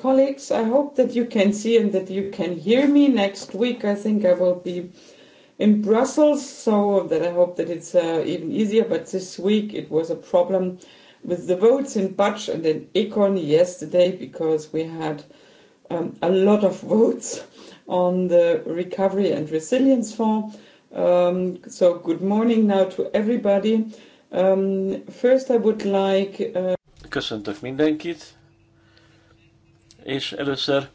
colleagues. I hope that you can see and that you can hear me. Next week, I think I will be in Brussels, so that I hope that it's uh, even easier. But this week, it was a problem with the votes in Budge and in Econ yesterday because we had um, a lot of votes on the Recovery and Resilience Fund. Um, so, good morning now to everybody. Um, first, I would like. Uh... Köszöntök mindenkit! és először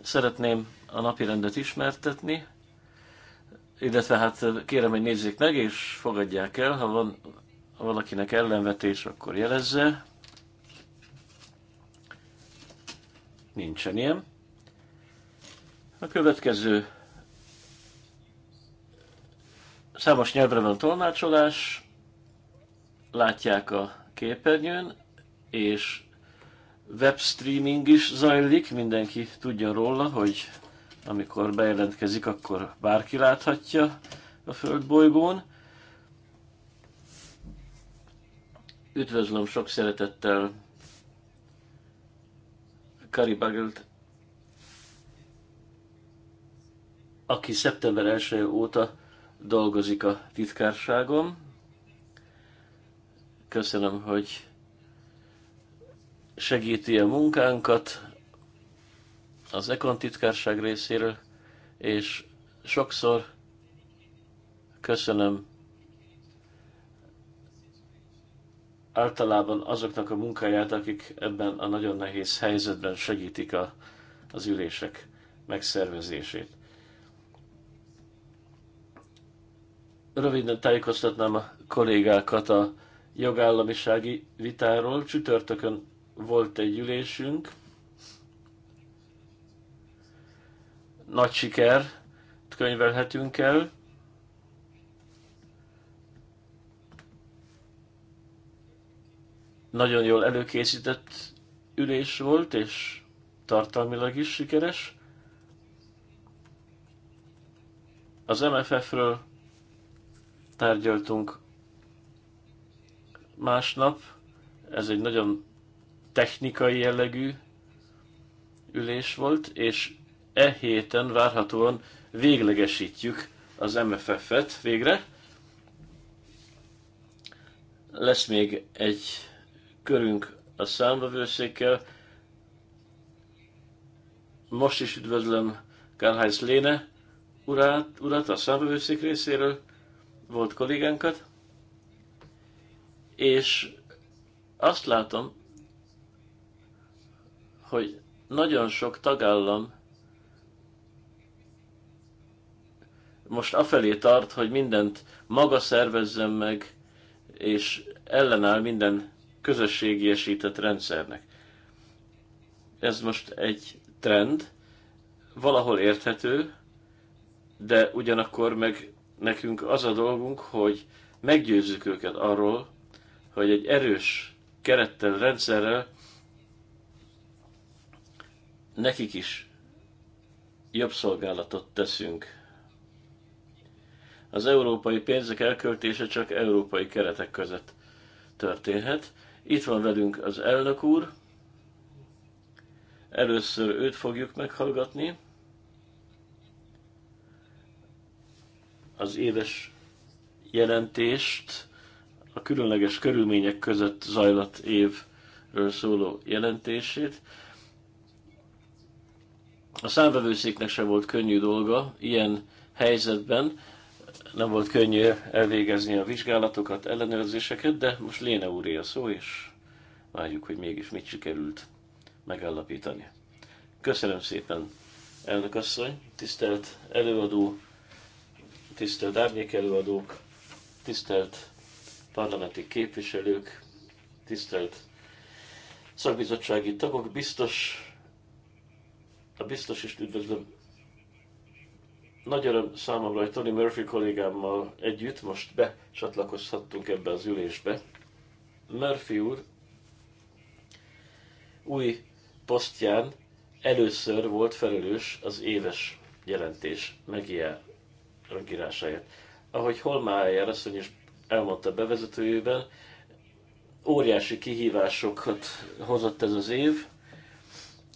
szeretném a napirendet ismertetni, illetve hát kérem, hogy nézzék meg, és fogadják el, ha van ha valakinek ellenvetés, akkor jelezze. Nincsen ilyen. A következő számos nyelvre van tolmácsolás, látják a képernyőn, és webstreaming is zajlik, mindenki tudja róla, hogy amikor bejelentkezik, akkor bárki láthatja a földbolygón. Üdvözlöm sok szeretettel Kari Bagelt, aki szeptember 1 óta dolgozik a titkárságom. Köszönöm, hogy segíti a munkánkat az Ekon titkárság részéről, és sokszor köszönöm általában azoknak a munkáját, akik ebben a nagyon nehéz helyzetben segítik a, az ülések megszervezését. Röviden tájékoztatnám a kollégákat a jogállamisági vitáról. Csütörtökön volt egy ülésünk. Nagy siker könyvelhetünk el. Nagyon jól előkészített ülés volt, és tartalmilag is sikeres. Az MFF-ről tárgyaltunk másnap. Ez egy nagyon technikai jellegű ülés volt, és e héten várhatóan véglegesítjük az MFF-et végre. Lesz még egy körünk a számbevőszékkel. Most is üdvözlöm karl Léne urát, urat a számbevőszék részéről, volt kollégánkat, és azt látom, hogy nagyon sok tagállam most afelé tart, hogy mindent maga szervezzen meg, és ellenáll minden közösségiesített rendszernek. Ez most egy trend, valahol érthető, de ugyanakkor meg nekünk az a dolgunk, hogy meggyőzzük őket arról, hogy egy erős kerettel, rendszerrel nekik is jobb szolgálatot teszünk. Az európai pénzek elköltése csak európai keretek között történhet. Itt van velünk az elnök úr, először őt fogjuk meghallgatni, az éves jelentést, a különleges körülmények között zajlott évről szóló jelentését, a számvevőszéknek se volt könnyű dolga ilyen helyzetben, nem volt könnyű elvégezni a vizsgálatokat, ellenőrzéseket, de most Léne úré a szó, és várjuk, hogy mégis mit sikerült megállapítani. Köszönöm szépen, elnök asszony, tisztelt előadó, tisztelt árnyék előadók, tisztelt parlamenti képviselők, tisztelt szakbizottsági tagok, biztos a biztos is üdvözlöm. Nagy öröm számomra, hogy Tony Murphy kollégámmal együtt most becsatlakozhattunk ebbe az ülésbe. Murphy úr új posztján először volt felelős az éves jelentés megírásáért. Ahogy Holmájer asszony is elmondta bevezetőjében, óriási kihívásokat hozott ez az év,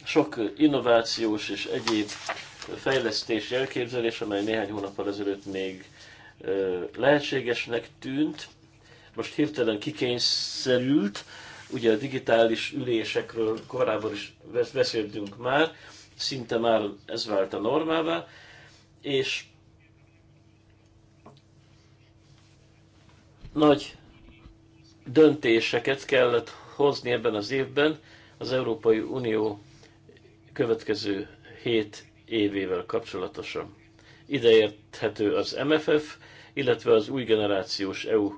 sok innovációs és egyéb fejlesztési elképzelés, amely néhány hónap ezelőtt még lehetségesnek tűnt, most hirtelen kikényszerült, ugye a digitális ülésekről korábban is beszéltünk már, szinte már ez vált a normává, és nagy döntéseket kellett hozni ebben az évben az Európai Unió következő hét évével kapcsolatosan. Ideérthető az MFF, illetve az új generációs EU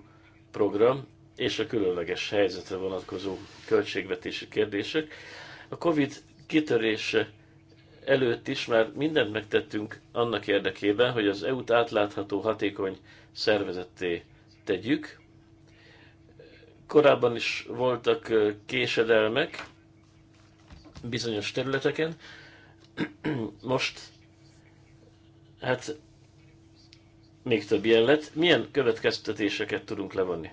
program és a különleges helyzetre vonatkozó költségvetési kérdések. A COVID kitörése előtt is már mindent megtettünk annak érdekében, hogy az EU-t átlátható, hatékony szervezetté tegyük. Korábban is voltak késedelmek, bizonyos területeken. Most hát még több ilyen lett. Milyen következtetéseket tudunk levonni?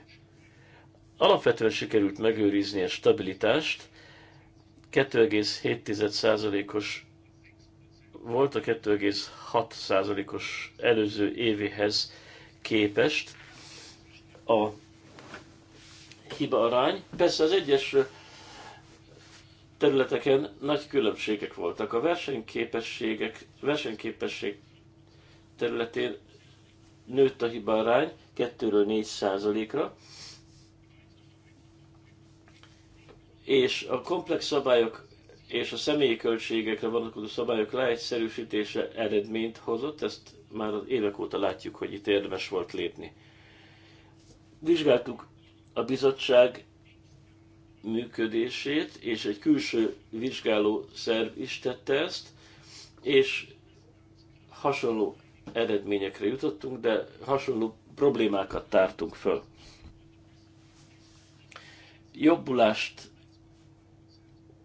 Alapvetően sikerült megőrizni a stabilitást, 2,7%-os volt a 2,6%-os előző évihez képest a hiba arány. Persze az egyes területeken nagy különbségek voltak. A versenyképességek, versenyképesség területén nőtt a hiba arány 2-ről 4 százalékra, és a komplex szabályok és a személyi költségekre vonatkozó szabályok leegyszerűsítése eredményt hozott, ezt már az évek óta látjuk, hogy itt érdemes volt lépni. Vizsgáltuk a bizottság működését, és egy külső vizsgáló szerv is tette ezt, és hasonló eredményekre jutottunk, de hasonló problémákat tártunk föl. Jobbulást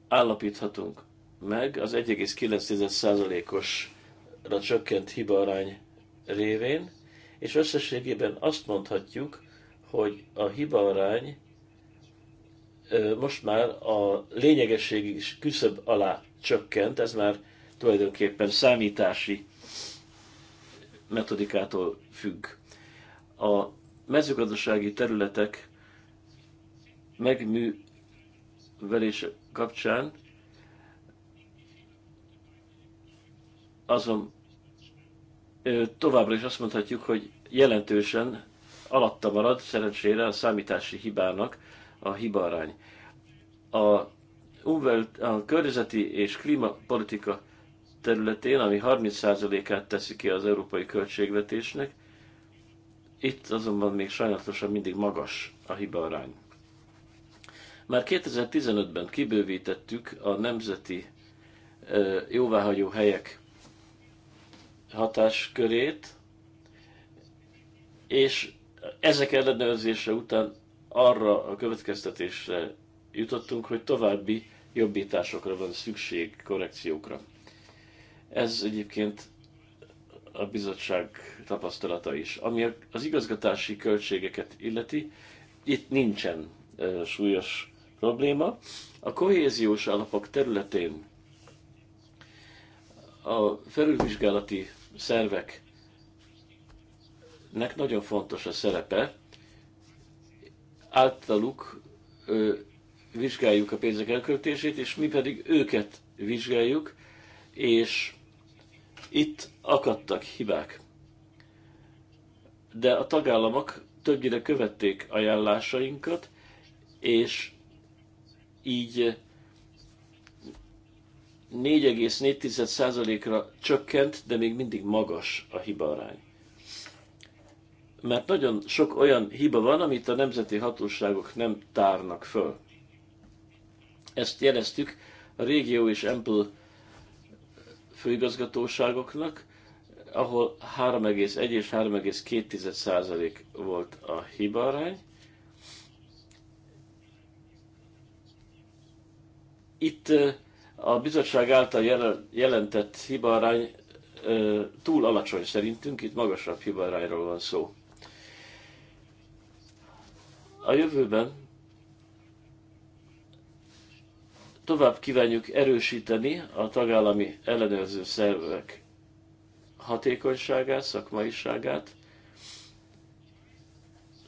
állapíthatunk meg az 1,9%-osra csökkent hibaarány révén, és összességében azt mondhatjuk, hogy a hibaarány most már a lényegesség is küszöbb alá csökkent, ez már tulajdonképpen számítási metodikától függ. A mezőgazdasági területek megművelése kapcsán azon továbbra is azt mondhatjuk, hogy jelentősen alatta marad szerencsére a számítási hibának a hibarány. A, umwelt, a környezeti és klímapolitika területén, ami 30%-át teszi ki az európai költségvetésnek, itt azonban még sajnálatosan mindig magas a arány. Már 2015-ben kibővítettük a nemzeti jóváhagyó helyek hatáskörét, és ezek ellenőrzése után arra a következtetésre jutottunk, hogy további jobbításokra van szükség, korrekciókra. Ez egyébként a bizottság tapasztalata is. Ami az igazgatási költségeket illeti, itt nincsen súlyos probléma. A kohéziós alapok területén a felülvizsgálati szerveknek nagyon fontos a szerepe, általuk ö, vizsgáljuk a pénzek elköltését, és mi pedig őket vizsgáljuk, és itt akadtak hibák. De a tagállamok többnyire követték ajánlásainkat, és így 4,4%-ra csökkent, de még mindig magas a hibarány mert nagyon sok olyan hiba van, amit a nemzeti hatóságok nem tárnak föl. Ezt jeleztük a régió és Ample főigazgatóságoknak, ahol 3,1 és 3,2 százalék volt a arány. Itt a bizottság által jelentett hibarány túl alacsony szerintünk, itt magasabb hibarányról van szó. A jövőben tovább kívánjuk erősíteni a tagállami ellenőrző szervek hatékonyságát, szakmaiságát.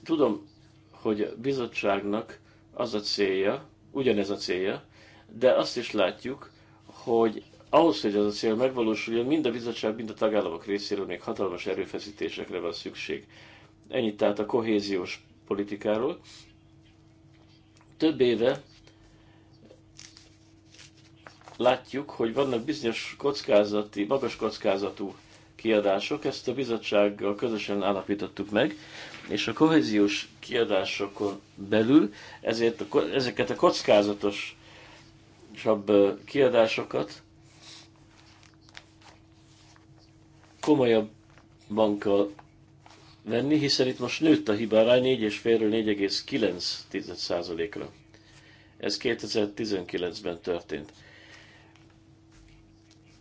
Tudom, hogy a bizottságnak az a célja, ugyanez a célja, de azt is látjuk, hogy ahhoz, hogy ez a cél megvalósuljon, mind a bizottság, mind a tagállamok részéről még hatalmas erőfeszítésekre van szükség. Ennyit tehát a kohéziós politikáról. Több éve látjuk, hogy vannak bizonyos kockázati, magas kockázatú kiadások, ezt a bizottsággal közösen állapítottuk meg, és a kohéziós kiadásokon belül ezért a, ezeket a kockázatosabb kiadásokat komolyabban kell venni, hiszen itt most nőtt a hibárány 4,5-ről 4,9%-ra. Ez 2019-ben történt.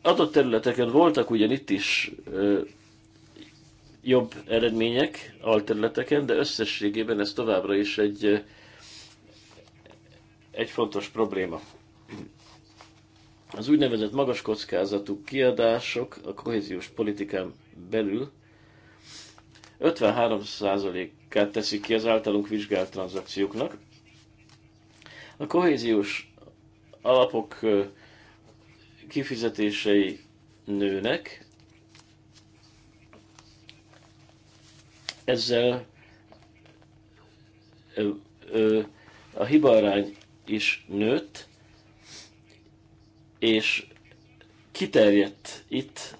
Adott területeken voltak ugyan itt is ö, jobb eredmények alterületeken, de összességében ez továbbra is egy, egy fontos probléma. Az úgynevezett magas kockázatú kiadások a kohéziós politikán belül 53%-át teszik ki az általunk vizsgált tranzakcióknak. A kohéziós alapok kifizetései nőnek, ezzel a hibarány is nőtt, és kiterjedt itt,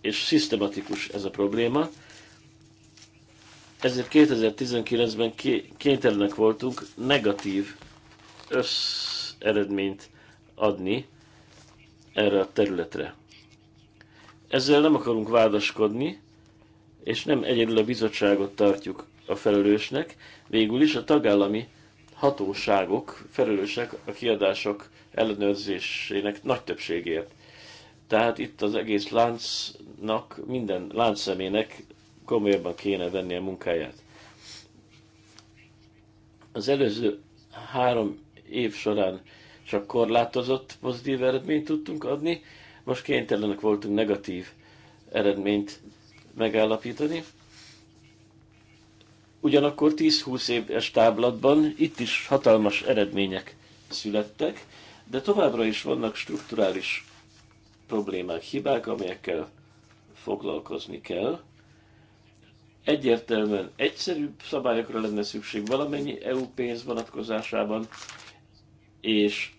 és szisztematikus ez a probléma. Ezért 2019-ben kénytelenek voltunk negatív összeredményt adni erre a területre. Ezzel nem akarunk vádaskodni, és nem egyedül a bizottságot tartjuk a felelősnek, végül is a tagállami hatóságok felelősek a kiadások ellenőrzésének nagy többségért. Tehát itt az egész láncnak, minden láncszemének komolyabban kéne venni a munkáját. Az előző három év során csak korlátozott pozitív eredményt tudtunk adni, most kénytelenek voltunk negatív eredményt megállapítani. Ugyanakkor 10-20 éves táblatban itt is hatalmas eredmények születtek, de továbbra is vannak strukturális problémák, hibák, amelyekkel foglalkozni kell egyértelműen egyszerűbb szabályokra lenne szükség valamennyi EU pénz vonatkozásában, és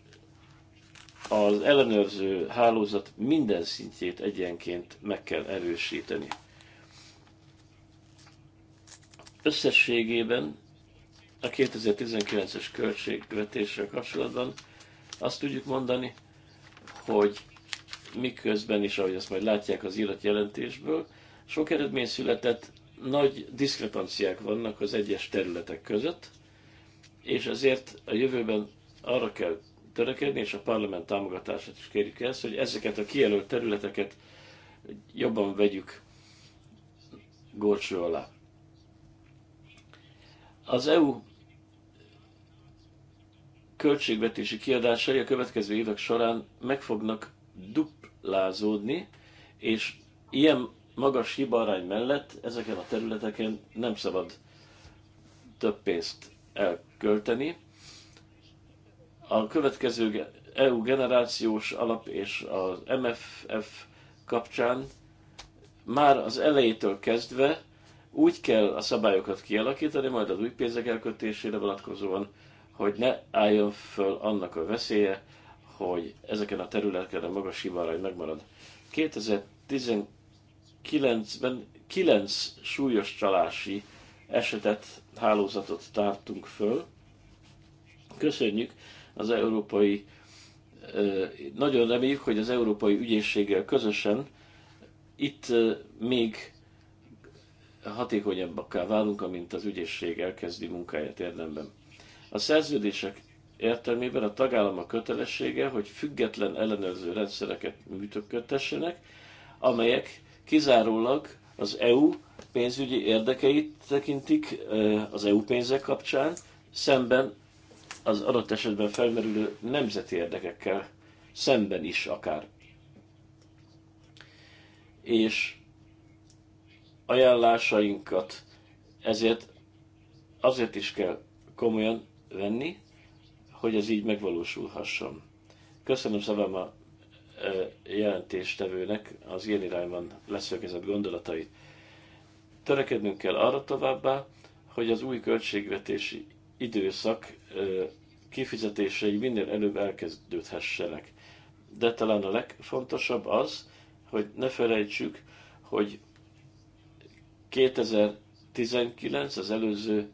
az ellenőrző hálózat minden szintjét egyenként meg kell erősíteni. Összességében a 2019-es költségvetéssel kapcsolatban azt tudjuk mondani, hogy miközben is, ahogy ezt majd látják az írott jelentésből, sok eredmény született, nagy diszkrepanciák vannak az egyes területek között, és ezért a jövőben arra kell törekedni, és a parlament támogatását is kérjük ezt, hogy ezeket a kijelölt területeket jobban vegyük górcső alá. Az EU költségvetési kiadásai a következő évek során meg fognak duplázódni, és ilyen magas arány mellett ezeken a területeken nem szabad több pénzt elkölteni. A következő EU e generációs alap és az MFF kapcsán már az elejétől kezdve úgy kell a szabályokat kialakítani, majd az új pénzek elkötésére vonatkozóan, hogy ne álljon föl annak a veszélye, hogy ezeken a területeken a magas hibarány megmarad. 2010 2009-ben 9 súlyos csalási esetet, hálózatot tártunk föl. Köszönjük az európai, nagyon reméljük, hogy az európai ügyészséggel közösen itt még hatékonyabbakká válunk, amint az ügyészség elkezdi munkáját érdemben. A szerződések értelmében a tagállamok kötelessége, hogy független ellenőrző rendszereket működtessenek, amelyek kizárólag az EU pénzügyi érdekeit tekintik az EU pénzek kapcsán, szemben az adott esetben felmerülő nemzeti érdekekkel szemben is akár. És ajánlásainkat ezért azért is kell komolyan venni, hogy ez így megvalósulhasson. Köszönöm szépen a jelentéstevőnek az ilyen irányban leszögezett gondolatait. Törekednünk kell arra továbbá, hogy az új költségvetési időszak kifizetései minél előbb elkezdődhessenek. De talán a legfontosabb az, hogy ne felejtsük, hogy 2019 az előző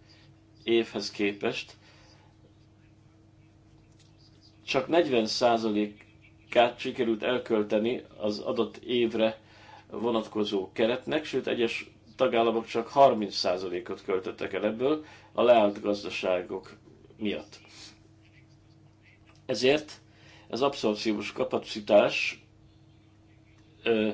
évhez képest csak 40% kát sikerült elkölteni az adott évre vonatkozó keretnek, sőt egyes tagállamok csak 30%-ot költöttek el ebből a leállt gazdaságok miatt. Ezért az abszorciós kapacitás ö,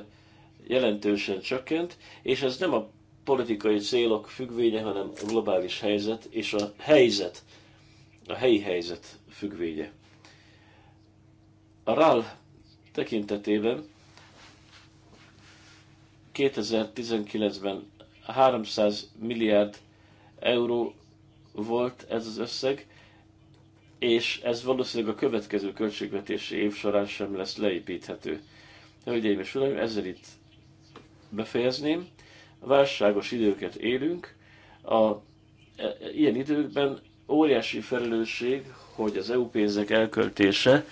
jelentősen csökkent, és ez nem a politikai célok függvénye, hanem a globális helyzet és a helyzet, a helyi helyzet függvénye. A RAL tekintetében 2019-ben 300 milliárd euró volt ez az összeg, és ez valószínűleg a következő költségvetési év során sem lesz leépíthető. Hölgyeim és Uraim, ezzel itt befejezném. Válságos időket élünk. A, e, ilyen időkben óriási felelősség, hogy az EU pénzek elköltése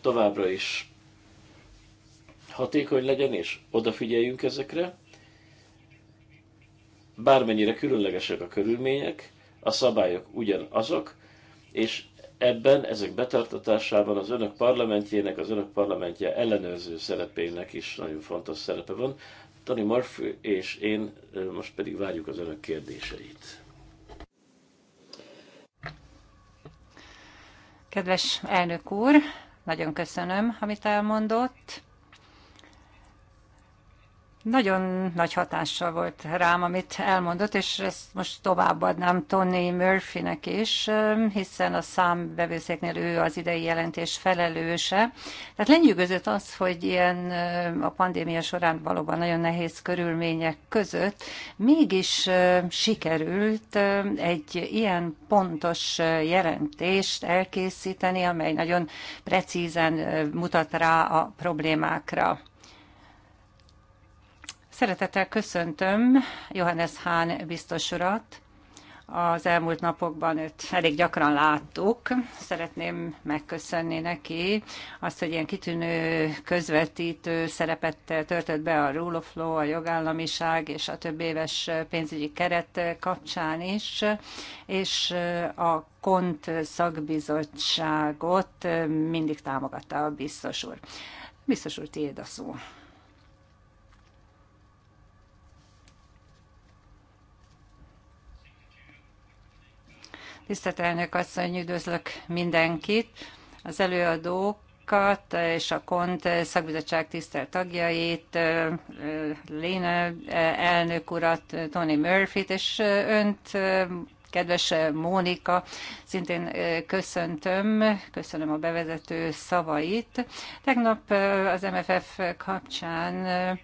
továbbra is hatékony legyen, és odafigyeljünk ezekre. Bármennyire különlegesek a körülmények, a szabályok ugyanazok, és ebben, ezek betartatásában az önök parlamentjének, az önök parlamentje ellenőrző szerepének is nagyon fontos szerepe van. Tony Murphy és én most pedig várjuk az önök kérdéseit. Kedves elnök úr, nagyon köszönöm, amit elmondott. Nagyon nagy hatással volt rám, amit elmondott, és ezt most továbbadnám Tony Murphynek is, hiszen a számbevőszéknél ő az idei jelentés felelőse. Tehát lenyűgözött az, hogy ilyen a pandémia során valóban nagyon nehéz körülmények között mégis sikerült egy ilyen pontos jelentést elkészíteni, amely nagyon precízen mutat rá a problémákra. Szeretettel köszöntöm Johannes Hahn biztos urat. Az elmúlt napokban őt elég gyakran láttuk. Szeretném megköszönni neki azt, hogy ilyen kitűnő közvetítő szerepet töltött be a rule of law, a jogállamiság és a több éves pénzügyi keret kapcsán is, és a KONT szakbizottságot mindig támogatta a biztos úr. Biztos úr, tiéd a szó. Tisztelt elnök asszony, üdvözlök mindenkit, az előadókat és a KONT szakbizottság tisztelt tagjait, Léna elnök urat, Tony Murphy-t és önt, kedves Mónika, szintén köszöntöm, köszönöm a bevezető szavait. Tegnap az MFF kapcsán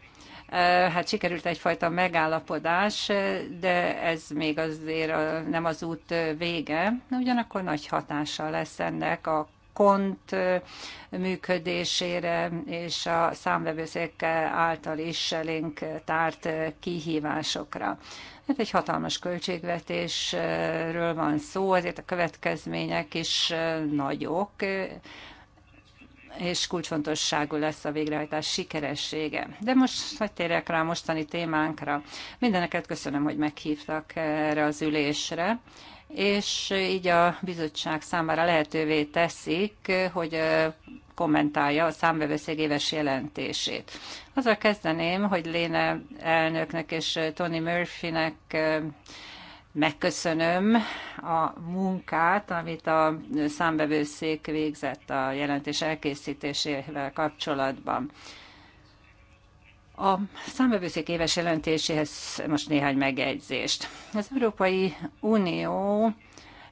Hát sikerült egyfajta megállapodás, de ez még azért nem az út vége. Ugyanakkor nagy hatása lesz ennek a kont működésére és a számvevőszék által is elénk tárt kihívásokra. Hát egy hatalmas költségvetésről van szó, azért a következmények is nagyok, és kulcsfontosságú lesz a végrehajtás sikeressége. De most hogy térjek rá a mostani témánkra. Mindeneket köszönöm, hogy meghívtak erre az ülésre és így a bizottság számára lehetővé teszik, hogy kommentálja a számvevőszék éves jelentését. Azzal kezdeném, hogy Léne elnöknek és Tony Murphynek megköszönöm a munkát, amit a számbevőszék végzett a jelentés elkészítésével kapcsolatban. A számbevőszék éves jelentéséhez most néhány megjegyzést. Az Európai Unió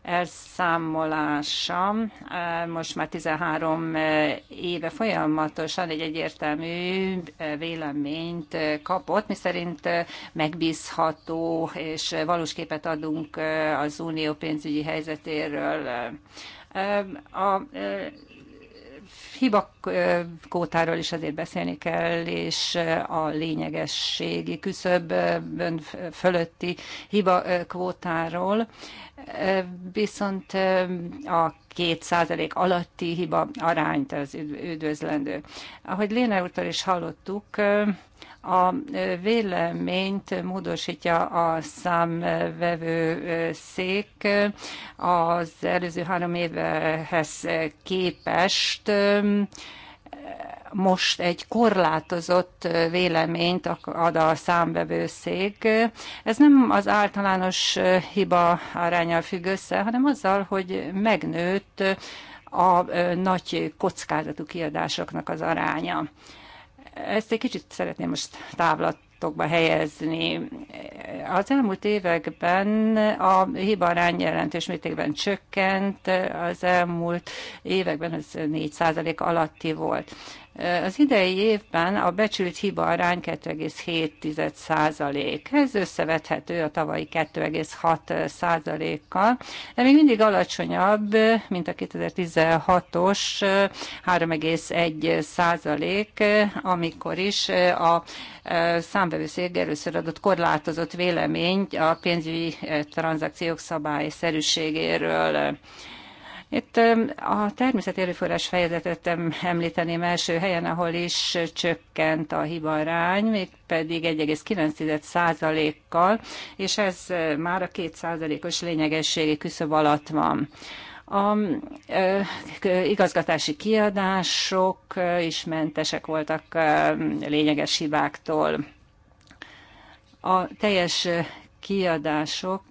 elszámolása eh, most már 13 eh, éve folyamatosan egy egyértelmű eh, véleményt kapott, miszerint megbízható és valós képet adunk az unió pénzügyi helyzetéről. A hibakótáról is azért beszélni kell, és a lényegességi küszöbön fölötti hibakvótáról. Viszont a két százalék alatti hiba arányt az üdvözlendő. Ahogy Léna úrtól is hallottuk, a véleményt módosítja a számvevő szék az előző három évhez képest most egy korlátozott véleményt ad a számbevőszék. Ez nem az általános hiba arányal függ össze, hanem azzal, hogy megnőtt a nagy kockázatú kiadásoknak az aránya. Ezt egy kicsit szeretném most távlat helyezni. Az elmúlt években a hiba arány jelentős mértékben csökkent, az elmúlt években ez 4 alatti volt. Az idei évben a becsült hiba arány 2,7 százalék. Ez összevethető a tavalyi 2,6 százalékkal, de még mindig alacsonyabb, mint a 2016-os 3,1 százalék, amikor is a e, számbevőszék először adott korlátozott véleményt a pénzügyi e, tranzakciók szabályszerűségéről. Itt a természeti erőforrás fejezetet említeném első helyen, ahol is csökkent a hibarány, még pedig 1,9%-kal, és ez már a 2%-os lényegességi küszöb alatt van. A igazgatási kiadások is mentesek voltak lényeges hibáktól. A teljes kiadások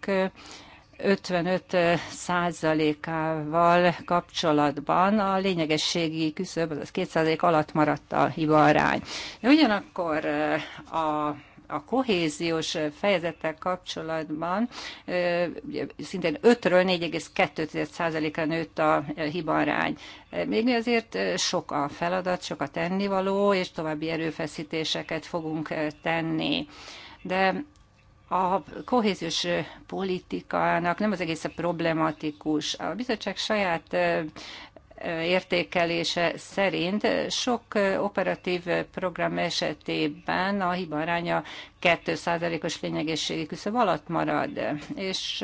55 százalékával kapcsolatban a lényegességi küszöb, az 2 alatt maradt a hibaarány. De ugyanakkor a a kohéziós fejezettel kapcsolatban szintén 5-ről 4,2%-ra nőtt a hibarány. Még mi azért sok a feladat, sok a tennivaló, és további erőfeszítéseket fogunk tenni. De a kohéziós politikának nem az egész a problematikus. A bizottság saját értékelése szerint sok operatív program esetében a aránya 2%-os lényegességi küszöb alatt marad, és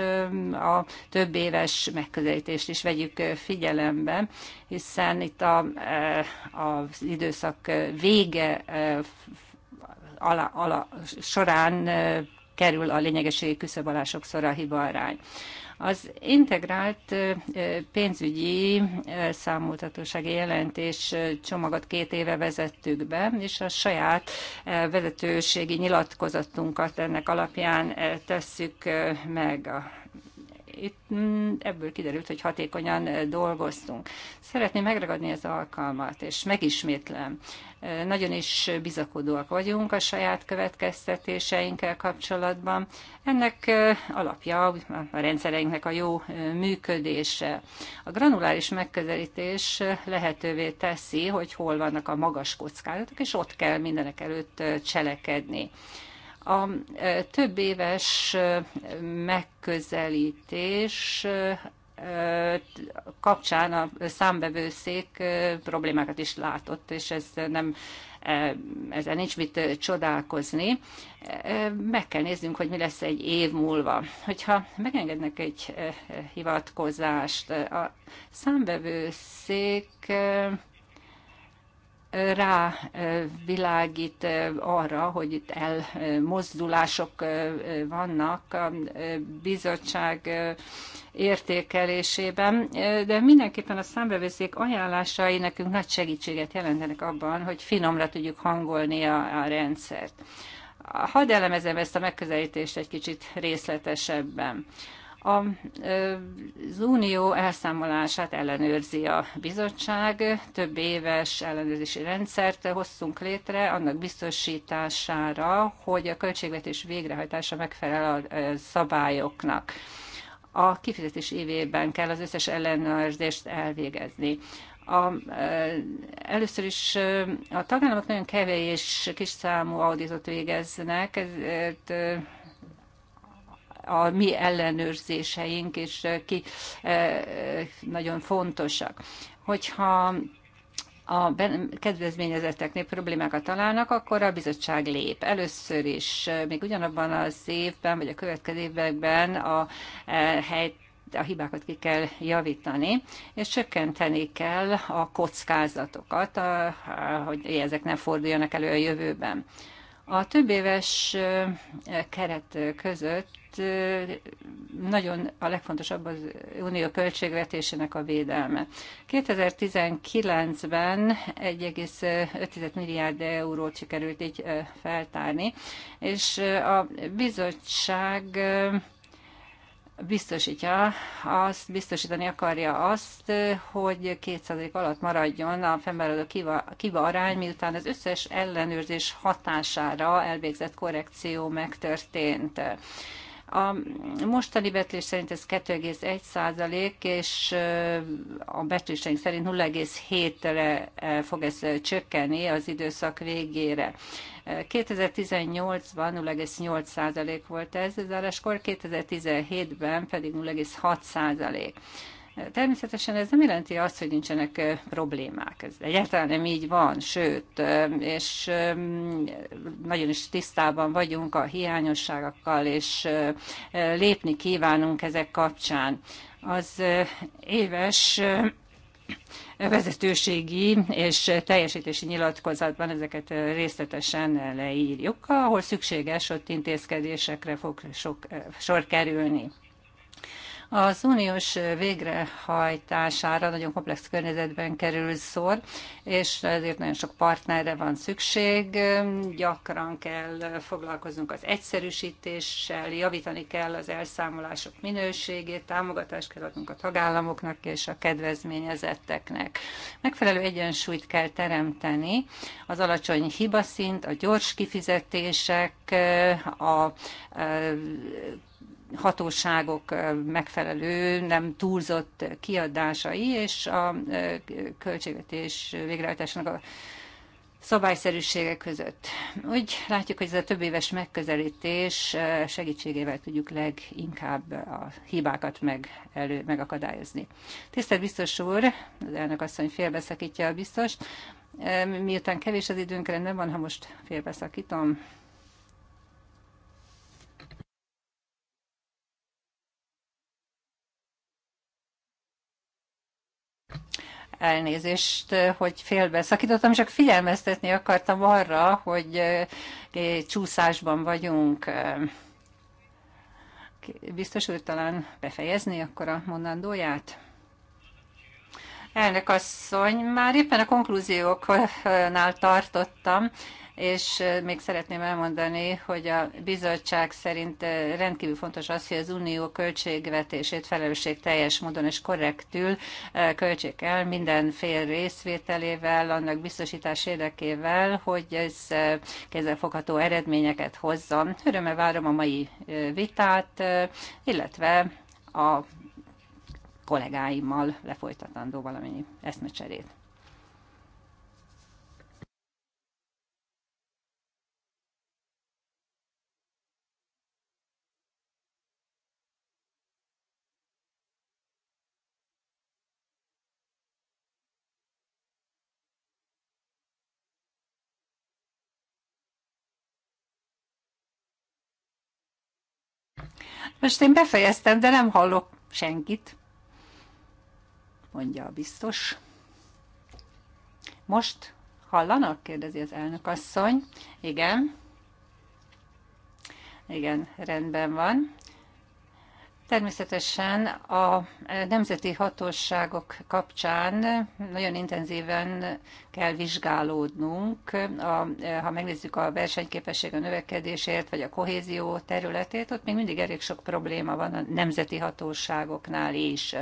a több éves megközelítést is vegyük figyelembe, hiszen itt a, az időszak vége ala, ala, során kerül a lényegességi küszöb alá sokszor a hiba arány. Az integrált pénzügyi számoltatósági jelentés csomagot két éve vezettük be, és a saját vezetőségi nyilatkozatunkat ennek alapján tesszük meg a itt mm, ebből kiderült, hogy hatékonyan dolgoztunk. Szeretném megragadni az alkalmat, és megismétlem. Nagyon is bizakodóak vagyunk a saját következtetéseinkkel kapcsolatban. Ennek alapja a rendszereinknek a jó működése. A granuláris megközelítés lehetővé teszi, hogy hol vannak a magas kockázatok, és ott kell mindenek előtt cselekedni. A több éves megközelítés kapcsán a számbevőszék problémákat is látott, és ez nem ezzel nincs mit csodálkozni. Meg kell néznünk, hogy mi lesz egy év múlva. Hogyha megengednek egy hivatkozást, a számbevőszék rávilágít arra, hogy itt elmozdulások vannak a bizottság értékelésében, de mindenképpen a számbevőszék ajánlásai nekünk nagy segítséget jelentenek abban, hogy finomra tudjuk hangolni a, a rendszert. Hadd elemezem ezt a megközelítést egy kicsit részletesebben. Az unió elszámolását ellenőrzi a bizottság, több éves ellenőrzési rendszert hoztunk létre annak biztosítására, hogy a költségvetés végrehajtása megfelel a szabályoknak a kifizetés évében kell az összes ellenőrzést elvégezni. A, először is a tagállamok nagyon kevés kis számú auditot végeznek, ezért a mi ellenőrzéseink, és eh, ki eh, nagyon fontosak. Hogyha a kedvezményezetteknél problémákat találnak, akkor a bizottság lép. Először is, eh, még ugyanabban az évben, vagy a következő években a hely a hibákat ki kell javítani, és csökkenteni kell a kockázatokat, a, hogy ezek ne forduljanak elő a jövőben. A több éves keret között nagyon a legfontosabb az unió költségvetésének a védelme. 2019-ben 1,5 milliárd eurót sikerült így feltárni, és a bizottság biztosítja, azt biztosítani akarja azt, hogy 200 alatt maradjon a fennmaradó kiva, kiva arány, miután az összes ellenőrzés hatására elvégzett korrekció megtörtént. A mostani betlés szerint ez 2,1 százalék, és a becsléseink szerint 0,7-re fog ez csökkenni az időszak végére. 2018-ban 0,8 százalék volt ez záráskor, 2017-ben pedig 0,6 százalék. Természetesen ez nem jelenti azt, hogy nincsenek problémák. Ez egyáltalán nem így van, sőt, és nagyon is tisztában vagyunk a hiányosságokkal, és lépni kívánunk ezek kapcsán. Az éves vezetőségi és teljesítési nyilatkozatban ezeket részletesen leírjuk, ahol szükséges, ott intézkedésekre fog sok, sor kerülni. Az uniós végrehajtására nagyon komplex környezetben kerül szor, és ezért nagyon sok partnerre van szükség. Gyakran kell foglalkoznunk az egyszerűsítéssel, javítani kell az elszámolások minőségét, támogatást kell adnunk a tagállamoknak és a kedvezményezetteknek. Megfelelő egyensúlyt kell teremteni, az alacsony hibaszint, a gyors kifizetések, a hatóságok megfelelő, nem túlzott kiadásai, és a költségvetés végrehajtásának a szabályszerűsége között. Úgy látjuk, hogy ez a több éves megközelítés segítségével tudjuk leginkább a hibákat meg, elő, megakadályozni. Tisztelt biztos úr, az elnök asszony félbeszakítja a biztos, miután kevés az időnk, nem van, ha most félbeszakítom. Elnézést, eh, hogy félbe szakítottam, csak figyelmeztetni akartam arra, hogy eh, eh, csúszásban vagyunk. Biztos úr talán befejezni akkor a mondandóját? Elnök asszony, már éppen a konklúziókonál tartottam, és még szeretném elmondani, hogy a bizottság szerint rendkívül fontos az, hogy az unió költségvetését felelősség teljes módon és korrektül költsék el minden fél részvételével, annak biztosítás érdekével, hogy ez kezelfogható eredményeket hozzon. Örömmel várom a mai vitát, illetve a kollégáimmal lefolytatandó valamennyi eszmecserét. Most én befejeztem, de nem hallok senkit mondja a biztos. Most hallanak? kérdezi az elnök asszony. Igen. Igen, rendben van. Természetesen a nemzeti hatóságok kapcsán nagyon intenzíven kell vizsgálódnunk, a, ha megnézzük a versenyképesség a növekedésért, vagy a kohézió területét, ott még mindig elég sok probléma van a nemzeti hatóságoknál is.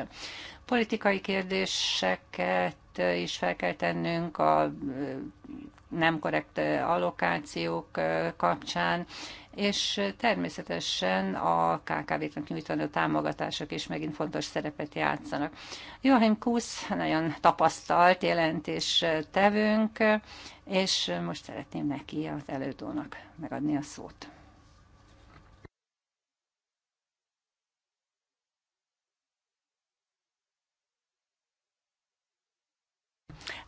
Politikai kérdéseket is fel kell tennünk a nem korrekt allokációk kapcsán, és természetesen a KKV-knak nyújtani támogatások is megint fontos szerepet játszanak. Joachim Kusz nagyon tapasztalt jelentés tevünk, és most szeretném neki az elődónak megadni a szót.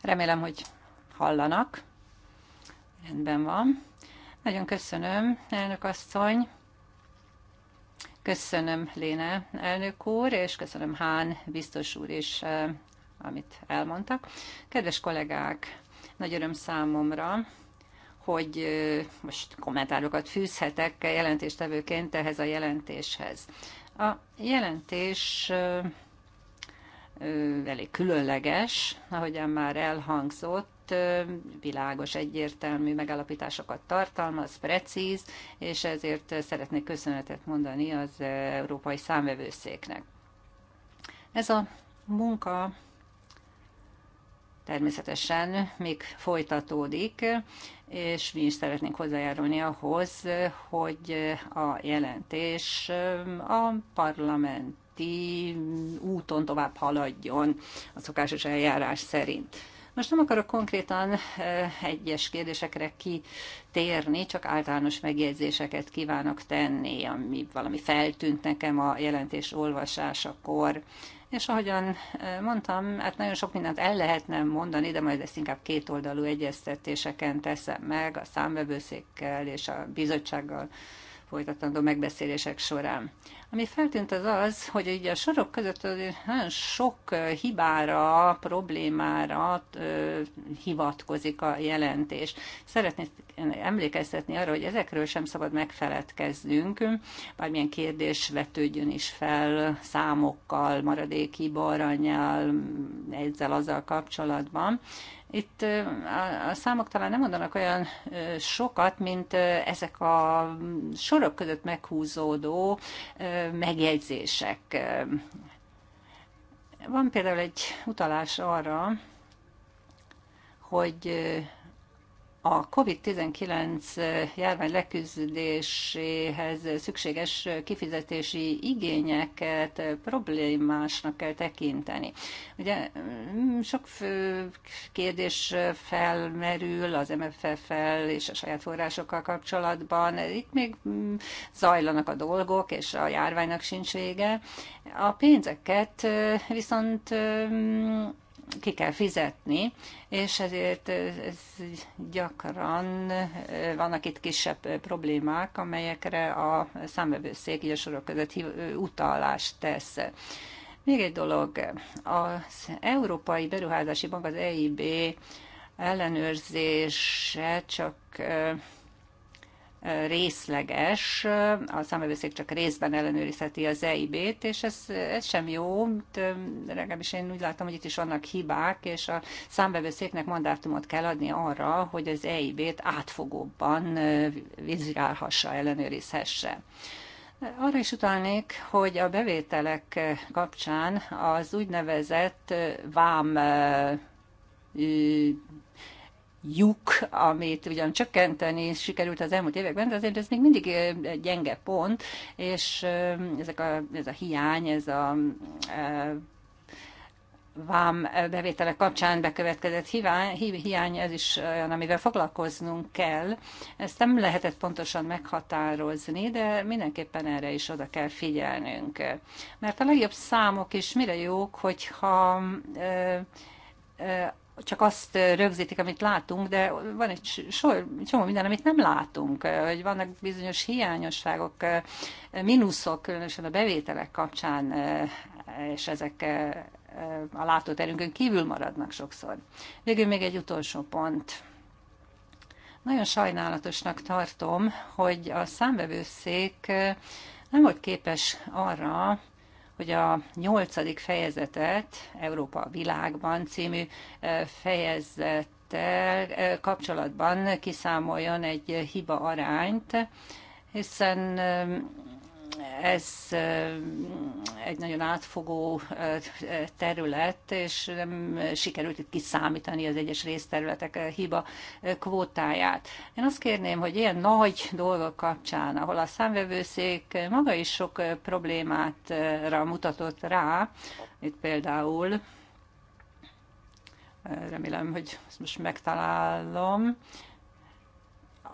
Remélem, hogy hallanak. Rendben van. Nagyon köszönöm, elnök asszony. Köszönöm Léne elnök úr, és köszönöm Hán biztos úr is, eh, amit elmondtak. Kedves kollégák, nagy öröm számomra, hogy eh, most kommentárokat fűzhetek jelentéstevőként ehhez a jelentéshez. A jelentés eh, elég különleges, ahogyan már elhangzott, világos, egyértelmű megállapításokat tartalmaz, precíz, és ezért szeretnék köszönetet mondani az Európai Számvevőszéknek. Ez a munka természetesen még folytatódik, és mi is szeretnénk hozzájárulni ahhoz, hogy a jelentés a parlamenti úton tovább haladjon a szokásos eljárás szerint. Most nem akarok konkrétan egyes kérdésekre kitérni, csak általános megjegyzéseket kívánok tenni, ami valami feltűnt nekem a jelentés olvasásakor. És ahogyan mondtam, hát nagyon sok mindent el lehetne mondani, de majd ezt inkább kétoldalú egyeztetéseken teszem meg a számvevőszékkel és a bizottsággal folytatandó megbeszélések során. Ami feltűnt az az, hogy így a sorok között nagyon sok hibára, problémára hivatkozik a jelentés. Szeretnék emlékeztetni arra, hogy ezekről sem szabad megfeledkeznünk, bármilyen kérdés vetődjön is fel számokkal, maradék hiba ezzel azzal kapcsolatban, itt a számok talán nem mondanak olyan sokat, mint ezek a sorok között meghúzódó megjegyzések. Van például egy utalás arra, hogy a COVID-19 járvány leküzdéséhez szükséges kifizetési igényeket problémásnak kell tekinteni. Ugye mm, sok kérdés felmerül az MFF-fel és a saját forrásokkal kapcsolatban. Itt még mm, zajlanak a dolgok, és a járványnak sincs vége. A pénzeket viszont ki kell fizetni, és ezért ez gyakran eh, vannak itt kisebb eh, problémák, amelyekre a számövőszék így a sorok között eh, utalást tesz. Még egy dolog, az Európai Beruházási Bank, az EIB ellenőrzése csak részleges, a számövőszék csak részben ellenőrizheti az EIB-t, és ez, ez sem jó, legalábbis én úgy látom, hogy itt is vannak hibák, és a számbevőszéknek mandátumot kell adni arra, hogy az EIB-t átfogóbban vizsgálhassa, ellenőrizhesse. Arra is utalnék, hogy a bevételek kapcsán az úgynevezett vám lyuk, amit ugyan csökkenteni sikerült az elmúlt években, de azért ez még mindig egy gyenge pont, és ezek a, ez a hiány, ez a vám bevételek kapcsán bekövetkezett hiány, ez is olyan, amivel foglalkoznunk kell. Ezt nem lehetett pontosan meghatározni, de mindenképpen erre is oda kell figyelnünk. Mert a legjobb számok is mire jók, hogyha csak azt rögzítik, amit látunk, de van egy sor, csomó minden, amit nem látunk, hogy vannak bizonyos hiányosságok, mínuszok, különösen a bevételek kapcsán, és ezek a látóterünkön kívül maradnak sokszor. Végül még egy utolsó pont. Nagyon sajnálatosnak tartom, hogy a számbevőszék nem volt képes arra, hogy a nyolcadik fejezetet, Európa a világban című e, fejezettel e, kapcsolatban kiszámoljon egy hiba arányt, hiszen ez egy nagyon átfogó terület, és nem sikerült itt kiszámítani az egyes részterületek hiba kvótáját. Én azt kérném, hogy ilyen nagy dolgok kapcsán, ahol a számvevőszék maga is sok problémát mutatott rá, itt például, remélem, hogy ezt most megtalálom,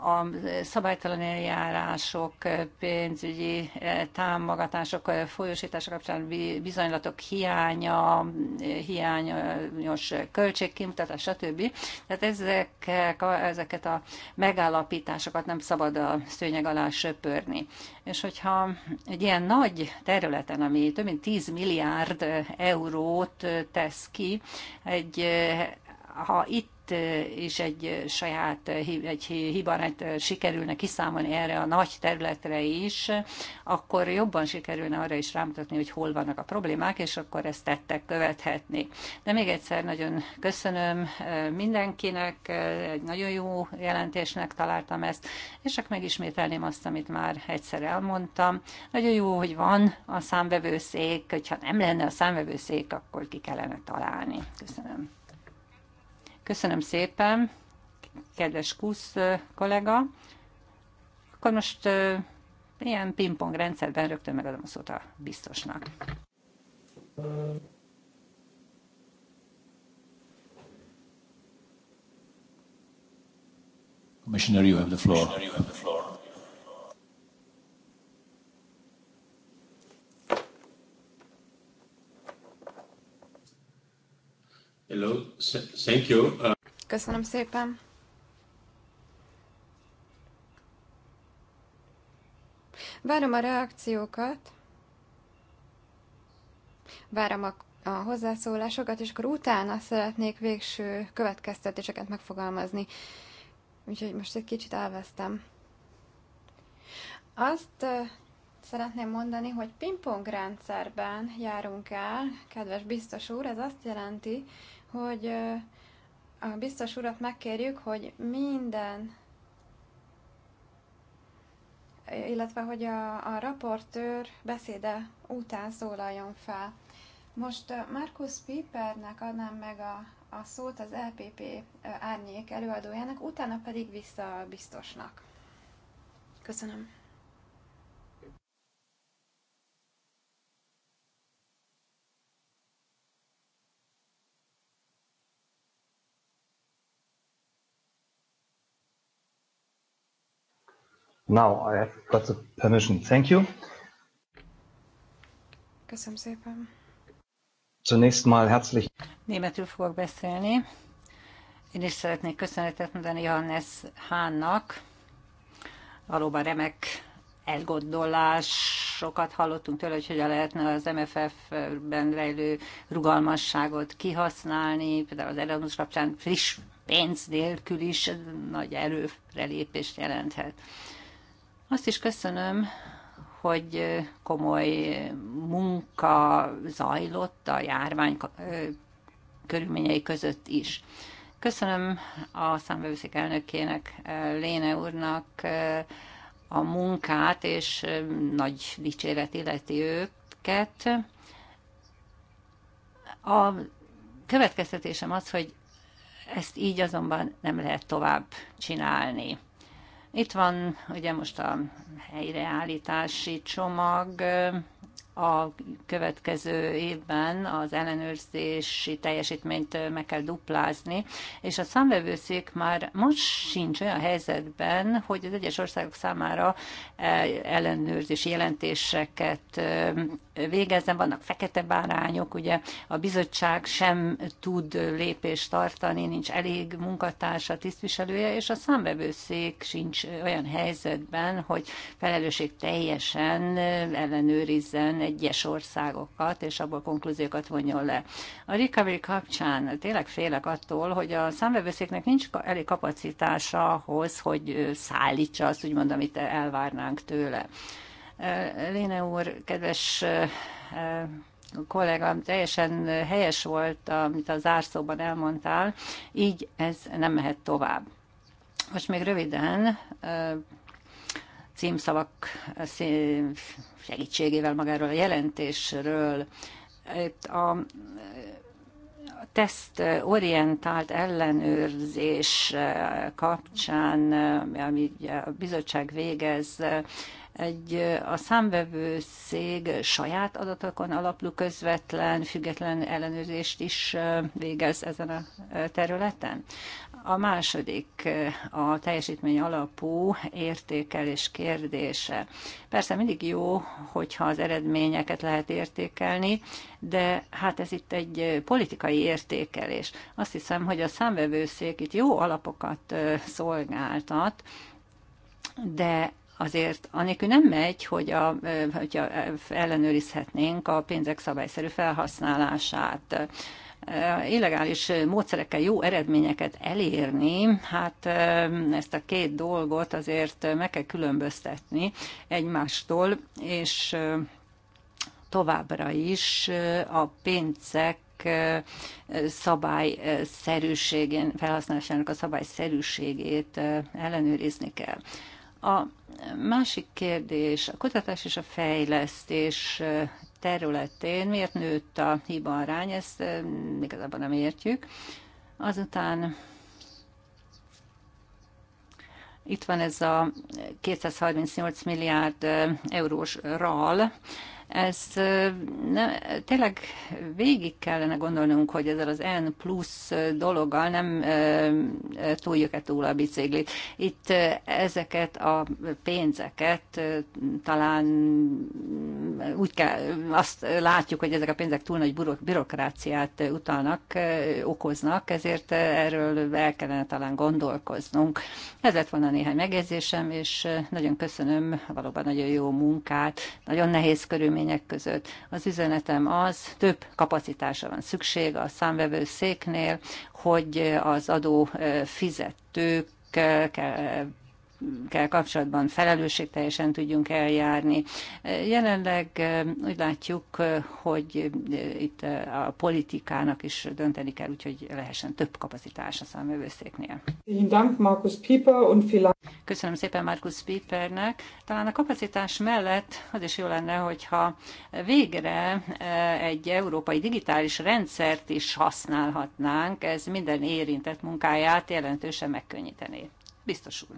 a szabálytalan eljárások, pénzügyi eh, támogatások, eh, folyósítása kapcsán bizonylatok hiánya, eh, hiányos költségkimutatás, stb. Tehát ezek, ezeket a megállapításokat nem szabad a szőnyeg alá söpörni. És hogyha egy ilyen nagy területen, ami több mint 10 milliárd eurót tesz ki, egy ha itt itt is egy saját egy hibanet sikerülne kiszámolni erre a nagy területre is, akkor jobban sikerülne arra is rámutatni, hogy hol vannak a problémák, és akkor ezt tettek követhetni. De még egyszer nagyon köszönöm mindenkinek, egy nagyon jó jelentésnek találtam ezt, és csak megismételném azt, amit már egyszer elmondtam. Nagyon jó, hogy van a számvevőszék, hogyha nem lenne a számvevőszék, akkor ki kellene találni. Köszönöm. Köszönöm szépen, kedves Kusz kollega. Akkor most ilyen pingpong rendszerben rögtön megadom a szót a biztosnak. Commissioner, you have the floor. Hello, thank you. Uh... Köszönöm szépen. Várom a reakciókat, várom a, a hozzászólásokat, és akkor utána szeretnék végső következtetéseket megfogalmazni. Úgyhogy most egy kicsit elvesztem. Azt szeretném mondani, hogy pingpong rendszerben járunk el, kedves biztos úr, ez azt jelenti, hogy a biztos urat megkérjük, hogy minden, illetve hogy a, a raportőr beszéde után szólaljon fel. Most Markus Pipernek adnám meg a, a szót az LPP árnyék előadójának, utána pedig vissza a biztosnak. Köszönöm. Now I have got the permission. Thank you. Köszönöm szépen. Zunächst mal herzlich. Németül fogok beszélni. Én is szeretnék köszönetet mondani Johannes Hánnak. Valóban remek elgondolásokat hallottunk tőle, hogy hogyan lehetne az MFF-ben rejlő rugalmasságot kihasználni, például az Erasmus kapcsán friss pénz nélkül is nagy erőrelépést jelenthet. Azt is köszönöm, hogy komoly munka zajlott a járvány körülményei között is. Köszönöm a számbevőszék elnökének, Léne úrnak a munkát, és nagy dicséret illeti őket. A következtetésem az, hogy ezt így azonban nem lehet tovább csinálni. Itt van ugye most a helyreállítási csomag, a következő évben az ellenőrzési teljesítményt meg kell duplázni, és a számvevőszék már most sincs olyan helyzetben, hogy az egyes országok számára e, ellenőrzési jelentéseket végezzen, vannak fekete bárányok, ugye a bizottság sem tud lépést tartani, nincs elég munkatársa, tisztviselője, és a számvevőszék sincs olyan helyzetben, hogy felelősség teljesen ellenőrizzen egyes országokat, és abból konklúziókat vonjon le. A recovery kapcsán tényleg félek attól, hogy a számvevőszéknek nincs elég kapacitása ahhoz, hogy szállítsa azt, úgymond, amit elvárnánk tőle. Léne úr, kedves kollégám, teljesen helyes volt, amit a zárszóban elmondtál, így ez nem mehet tovább. Most még röviden címszavak segítségével magáról a jelentésről. Itt a tesztorientált ellenőrzés kapcsán, ami a bizottság végez, egy a számvevőszég saját adatokon alapuló közvetlen, független ellenőrzést is végez ezen a területen. A második eh, a teljesítmény alapú értékelés kérdése. Persze mindig jó, hogyha az eredményeket lehet értékelni, de hát ez itt egy eh, politikai értékelés. Azt hiszem, hogy a számvevőszék itt jó alapokat eh, szolgáltat, de azért anélkül nem megy, hogy a, hogyha ellenőrizhetnénk a pénzek szabályszerű felhasználását. Eh, illegális módszerekkel jó eredményeket elérni, hát eh, ezt a két dolgot azért meg kell különböztetni egymástól, és eh, továbbra is a pénzek szabályszerűségén, felhasználásának a szabályszerűségét ellenőrizni kell. A másik kérdés a kutatás és a fejlesztés területén miért nőtt a hiba arány, ezt eh, igazából nem értjük. Azután itt van ez a 238 milliárd eh, eurós RAL, ez ne, tényleg végig kellene gondolnunk, hogy ezzel az N plusz dologgal nem túljuk-e túl a biciklit. Itt ezeket a pénzeket talán úgy kell, azt látjuk, hogy ezek a pénzek túl nagy bürokráciát utalnak, okoznak, ezért erről el kellene talán gondolkoznunk. Ez lett volna néhány megjegyzésem, és nagyon köszönöm valóban nagyon jó munkát, nagyon nehéz körül körülmények között. Az üzenetem az, több kapacitásra van szükség a számvevőszéknél, hogy az adó fizetők kell kapcsolatban felelősségteljesen tudjunk eljárni. Jelenleg úgy látjuk, hogy itt a politikának is dönteni kell, úgyhogy lehessen több kapacitás a számövőszéknél. Köszönöm szépen Markus Pipernek. Talán a kapacitás mellett az is jó lenne, hogyha végre egy európai digitális rendszert is használhatnánk, ez minden érintett munkáját jelentősen megkönnyítené. biztosul.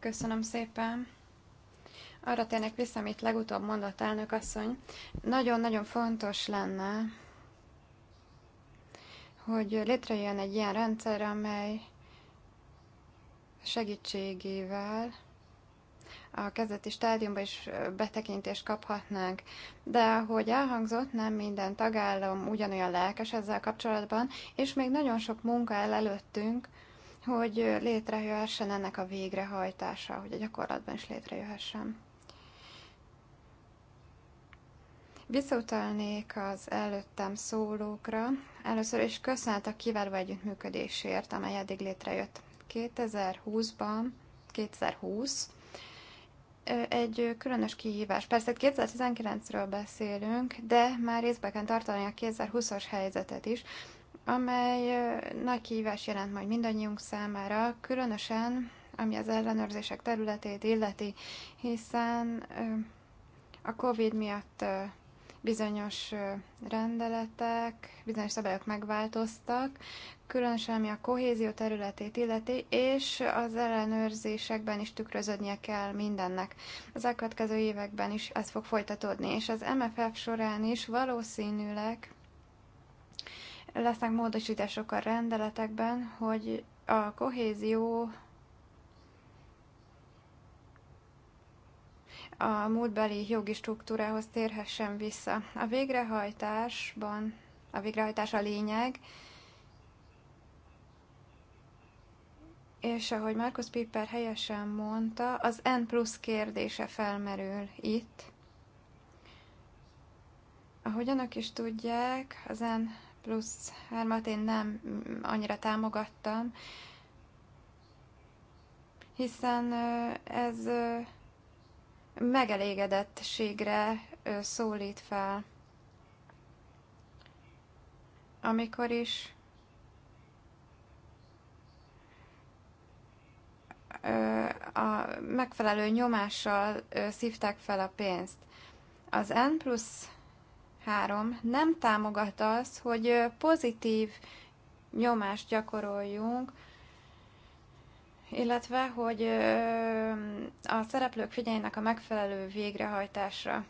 Köszönöm szépen. Arra térnek vissza, amit legutóbb mondott elnök asszony. Nagyon-nagyon fontos lenne, hogy létrejön egy ilyen rendszer, amely segítségével a kezdeti stádiumban is betekintést kaphatnánk. De ahogy elhangzott, nem minden tagállam ugyanolyan lelkes ezzel kapcsolatban, és még nagyon sok munka el előttünk, hogy létrejöhessen ennek a végrehajtása, hogy a gyakorlatban is létrejöhessen. Visszautalnék az előttem szólókra. Először is köszönet a kiváló együttműködésért, amely eddig létrejött 2020-ban, 2020, egy különös kihívás. Persze 2019-ről beszélünk, de már részben kell tartani a 2020-as helyzetet is, amely nagy kihívás jelent majd mindannyiunk számára, különösen ami az ellenőrzések területét illeti, hiszen a COVID miatt bizonyos rendeletek, bizonyos szabályok megváltoztak, különösen ami a kohézió területét illeti, és az ellenőrzésekben is tükröződnie kell mindennek. Az elkövetkező években is ez fog folytatódni, és az MFF során is valószínűleg lesznek módosítások a rendeletekben, hogy a kohézió a múltbeli jogi struktúrához térhessen vissza. A végrehajtásban, a végrehajtás a lényeg, és ahogy Markus Piper helyesen mondta, az N plusz kérdése felmerül itt. Ahogy önök is tudják, az N plusz hármat én nem annyira támogattam, hiszen ez megelégedettségre szólít fel. Amikor is a megfelelő nyomással szívták fel a pénzt. Az N plusz 3. nem támogat az, hogy pozitív nyomást gyakoroljunk, illetve hogy a szereplők figyeljenek a megfelelő végrehajtásra.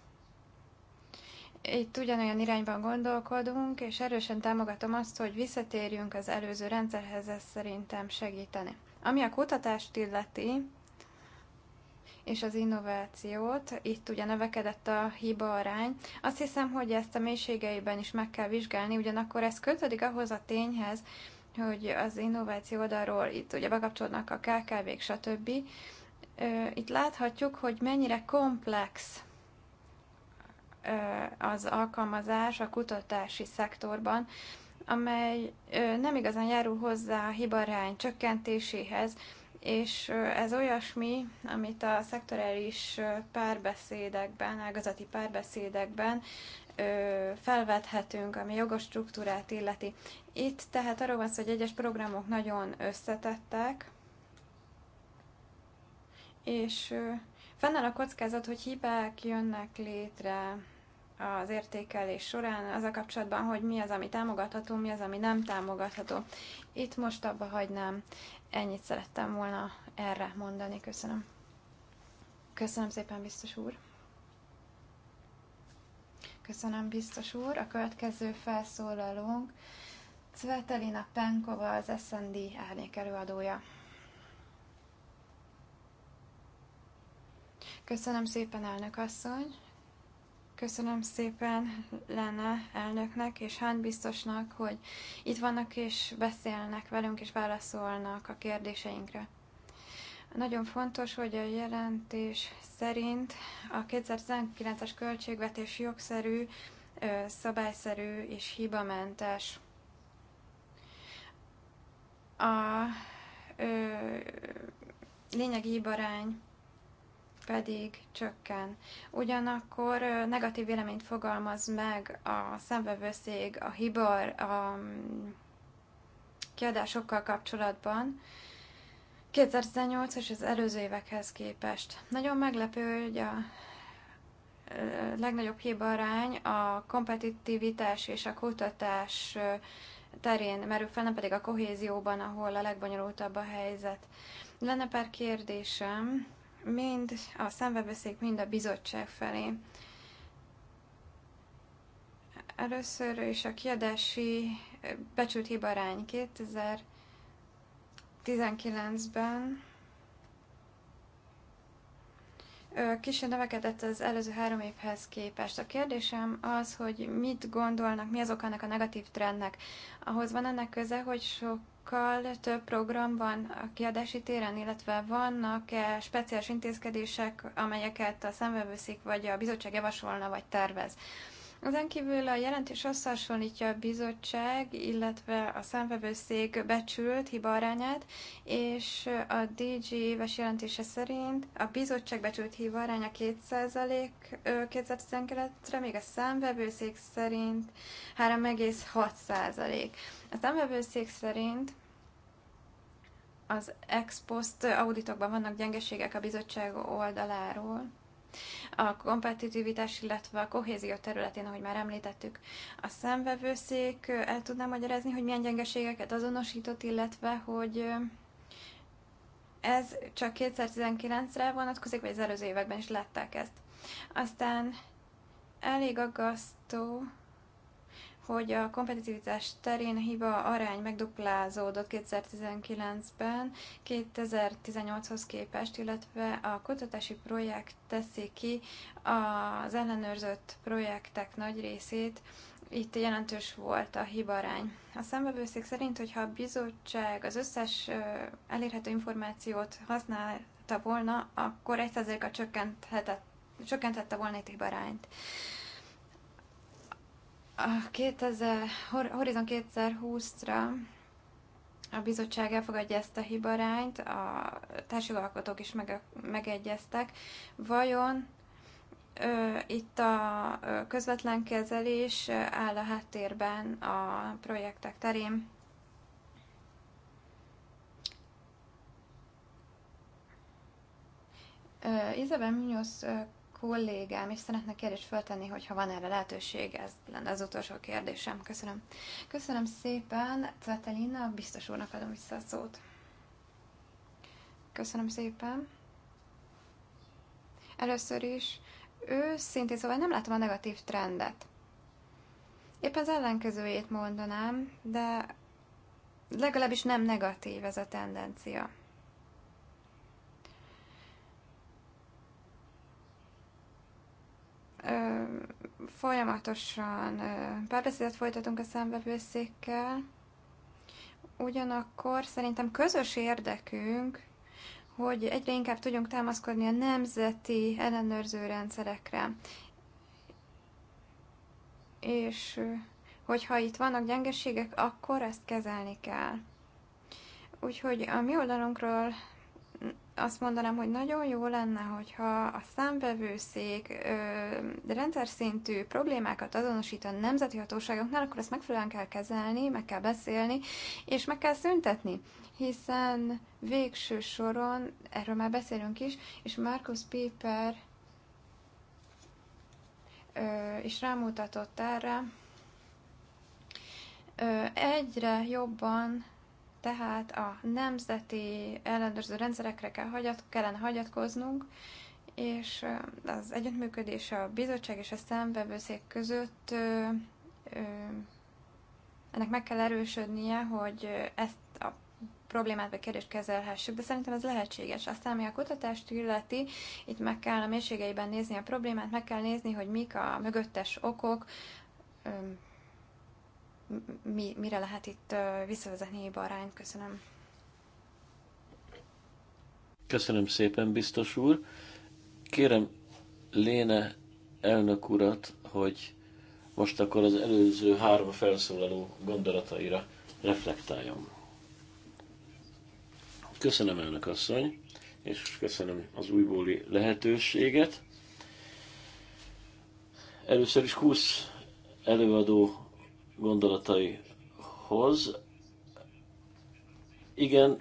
Itt ugyanolyan irányban gondolkodunk, és erősen támogatom azt, hogy visszatérjünk az előző rendszerhez, ez szerintem segíteni. Ami a kutatást illeti, és az innovációt, itt ugye növekedett a hiba arány. Azt hiszem, hogy ezt a mélységeiben is meg kell vizsgálni, ugyanakkor ez kötődik ahhoz a tényhez, hogy az innováció oldalról itt ugye bekapcsolnak a KKV-k, stb. Itt láthatjuk, hogy mennyire komplex az alkalmazás a kutatási szektorban, amely nem igazán járul hozzá a hibarány csökkentéséhez, és ez olyasmi, amit a szektorális párbeszédekben, ágazati párbeszédekben felvethetünk, ami jogos struktúrát illeti. Itt tehát arról van szó, hogy egyes programok nagyon összetettek, és fennáll a kockázat, hogy hibák jönnek létre az értékelés során, az a kapcsolatban, hogy mi az, ami támogatható, mi az, ami nem támogatható. Itt most abba hagynám. Ennyit szerettem volna erre mondani. Köszönöm. Köszönöm szépen, biztos úr. Köszönöm, biztos úr. A következő felszólalónk Cvetelina Penkova, az SND árnyék előadója. Köszönöm szépen, elnök asszony. Köszönöm szépen lenne elnöknek és Hán biztosnak, hogy itt vannak és beszélnek velünk és válaszolnak a kérdéseinkre. Nagyon fontos, hogy a jelentés szerint a 2019-es költségvetés jogszerű, szabályszerű és hibamentes. A ö, lényegi hibarány pedig csökken. Ugyanakkor negatív véleményt fogalmaz meg a szembevőszég, a hibar, a mm, kiadásokkal kapcsolatban, 2018 és az előző évekhez képest. Nagyon meglepő, hogy a legnagyobb hibarány a kompetitivitás és a kutatás terén merül fel, nem pedig a kohézióban, ahol a legbonyolultabb a helyzet. Lenne pár kérdésem mind a szembebeszék, mind a bizottság felé. Először is a kiadási eh, becsült hibarány 2019-ben kicsit növekedett az előző három évhez képest. A kérdésem az, hogy mit gondolnak, mi az oka ennek a negatív trendnek. Ahhoz van ennek köze, hogy sok sokkal több program van a kiadási téren, illetve vannak-e eh, speciális intézkedések, amelyeket a szemvevőszik vagy a bizottság javasolna vagy tervez? Ezen kívül a jelentés hasonlítja a bizottság, illetve a számvevőszék becsült hibaarányát, és a DG éves jelentése szerint a bizottság becsült hibaaránya 2% 2019-re, még a számvevőszék szerint 3,6%. A számvevőszék szerint az ex post auditokban vannak gyengeségek a bizottság oldaláról a kompetitivitás, illetve a kohézió területén, ahogy már említettük. A szemvevőszék el tudná magyarázni, hogy milyen gyengeségeket azonosított, illetve hogy ez csak 2019-re vonatkozik, vagy az előző években is látták ezt. Aztán elég aggasztó hogy a kompetitivitás terén a hiba arány megduplázódott 2019-ben 2018-hoz képest, illetve a kutatási projekt teszi ki az ellenőrzött projektek nagy részét, itt jelentős volt a hibarány. A szembevőszék szerint, hogyha a bizottság az összes elérhető információt használta volna, akkor százalékkal a csökkenthette volna itt hibarányt. A 2000, Horizon 2020-ra a bizottság elfogadja ezt a hibarányt, a társadalmatok is meg megegyeztek. Vajon ö, itt a közvetlen kezelés áll a háttérben a projektek terén? Isabel Munoz kollégám is szeretne kérdést föltenni, hogyha van erre lehetőség, ez lenne az utolsó kérdésem. Köszönöm. Köszönöm szépen, Cvetelina, biztos úrnak adom vissza a szót. Köszönöm szépen. Először is őszintén szóval nem látom a negatív trendet. Épp az ellenkezőjét mondanám, de legalábbis nem negatív ez a tendencia. folyamatosan párbeszédet folytatunk a számvevőszékkel, ugyanakkor szerintem közös érdekünk, hogy egyre inkább tudjunk támaszkodni a nemzeti ellenőrző rendszerekre. És hogyha itt vannak gyengeségek, akkor ezt kezelni kell. Úgyhogy a mi oldalunkról azt mondanám, hogy nagyon jó lenne, hogyha a számvevőszék ö, rendszer szintű problémákat azonosít a nemzeti hatóságoknál, akkor ezt megfelelően kell kezelni, meg kell beszélni, és meg kell szüntetni, hiszen végső soron, erről már beszélünk is, és Markus Piper ö, is rámutatott erre, ö, egyre jobban tehát a nemzeti ellenőrző rendszerekre kell hagyat, kellene hagyatkoznunk, és az együttműködés a bizottság és a szembevőszék között ö, ö, ennek meg kell erősödnie, hogy ezt a problémát vagy kérdést kezelhessük, de szerintem ez lehetséges. Aztán, ami a kutatást illeti, itt meg kell a mélységeiben nézni a problémát, meg kell nézni, hogy mik a mögöttes okok, mi, mire lehet itt visszavezetni barányt. Köszönöm. Köszönöm szépen, biztos úr. Kérem Léne elnök urat, hogy most akkor az előző három felszólaló gondolataira reflektáljon. Köszönöm, elnök asszony, és köszönöm az újbóli lehetőséget. Először is 20 előadó gondolataihoz. Igen,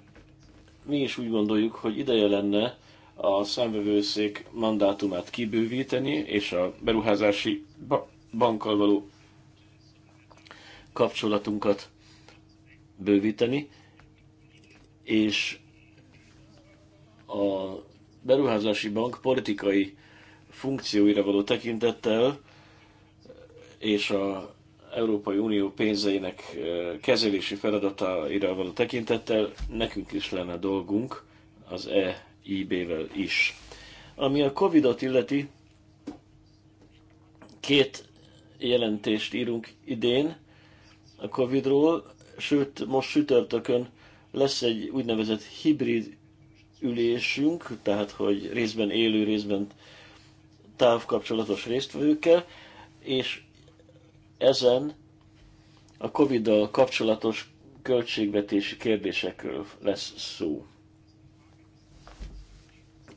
mi is úgy gondoljuk, hogy ideje lenne a számvevőszék mandátumát kibővíteni, és a beruházási bankkal való kapcsolatunkat bővíteni, és a beruházási bank politikai funkcióira való tekintettel és a Európai Unió pénzeinek eh, kezelési feladataira való tekintettel nekünk is lenne dolgunk az EIB-vel is. Ami a Covid-ot illeti, két jelentést írunk idén a Covid-ról, sőt, most sütörtökön lesz egy úgynevezett hibrid ülésünk, tehát hogy részben élő, részben távkapcsolatos résztvevőkkel, és ezen a Covid-dal kapcsolatos költségvetési kérdésekről lesz szó.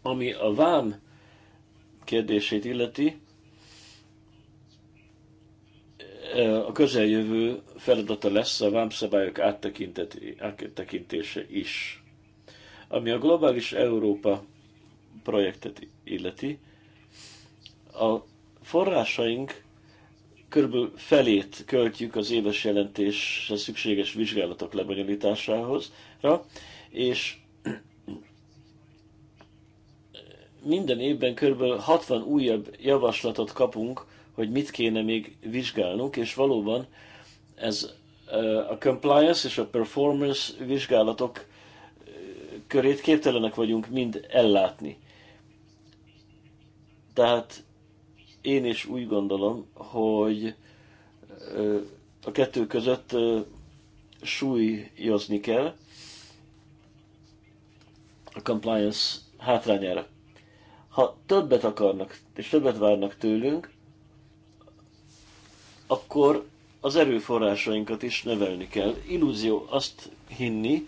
Ami a vám kérdését illeti, e, a közeljövő feladata lesz a vámszabályok áttekintése is. Ami a globális Európa projektet illeti, a forrásaink körülbelül felét költjük az éves jelentésre szükséges vizsgálatok lebonyolításához, és minden évben kb. 60 újabb javaslatot kapunk, hogy mit kéne még vizsgálnunk, és valóban ez a compliance és a performance vizsgálatok körét képtelenek vagyunk mind ellátni. Tehát én is úgy gondolom, hogy a kettő között súlyozni kell a compliance hátrányára. Ha többet akarnak és többet várnak tőlünk, akkor az erőforrásainkat is növelni kell. Illúzió azt hinni,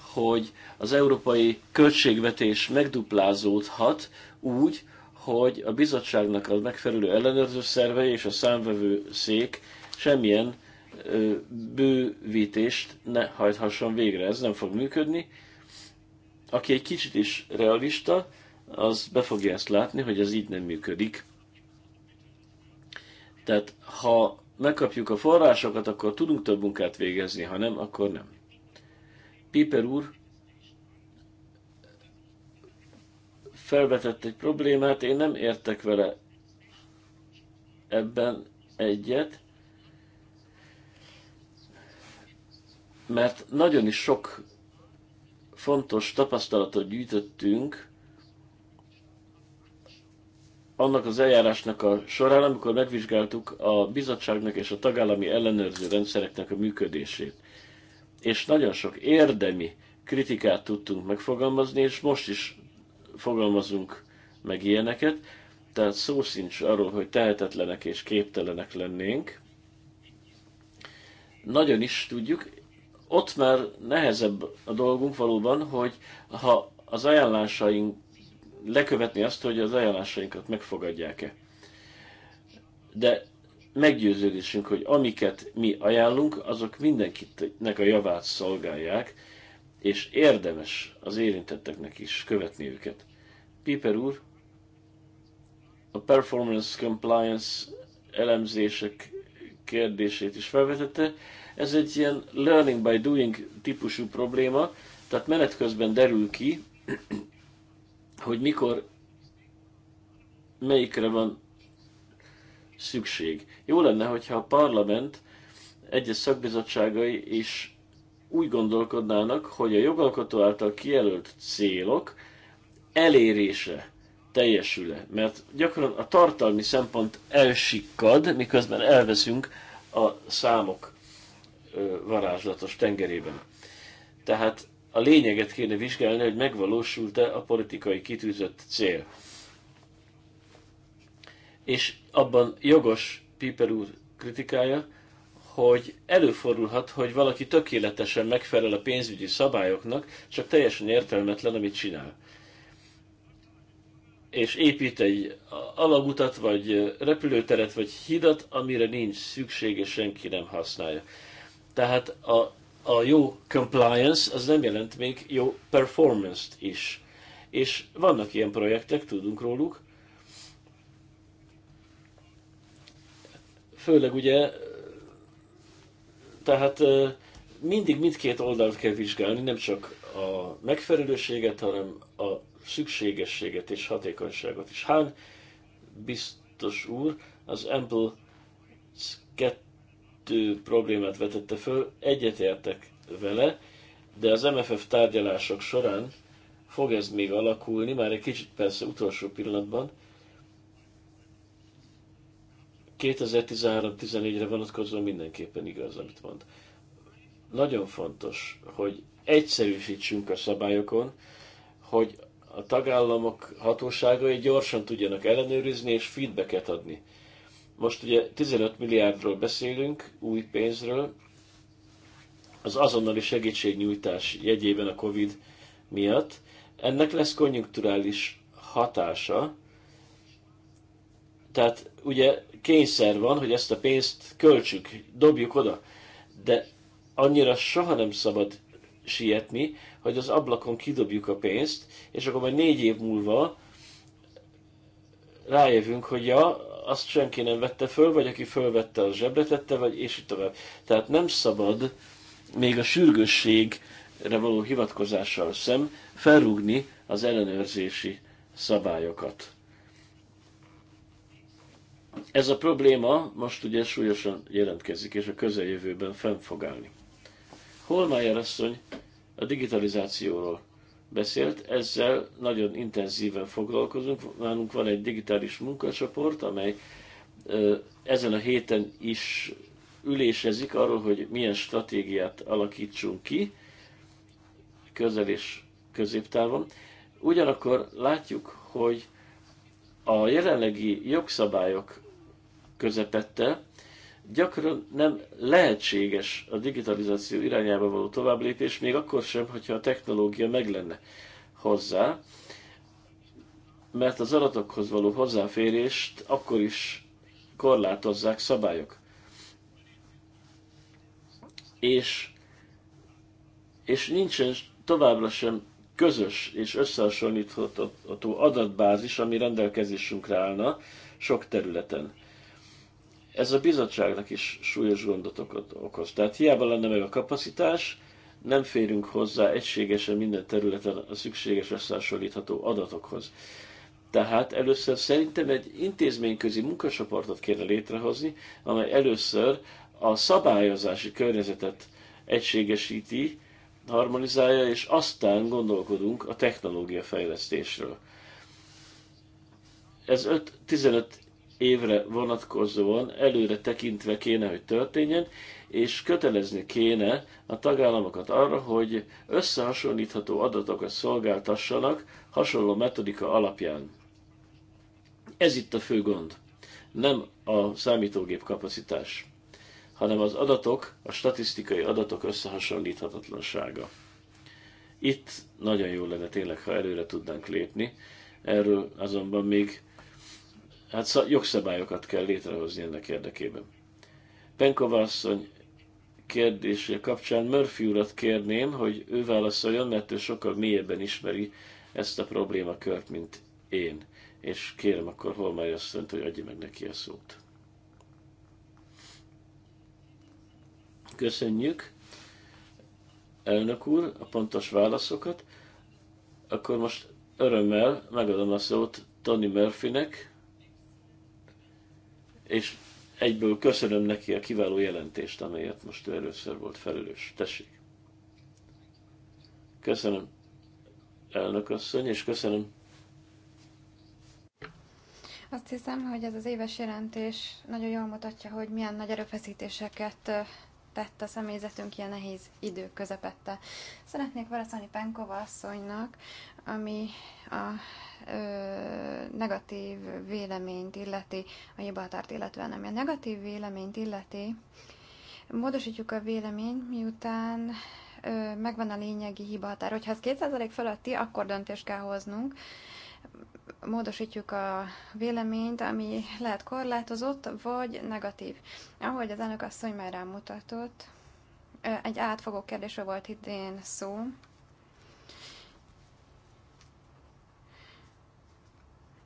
hogy az európai költségvetés megduplázódhat úgy, hogy a bizottságnak a megfelelő ellenőrző szerve és a számvevő szék semmilyen bővítést ne hajthasson végre. Ez nem fog működni. Aki egy kicsit is realista, az be fogja ezt látni, hogy ez így nem működik. Tehát ha megkapjuk a forrásokat, akkor tudunk több munkát végezni, ha nem, akkor nem. Piper úr felvetett egy problémát, én nem értek vele ebben egyet, mert nagyon is sok fontos tapasztalatot gyűjtöttünk annak az eljárásnak a során, amikor megvizsgáltuk a bizottságnak és a tagállami ellenőrző rendszereknek a működését. És nagyon sok érdemi kritikát tudtunk megfogalmazni, és most is fogalmazunk meg ilyeneket, tehát szó sincs arról, hogy tehetetlenek és képtelenek lennénk. Nagyon is tudjuk, ott már nehezebb a dolgunk valóban, hogy ha az ajánlásaink lekövetni azt, hogy az ajánlásainkat megfogadják-e. De meggyőződésünk, hogy amiket mi ajánlunk, azok mindenkinek a javát szolgálják, és érdemes az érintetteknek is követni őket. Piper úr, a performance compliance elemzések kérdését is felvetette. Ez egy ilyen learning by doing típusú probléma, tehát menet közben derül ki, hogy mikor melyikre van szükség. Jó lenne, hogyha a parlament egyes szakbizottságai is úgy gondolkodnának, hogy a jogalkotó által kijelölt célok elérése teljesül-e. Mert gyakran a tartalmi szempont elsikkad, miközben elveszünk a számok varázslatos tengerében. Tehát a lényeget kéne vizsgálni, hogy megvalósult-e a politikai kitűzött cél. És abban jogos Piper úr kritikája, hogy előfordulhat, hogy valaki tökéletesen megfelel a pénzügyi szabályoknak, csak teljesen értelmetlen, amit csinál. És épít egy alagutat, vagy repülőteret, vagy hidat, amire nincs szükség, és senki nem használja. Tehát a, a jó compliance az nem jelent még jó performance-t is. És vannak ilyen projektek, tudunk róluk, főleg ugye tehát mindig mindkét oldalt kell vizsgálni, nem csak a megfelelőséget, hanem a szükségességet és hatékonyságot is. Hán biztos úr az Ample kettő problémát vetette föl, egyetértek vele, de az MFF tárgyalások során fog ez még alakulni, már egy kicsit persze utolsó pillanatban, 2013-14-re vonatkozóan mindenképpen igaz, amit mond. Nagyon fontos, hogy egyszerűsítsünk a szabályokon, hogy a tagállamok hatóságai gyorsan tudjanak ellenőrizni és feedbacket adni. Most ugye 15 milliárdról beszélünk, új pénzről, az azonnali segítségnyújtás jegyében a COVID miatt. Ennek lesz konjunkturális hatása, tehát ugye kényszer van, hogy ezt a pénzt költsük, dobjuk oda, de annyira soha nem szabad sietni, hogy az ablakon kidobjuk a pénzt, és akkor majd négy év múlva rájövünk, hogy ja, azt senki nem vette föl, vagy aki fölvette, az zsebre tette, vagy és így tovább. Tehát nem szabad még a sürgősségre való hivatkozással sem felrúgni az ellenőrzési szabályokat. Ez a probléma most ugye súlyosan jelentkezik, és a közeljövőben fenn fog állni. Holmeyer asszony a digitalizációról beszélt, ezzel nagyon intenzíven foglalkozunk. Nálunk van egy digitális munkacsoport, amely ezen a héten is ülésezik arról, hogy milyen stratégiát alakítsunk ki közel és középtávon. Ugyanakkor látjuk, hogy a jelenlegi jogszabályok közepette, gyakran nem lehetséges a digitalizáció irányába való továbblépés, még akkor sem, hogyha a technológia meg lenne hozzá, mert az adatokhoz való hozzáférést akkor is korlátozzák szabályok. És, és nincsen továbbra sem közös és összehasonlítható adatbázis, ami rendelkezésünkre állna sok területen ez a bizottságnak is súlyos gondot okoz. Tehát hiába lenne meg a kapacitás, nem férünk hozzá egységesen minden területen a szükséges összehasonlítható adatokhoz. Tehát először szerintem egy intézményközi munkacsoportot kéne létrehozni, amely először a szabályozási környezetet egységesíti, harmonizálja, és aztán gondolkodunk a technológia fejlesztésről. Ez 5-15 évre vonatkozóan előre tekintve kéne, hogy történjen, és kötelezni kéne a tagállamokat arra, hogy összehasonlítható adatokat szolgáltassanak hasonló metodika alapján. Ez itt a fő gond. Nem a számítógép kapacitás, hanem az adatok, a statisztikai adatok összehasonlíthatatlansága. Itt nagyon jó lenne tényleg, ha előre tudnánk lépni, erről azonban még hát jogszabályokat kell létrehozni ennek érdekében. Penkova asszony kérdése kapcsán Murphy urat kérném, hogy ő válaszoljon, mert ő sokkal mélyebben ismeri ezt a problémakört, mint én. És kérem akkor Holmai asszonyt, hogy adja meg neki a szót. Köszönjük, elnök úr, a pontos válaszokat. Akkor most örömmel megadom a szót Tony Murphynek, és egyből köszönöm neki a kiváló jelentést, amelyet most először volt felelős. Tessék! Köszönöm, elnök asszony, és köszönöm. Azt hiszem, hogy ez az éves jelentés nagyon jól mutatja, hogy milyen nagy erőfeszítéseket tett a személyzetünk ilyen nehéz idő közepette. Szeretnék válaszolni Penkova asszonynak, ami a ö, negatív véleményt illeti, a hibahatárt illetően, ami a negatív véleményt illeti, módosítjuk a véleményt, miután ö, megvan a lényegi hibahatár. Hogyha ez 200% fölötti, akkor döntést kell hoznunk, módosítjuk a véleményt, ami lehet korlátozott, vagy negatív. Ahogy az elnök asszony már rámutatott, egy átfogó kérdésről volt idén szó,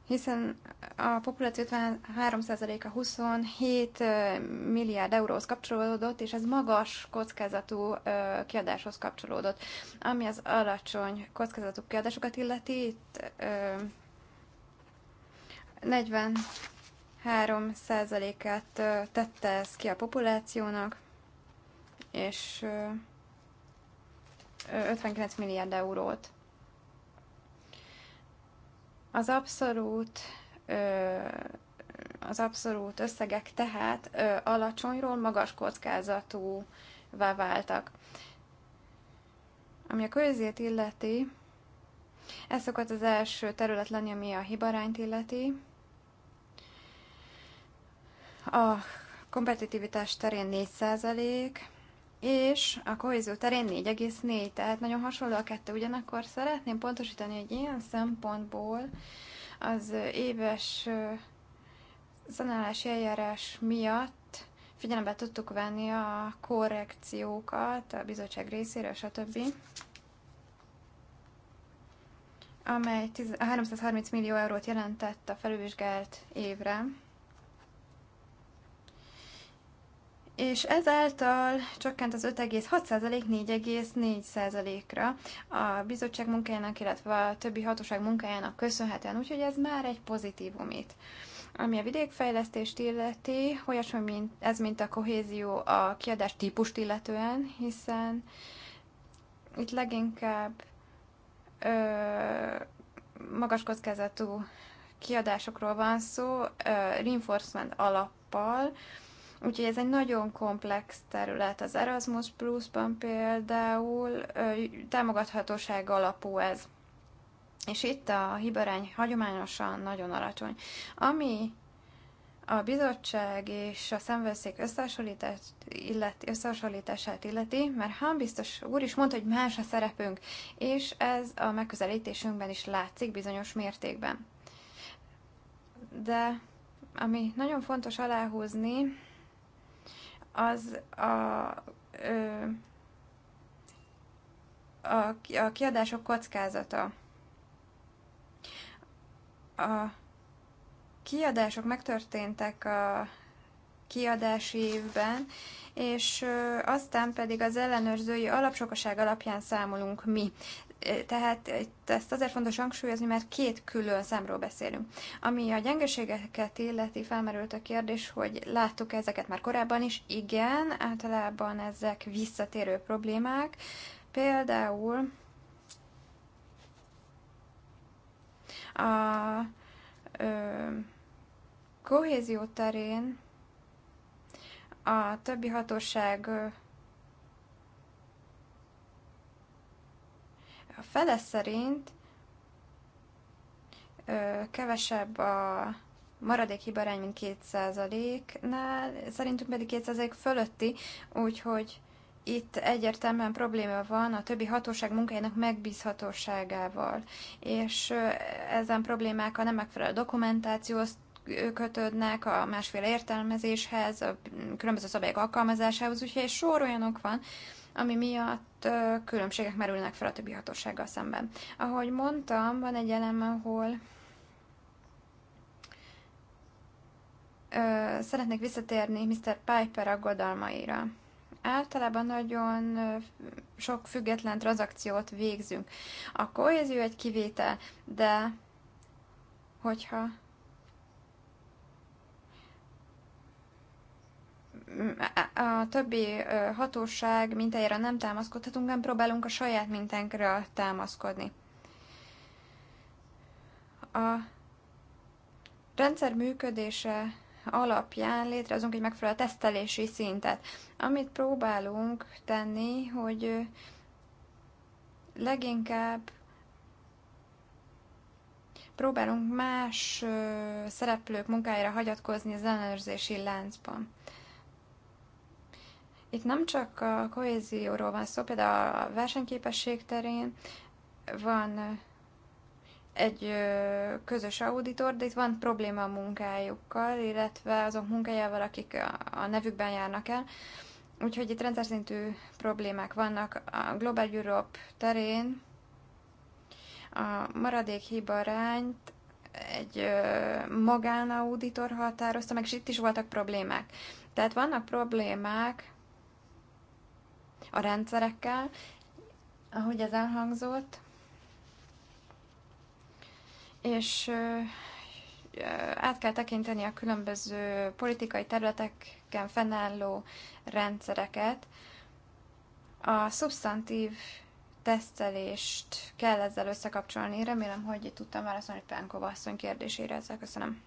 hiszen a populáció 53%-a 27 milliárd euróhoz kapcsolódott, és ez magas kockázatú kiadáshoz kapcsolódott. Ami az alacsony kockázatú kiadásokat illeti, itt 43%-át tette ez ki a populációnak, és 59 milliárd eurót. Az abszolút az abszolút összegek tehát ö, alacsonyról magas kockázatúvá váltak. Ami a közét illeti, ez szokott az első terület lenni, ami a hibarányt illeti. A kompetitivitás terén 4 és a kohézió terén 4,4, tehát nagyon hasonló a kettő. Ugyanakkor szeretném pontosítani, hogy ilyen szempontból az éves szanálási eljárás miatt figyelembe tudtuk venni a korrekciókat a bizottság részéről, stb. amely 330 millió eurót jelentett a felülvizsgált évre. és ezáltal csökkent az 5,6% 4,4%-ra a bizottság munkájának, illetve a többi hatóság munkájának köszönhetően, úgyhogy ez már egy pozitívumit, Ami a vidékfejlesztést illeti, olyasmi, mint, ez mint a kohézió a kiadás típust illetően, hiszen itt leginkább ö, magas kockázatú kiadásokról van szó, ö, reinforcement alappal, Úgyhogy ez egy nagyon komplex terület. Az Erasmus Plus-ban például támogathatóság alapú ez. És itt a hibarány hagyományosan nagyon alacsony. Ami a bizottság és a szemveszék összehasonlítását illeti, összehasonlítását illeti, mert Hán biztos úr is mondta, hogy más a szerepünk, és ez a megközelítésünkben is látszik bizonyos mértékben. De ami nagyon fontos aláhúzni, az a, a, a kiadások kockázata. A kiadások megtörténtek a kiadási évben, és aztán pedig az ellenőrzői alapsokaság alapján számolunk mi. Tehát itt ezt azért fontos hangsúlyozni, mert két külön szemről beszélünk. Ami a gyengeségeket illeti, felmerült a kérdés, hogy láttuk -e ezeket már korábban is. Igen, általában ezek visszatérő problémák. Például a ö, kohézió terén a többi hatóság A fele szerint ö, kevesebb a maradék hibarány, mint 2%-nál, szerintünk pedig 2% fölötti, úgyhogy itt egyértelműen probléma van a többi hatóság munkájának megbízhatóságával, és ezen problémák a nem megfelelő dokumentációhoz kötődnek, a másféle értelmezéshez, a különböző szabályok alkalmazásához, úgyhogy egy sor olyanok van, ami miatt különbségek merülnek fel a többi hatósággal szemben. Ahogy mondtam, van egy elem, ahol szeretnék visszatérni Mr. Piper aggodalmaira. Általában nagyon sok független tranzakciót végzünk. A kohézió egy kivétel, de hogyha a többi hatóság mintájára nem támaszkodhatunk, nem próbálunk a saját mintánkra támaszkodni. A rendszer működése alapján létrehozunk egy megfelelő tesztelési szintet. Amit próbálunk tenni, hogy leginkább próbálunk más szereplők munkájára hagyatkozni az ellenőrzési láncban. Itt nem csak a kohézióról van szó, például a versenyképesség terén van egy közös auditor, de itt van probléma a munkájukkal, illetve azok munkájával, akik a nevükben járnak el. Úgyhogy itt rendszer szintű problémák vannak a Global Europe terén. A maradék hiba arányt egy magánauditor határozta, meg és itt is voltak problémák. Tehát vannak problémák a rendszerekkel, ahogy ez elhangzott. És át kell tekinteni a különböző politikai területeken fennálló rendszereket. A szubstantív tesztelést kell ezzel összekapcsolni. Remélem, hogy itt tudtam válaszolni Pánkova asszony kérdésére, ezzel köszönöm.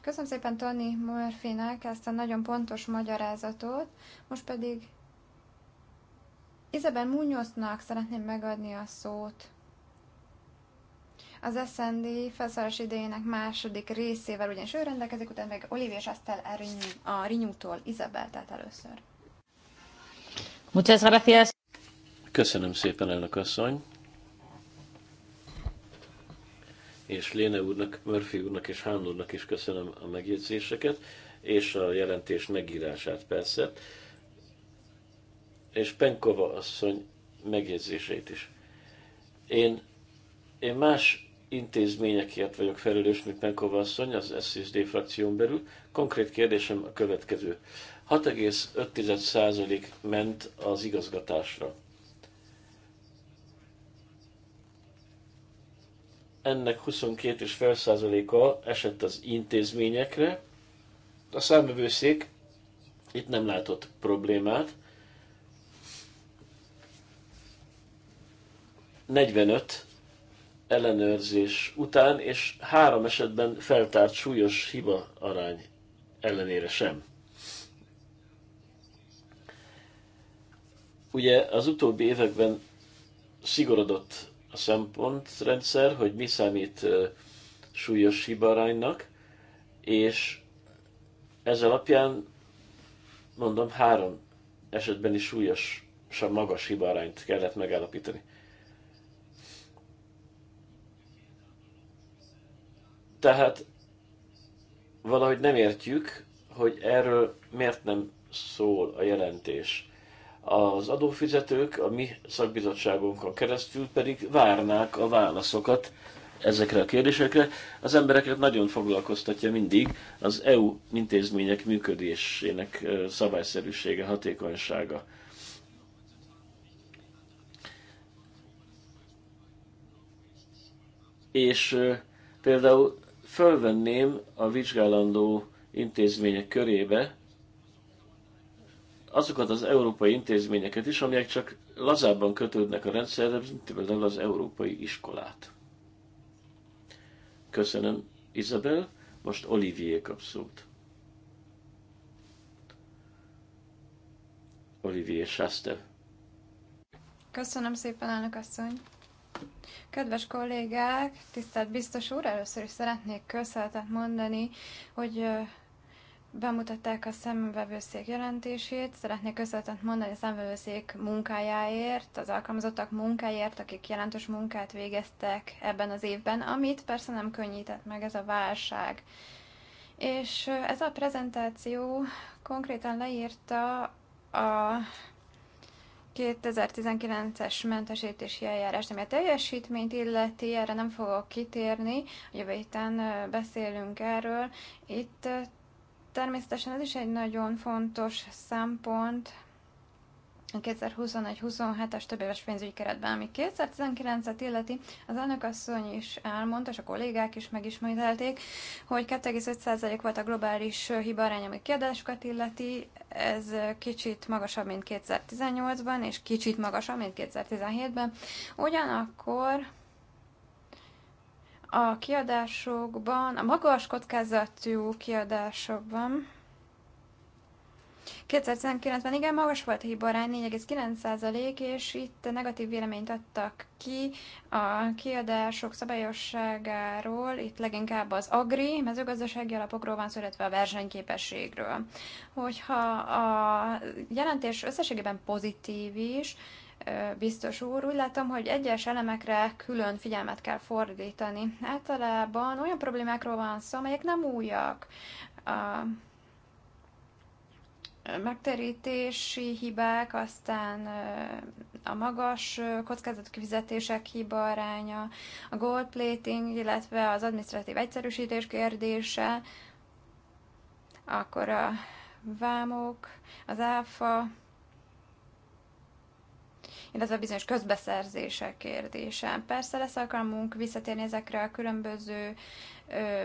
Köszönöm szépen Tony Murphy-nek ezt a nagyon pontos magyarázatot, most pedig Izabel Munyoznak szeretném megadni a szót. Az SND felszállás idejének második részével ugyanis ő rendelkezik, utána meg Olivia és aztán a Rinyútól Izabel, tehát először. Muchas gracias. Köszönöm szépen, elnök asszony. És Léne úrnak, Murphy úrnak és Hán úrnak is köszönöm a megjegyzéseket, és a jelentés megírását persze és Penkova asszony megjegyzéseit is. Én, én más intézményekért vagyok felelős, mint Penkova asszony az SZSZD frakción belül. Konkrét kérdésem a következő. 6,5% ment az igazgatásra. Ennek 22,5%-a esett az intézményekre. A számövőszék itt nem látott problémát, 45 ellenőrzés után, és három esetben feltárt súlyos hiba arány ellenére sem. Ugye az utóbbi években szigorodott a szempontrendszer, hogy mi számít súlyos aránynak, és ez alapján mondom, három esetben is súlyos, sem magas hibarányt kellett megállapítani. Tehát valahogy nem értjük, hogy erről miért nem szól a jelentés. Az adófizetők a mi szakbizottságunkon keresztül pedig várnák a válaszokat ezekre a kérdésekre. Az embereket nagyon foglalkoztatja mindig az EU intézmények működésének szabályszerűsége, hatékonysága. És például fölvenném a vizsgálandó intézmények körébe azokat az európai intézményeket is, amelyek csak lazábban kötődnek a rendszerre, mint például az európai iskolát. Köszönöm, Izabel. Most Olivier kap szót. Olivier Schaster. Köszönöm szépen, elnök asszony. Kedves kollégák, tisztelt biztos úr, először is szeretnék köszönetet mondani, hogy bemutatták a szemvevőszék jelentését. Szeretnék köszönetet mondani a szemvevőszék munkájáért, az alkalmazottak munkáért, akik jelentős munkát végeztek ebben az évben, amit persze nem könnyített meg ez a válság. És ez a prezentáció konkrétan leírta a 2019-es mentesítési eljárás ami a teljesítményt illeti, erre nem fogok kitérni, jövő héten beszélünk erről. Itt természetesen ez is egy nagyon fontos szempont, 2021-27-es többéves pénzügyi keretben, ami 2019-et illeti, az elnökasszony is elmondta, és a kollégák is megismételték, hogy 2,5% volt a globális arány, ami kiadásokat illeti, ez kicsit magasabb, mint 2018-ban, és kicsit magasabb, mint 2017-ben. Ugyanakkor a kiadásokban, a magas kockázatú kiadásokban, 2019-ben igen magas volt a hibarány, 4,9%, és itt negatív véleményt adtak ki a kiadások szabályosságáról, itt leginkább az agri, mezőgazdasági alapokról van szó, illetve a versenyképességről. Hogyha a jelentés összességében pozitív is, biztos úr. Úgy látom, hogy egyes elemekre külön figyelmet kell fordítani. Általában olyan problémákról van szó, amelyek nem újak. A megterítési hibák, aztán a magas kifizetések hiba aránya, a gold plating, illetve az administratív egyszerűsítés kérdése, akkor a vámok, az áfa, illetve bizonyos közbeszerzések kérdése. Persze lesz alkalmunk visszatérni ezekre a különböző,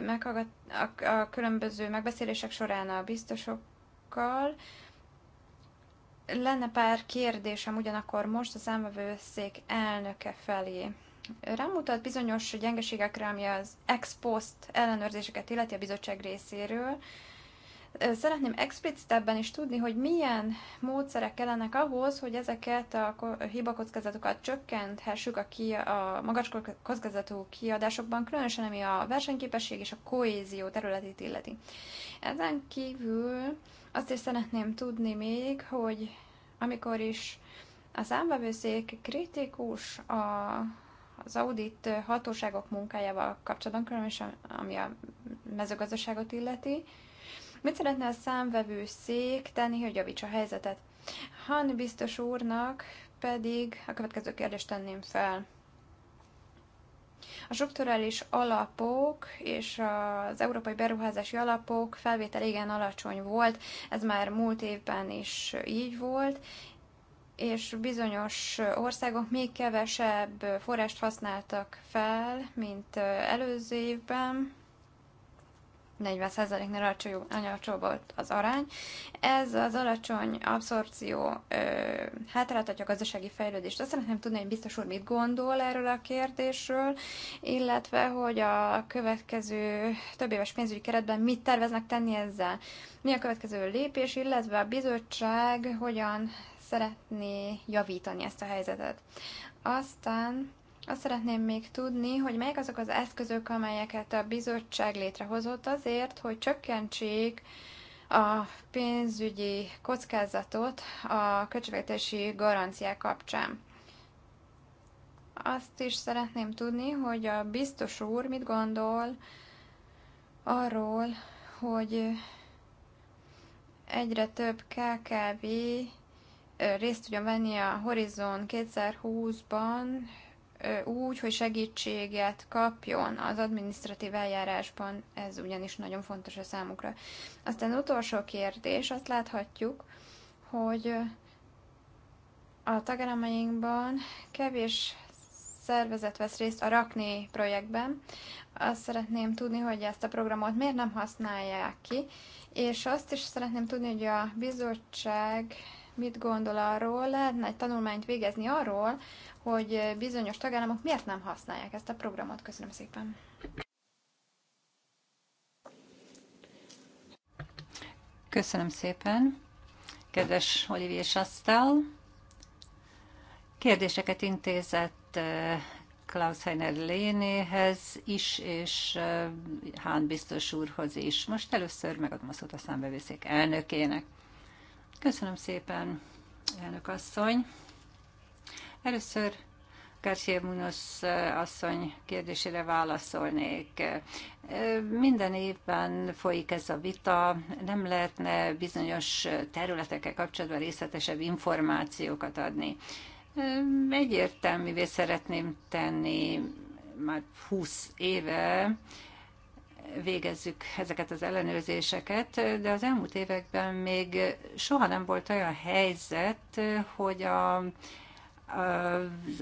meghallgat, a, a különböző megbeszélések során a biztosok dolgokkal. Lenne pár kérdésem ugyanakkor most a számvevőszék elnöke felé. Rámutat bizonyos gyengeségekre, ami az ex post ellenőrzéseket illeti a bizottság részéről. Szeretném explicitebben is tudni, hogy milyen módszerek kellenek ahhoz, hogy ezeket a hibakockázatokat csökkenthessük a, ki, a magas kockázatú kiadásokban, különösen ami a versenyképesség és a kohézió területét illeti. Ezen kívül azt is szeretném tudni még, hogy amikor is a számvevőszék kritikus a, az audit hatóságok munkájával kapcsolatban, különösen ami a mezőgazdaságot illeti, mit szeretne a számvevőszék tenni, hogy javítsa a helyzetet? Han biztos úrnak pedig a következő kérdést tenném fel. A strukturális alapok és az európai beruházási alapok felvétel igen alacsony volt, ez már múlt évben is így volt, és bizonyos országok még kevesebb forrást használtak fel, mint előző évben, 40%-nál alacsony, alacsony volt az arány. Ez az alacsony abszorció hátráltatja a gazdasági fejlődést. Azt szeretném tudni, hogy biztos úr mit gondol erről a kérdésről, illetve hogy a következő több éves pénzügyi keretben mit terveznek tenni ezzel. Mi a következő lépés, illetve a bizottság hogyan szeretné javítani ezt a helyzetet. Aztán azt szeretném még tudni, hogy melyik azok az eszközök, amelyeket a bizottság létrehozott azért, hogy csökkentsék a pénzügyi kockázatot a költségvetési garanciák kapcsán. Azt is szeretném tudni, hogy a biztos úr mit gondol arról, hogy egyre több KKV részt tudjon venni a Horizon 2020-ban, úgy, hogy segítséget kapjon az administratív eljárásban, ez ugyanis nagyon fontos a számukra. Aztán utolsó kérdés, azt láthatjuk, hogy a tagállamainkban kevés szervezet vesz részt a Rakni projektben. Azt szeretném tudni, hogy ezt a programot miért nem használják ki, és azt is szeretném tudni, hogy a bizottság mit gondol arról, lehetne egy tanulmányt végezni arról, hogy eh, bizonyos tagállamok miért nem használják ezt a programot. Köszönöm szépen. Köszönöm szépen. Kedves Olivier Sastel, kérdéseket intézett eh, Klaus Heiner Lénéhez is, és Hán eh, biztos úrhoz is. Most először megadom a szót a számbevészék elnökének. Köszönöm szépen, elnök asszony. Először García Munoz asszony kérdésére válaszolnék. Minden évben folyik ez a vita, nem lehetne bizonyos területekkel kapcsolatban részletesebb információkat adni. Egyértelművé szeretném tenni, már 20 éve végezzük ezeket az ellenőrzéseket, de az elmúlt években még soha nem volt olyan helyzet, hogy a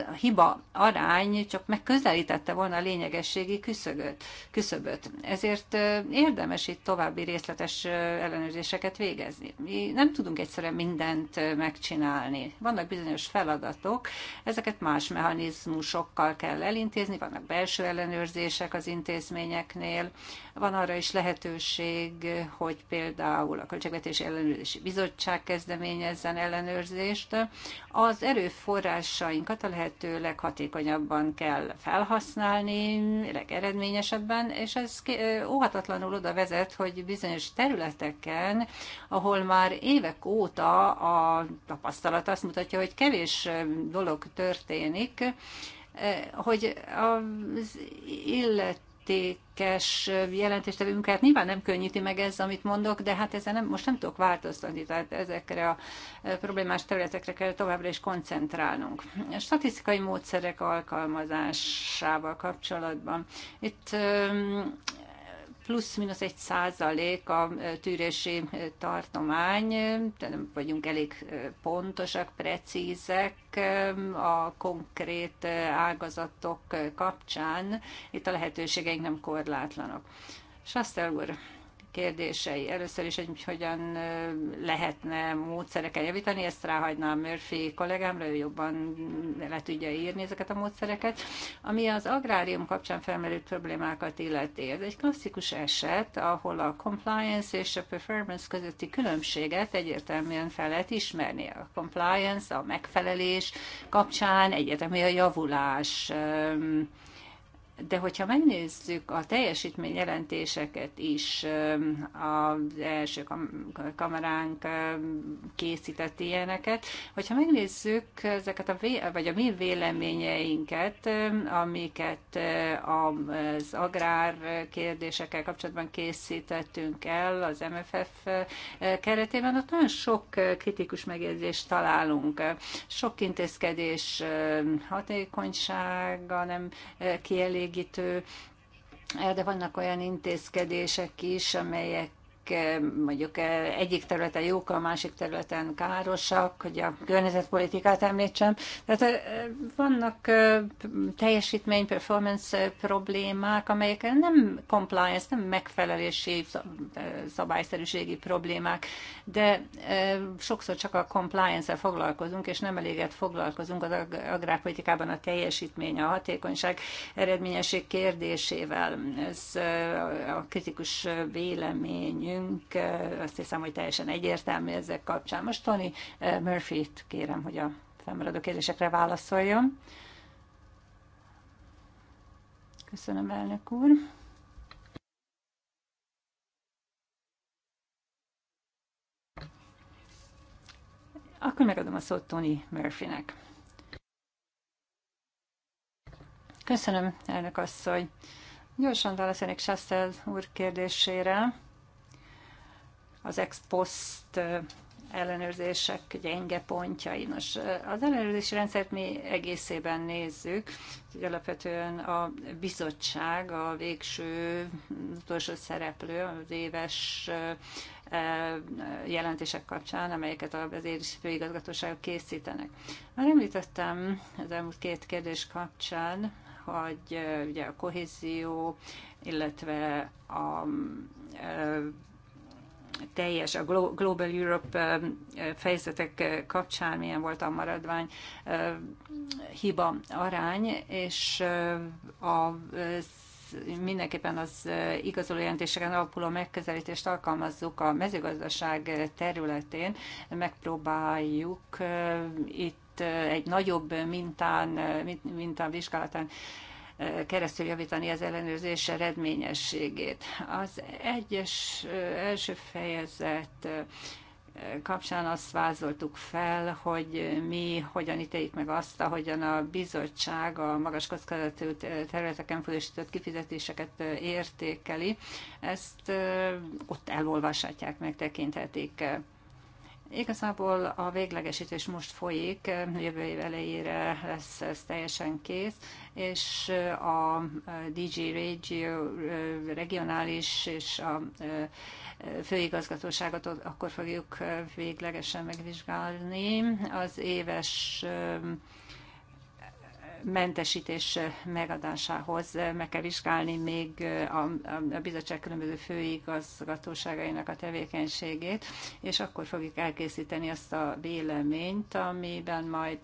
a hiba arány csak megközelítette volna a lényegességi küszöböt. küszöböt. Ezért érdemes itt további részletes ellenőrzéseket végezni. Mi nem tudunk egyszerűen mindent megcsinálni. Vannak bizonyos feladatok, ezeket más mechanizmusokkal kell elintézni, vannak belső ellenőrzések az intézményeknél, van arra is lehetőség, hogy például a Költségvetési Ellenőrzési Bizottság kezdeményezzen ellenőrzést. Az erőforrásainkat a lehető leghatékonyabban kell felhasználni, legeredményesebben, és ez óhatatlanul oda vezet, hogy bizonyos területeken, ahol már évek óta a tapasztalat azt mutatja, hogy kevés dolog történik, hogy az illet illetékes jelentéstevő munkát. Nyilván nem könnyíti meg ez, amit mondok, de hát ezen nem, most nem tudok változtatni, tehát ezekre a e, problémás területekre kell továbbra is koncentrálnunk. A statisztikai módszerek alkalmazásával kapcsolatban. Itt plusz-minusz egy százalék a tűrési tartomány, de nem vagyunk elég pontosak, precízek a konkrét ágazatok kapcsán. Itt a lehetőségeink nem korlátlanok. Sasztel úr, kérdései. Először is, hogy hogyan lehetne módszereken javítani, ezt a Murphy kollégámra, ő jobban le tudja írni ezeket a módszereket. Ami az agrárium kapcsán felmerült problémákat illeti, ez egy klasszikus eset, ahol a compliance és a performance közötti különbséget egyértelműen fel lehet ismerni. A compliance, a megfelelés kapcsán egyértelmű a javulás de hogyha megnézzük a teljesítmény jelentéseket is, az első kameránk készített ilyeneket, hogyha megnézzük ezeket a, vagy a mi véleményeinket, amiket az agrár kérdésekkel kapcsolatban készítettünk el az MFF keretében, ott nagyon sok kritikus megjegyzést találunk. Sok intézkedés hatékonysága nem kielég, kielégítő, de vannak olyan intézkedések is, amelyek E, mondjuk e, egyik területen jók, a másik területen károsak, hogy a környezetpolitikát említsem. Tehát e, vannak teljesítmény, performance problémák, amelyek nem compliance, nem megfelelési, szabályszerűségi problémák, de sokszor csak a compliance-el foglalkozunk, és nem eléget foglalkozunk az agrárpolitikában a teljesítmény, a hatékonyság, eredményesség kérdésével. Ez a kritikus véleményű beszélünk, azt hiszem, hogy teljesen egyértelmű ezek kapcsán. Most Tony Murphy-t kérem, hogy a felmaradó kérdésekre válaszoljon. Köszönöm, elnök úr. Akkor megadom a szót Tony Murphynek. Köszönöm, elnök asszony. Gyorsan válaszolnék Sassel úr kérdésére az ex post ellenőrzések gyenge pontjai. Nos, az ellenőrzési rendszert mi egészében nézzük, hogy alapvetően a bizottság a végső utolsó szereplő az éves jelentések kapcsán, amelyeket a vezérfőigazgatóságok készítenek. Már említettem az elmúlt két kérdés kapcsán, hogy ugye a kohézió, illetve a teljes, a Global Europe fejezetek kapcsán milyen volt a maradvány hiba arány, és a mindenképpen az igazoló jelentéseken alapuló megközelítést alkalmazzuk a mezőgazdaság területén, megpróbáljuk itt egy nagyobb mintán, mintán vizsgálatán keresztül javítani az ellenőrzés eredményességét. Az egyes első fejezet kapcsán azt vázoltuk fel, hogy mi hogyan ítéljük meg azt, ahogyan a bizottság a magas kockázatú területeken fölösített kifizetéseket értékeli. Ezt ott elolvashatják, megtekinthetik. Igazából a véglegesítés most folyik, jövő év elejére lesz ez teljesen kész, és a DG Radio regionális és a főigazgatóságot akkor fogjuk véglegesen megvizsgálni. Az éves mentesítés megadásához meg kell vizsgálni még a, a bizottság különböző főigazgatóságainak a tevékenységét, és akkor fogjuk elkészíteni azt a véleményt, amiben majd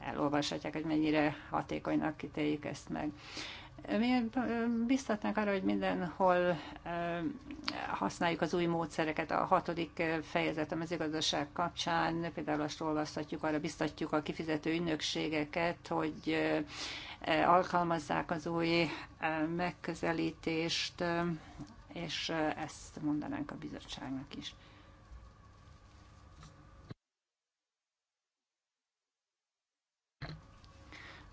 elolvashatják, hogy mennyire hatékonynak ítéljük ezt meg. Mi biztatnánk arra, hogy mindenhol használjuk az új módszereket. A hatodik fejezet a mezőgazdaság kapcsán például azt olvasztatjuk, arra biztatjuk a kifizető ünnökségeket, hogy alkalmazzák az új megközelítést, és ezt mondanánk a bizottságnak is.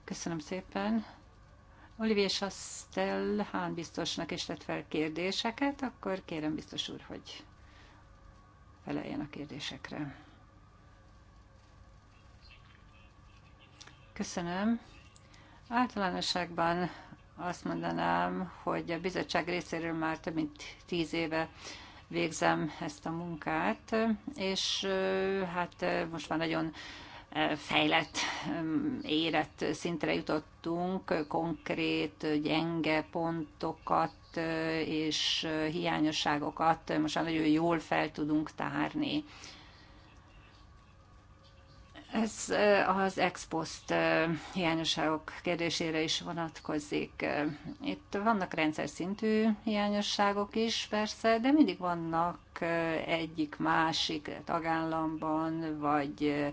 Köszönöm szépen! Olivier Sastel Hán biztosnak is tett fel kérdéseket, akkor kérem biztos úr, hogy feleljen a kérdésekre. Köszönöm. Általánosságban azt mondanám, hogy a bizottság részéről már több mint tíz éve végzem ezt a munkát, és hát most már nagyon fejlett, érett szintre jutottunk, konkrét gyenge pontokat és hiányosságokat most már nagyon jól fel tudunk tárni. Ez az ex post hiányosságok kérdésére is vonatkozik. Itt vannak rendszer szintű hiányosságok is, persze, de mindig vannak egyik másik tagállamban, vagy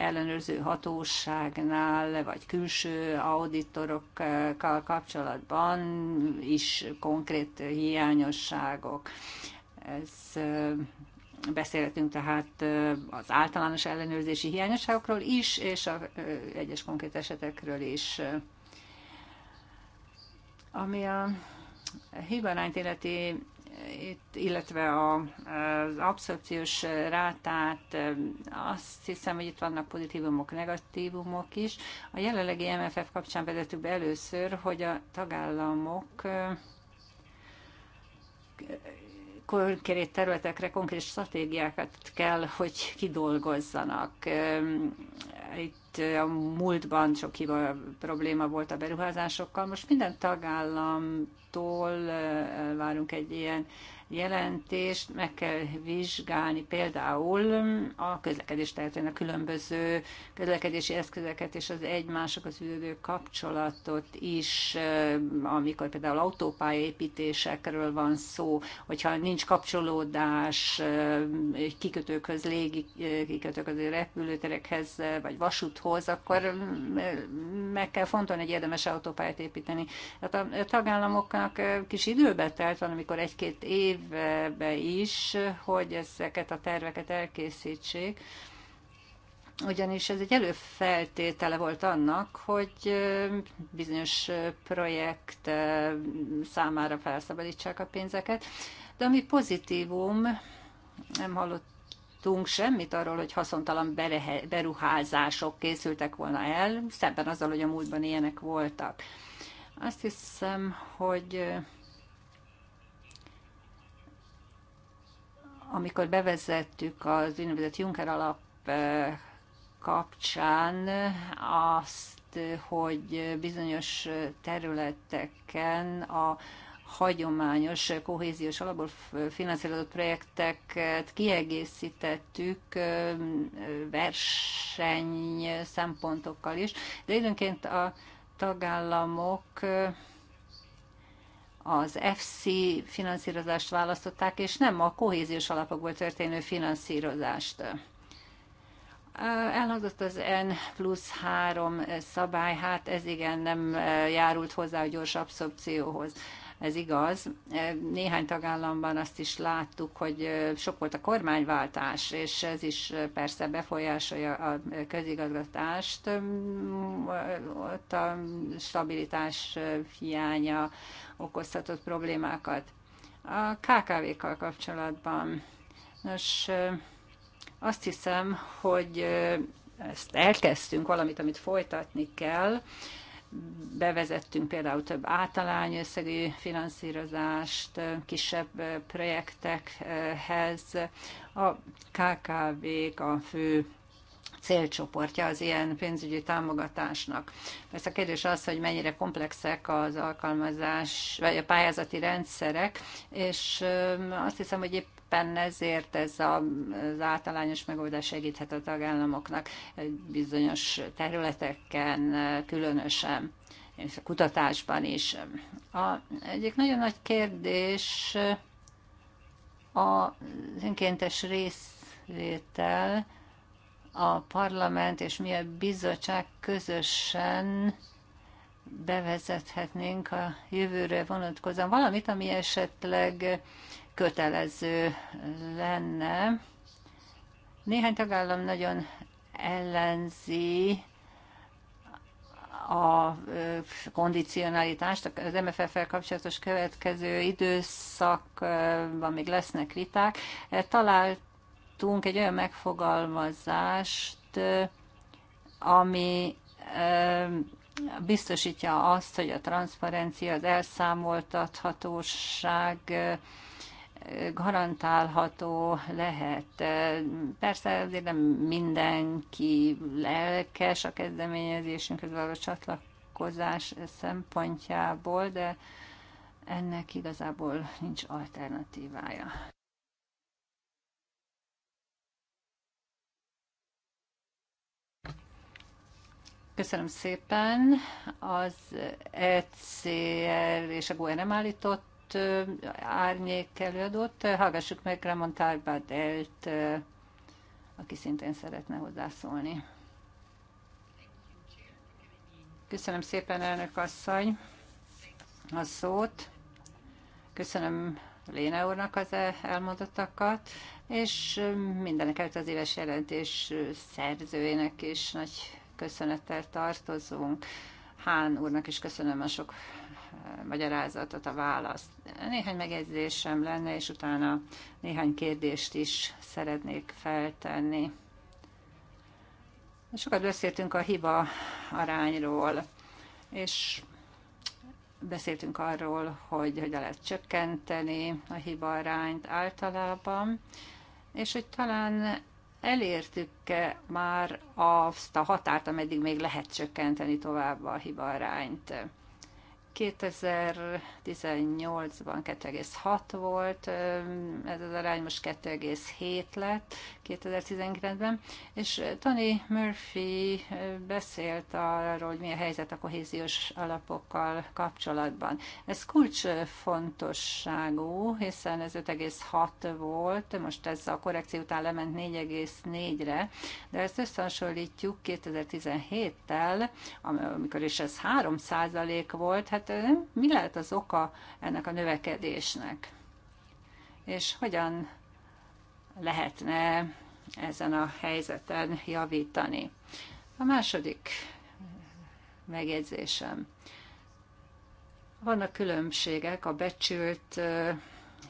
ellenőrző hatóságnál, vagy külső auditorokkal kapcsolatban is konkrét hiányosságok. Ez Beszélhetünk tehát az általános ellenőrzési hiányosságokról is, és a egyes konkrét esetekről is. Ami a hibarányt illeti, itt, illetve a, az abszorpciós rátát, azt hiszem, hogy itt vannak pozitívumok, negatívumok is. A jelenlegi MFF kapcsán vezettük be először, hogy a tagállamok konkrét területekre konkrét stratégiákat kell, hogy kidolgozzanak. Itt a múltban sok hiba probléma volt a beruházásokkal. Most minden tagállamtól várunk egy ilyen jelentést meg kell vizsgálni például a közlekedés területén a különböző közlekedési eszközeket és az az ülő kapcsolatot is, amikor például autópályaépítésekről van szó, hogyha nincs kapcsolódás kikötőköz, légi kikötőköz, repülőterekhez vagy vasúthoz, akkor meg kell fontolni, hogy érdemes autópályát építeni. Hát a tagállamoknak kis időbe telt van, amikor egy-két év évbe is, hogy ezeket a terveket elkészítsék, ugyanis ez egy előfeltétele volt annak, hogy bizonyos projekt számára felszabadítsák a pénzeket. De ami pozitívum, nem hallottunk semmit arról, hogy haszontalan beruházások készültek volna el, szemben azzal, hogy a múltban ilyenek voltak. Azt hiszem, hogy amikor bevezettük az úgynevezett Juncker alap kapcsán azt, hogy bizonyos területeken a hagyományos kohéziós alapból finanszírozott projekteket kiegészítettük verseny szempontokkal is, de időnként a tagállamok az FC finanszírozást választották, és nem a kohéziós alapokból történő finanszírozást. Elhangzott az N plusz 3 szabály, hát ez igen nem járult hozzá a gyors abszorpcióhoz. Ez igaz. Néhány tagállamban azt is láttuk, hogy sok volt a kormányváltás, és ez is persze befolyásolja a közigazgatást. Ott a stabilitás hiánya, okozhatott problémákat. A KKV-kkal kapcsolatban. Nos, azt hiszem, hogy ezt elkezdtünk valamit, amit folytatni kell. Bevezettünk például több általány összegű finanszírozást kisebb projektekhez. A KKV-k a fő célcsoportja az ilyen pénzügyi támogatásnak. Persze a kérdés az, hogy mennyire komplexek az alkalmazás, vagy a pályázati rendszerek, és azt hiszem, hogy épp éppen ezért ez a, az általányos megoldás segíthet a tagállamoknak bizonyos területeken különösen és a kutatásban is. A, egyik nagyon nagy kérdés a önkéntes részvétel, a parlament és mi a bizottság közösen bevezethetnénk a jövőre vonatkozóan valamit, ami esetleg kötelező lenne. Néhány tagállam nagyon ellenzi a kondicionalitást, az MFF-fel kapcsolatos következő időszakban még lesznek viták. Talált kaptunk egy olyan megfogalmazást, ami biztosítja azt, hogy a transzparencia, az elszámoltathatóság garantálható lehet. Persze azért nem mindenki lelkes a kezdeményezésünkhöz való csatlakozás szempontjából, de ennek igazából nincs alternatívája. Köszönöm szépen. Az ECR és a GUE nem állított árnyék előadót. Hallgassuk meg Ramon Tarbadelt, aki szintén szeretne hozzászólni. Köszönöm szépen, elnök asszony, a szót. Köszönöm Léne úrnak az e- elmondottakat, és mindenek előtt az éves jelentés szerzőjének is nagy köszönettel tartozunk. Hán úrnak is köszönöm a sok eh, magyarázatot, a választ. Néhány megjegyzésem lenne, és utána néhány kérdést is szeretnék feltenni. Sokat beszéltünk a hiba arányról, és beszéltünk arról, hogy hogyan lehet csökkenteni a hiba arányt általában, és hogy talán elértük-e már azt a határt, ameddig még lehet csökkenteni tovább a hibarányt? 2018-ban 2,6 volt, ez az arány most 2,7 lett 2019-ben, és Tony Murphy beszélt arról, hogy mi a helyzet a kohéziós alapokkal kapcsolatban. Ez kulcsfontosságú, hiszen ez 5,6 volt, most ez a korrekció után lement 4,4-re, de ezt összehasonlítjuk 2017-tel, amikor is ez 3 volt, hát mi lehet az oka ennek a növekedésnek? És hogyan lehetne ezen a helyzeten javítani? A második megjegyzésem. Vannak különbségek a becsült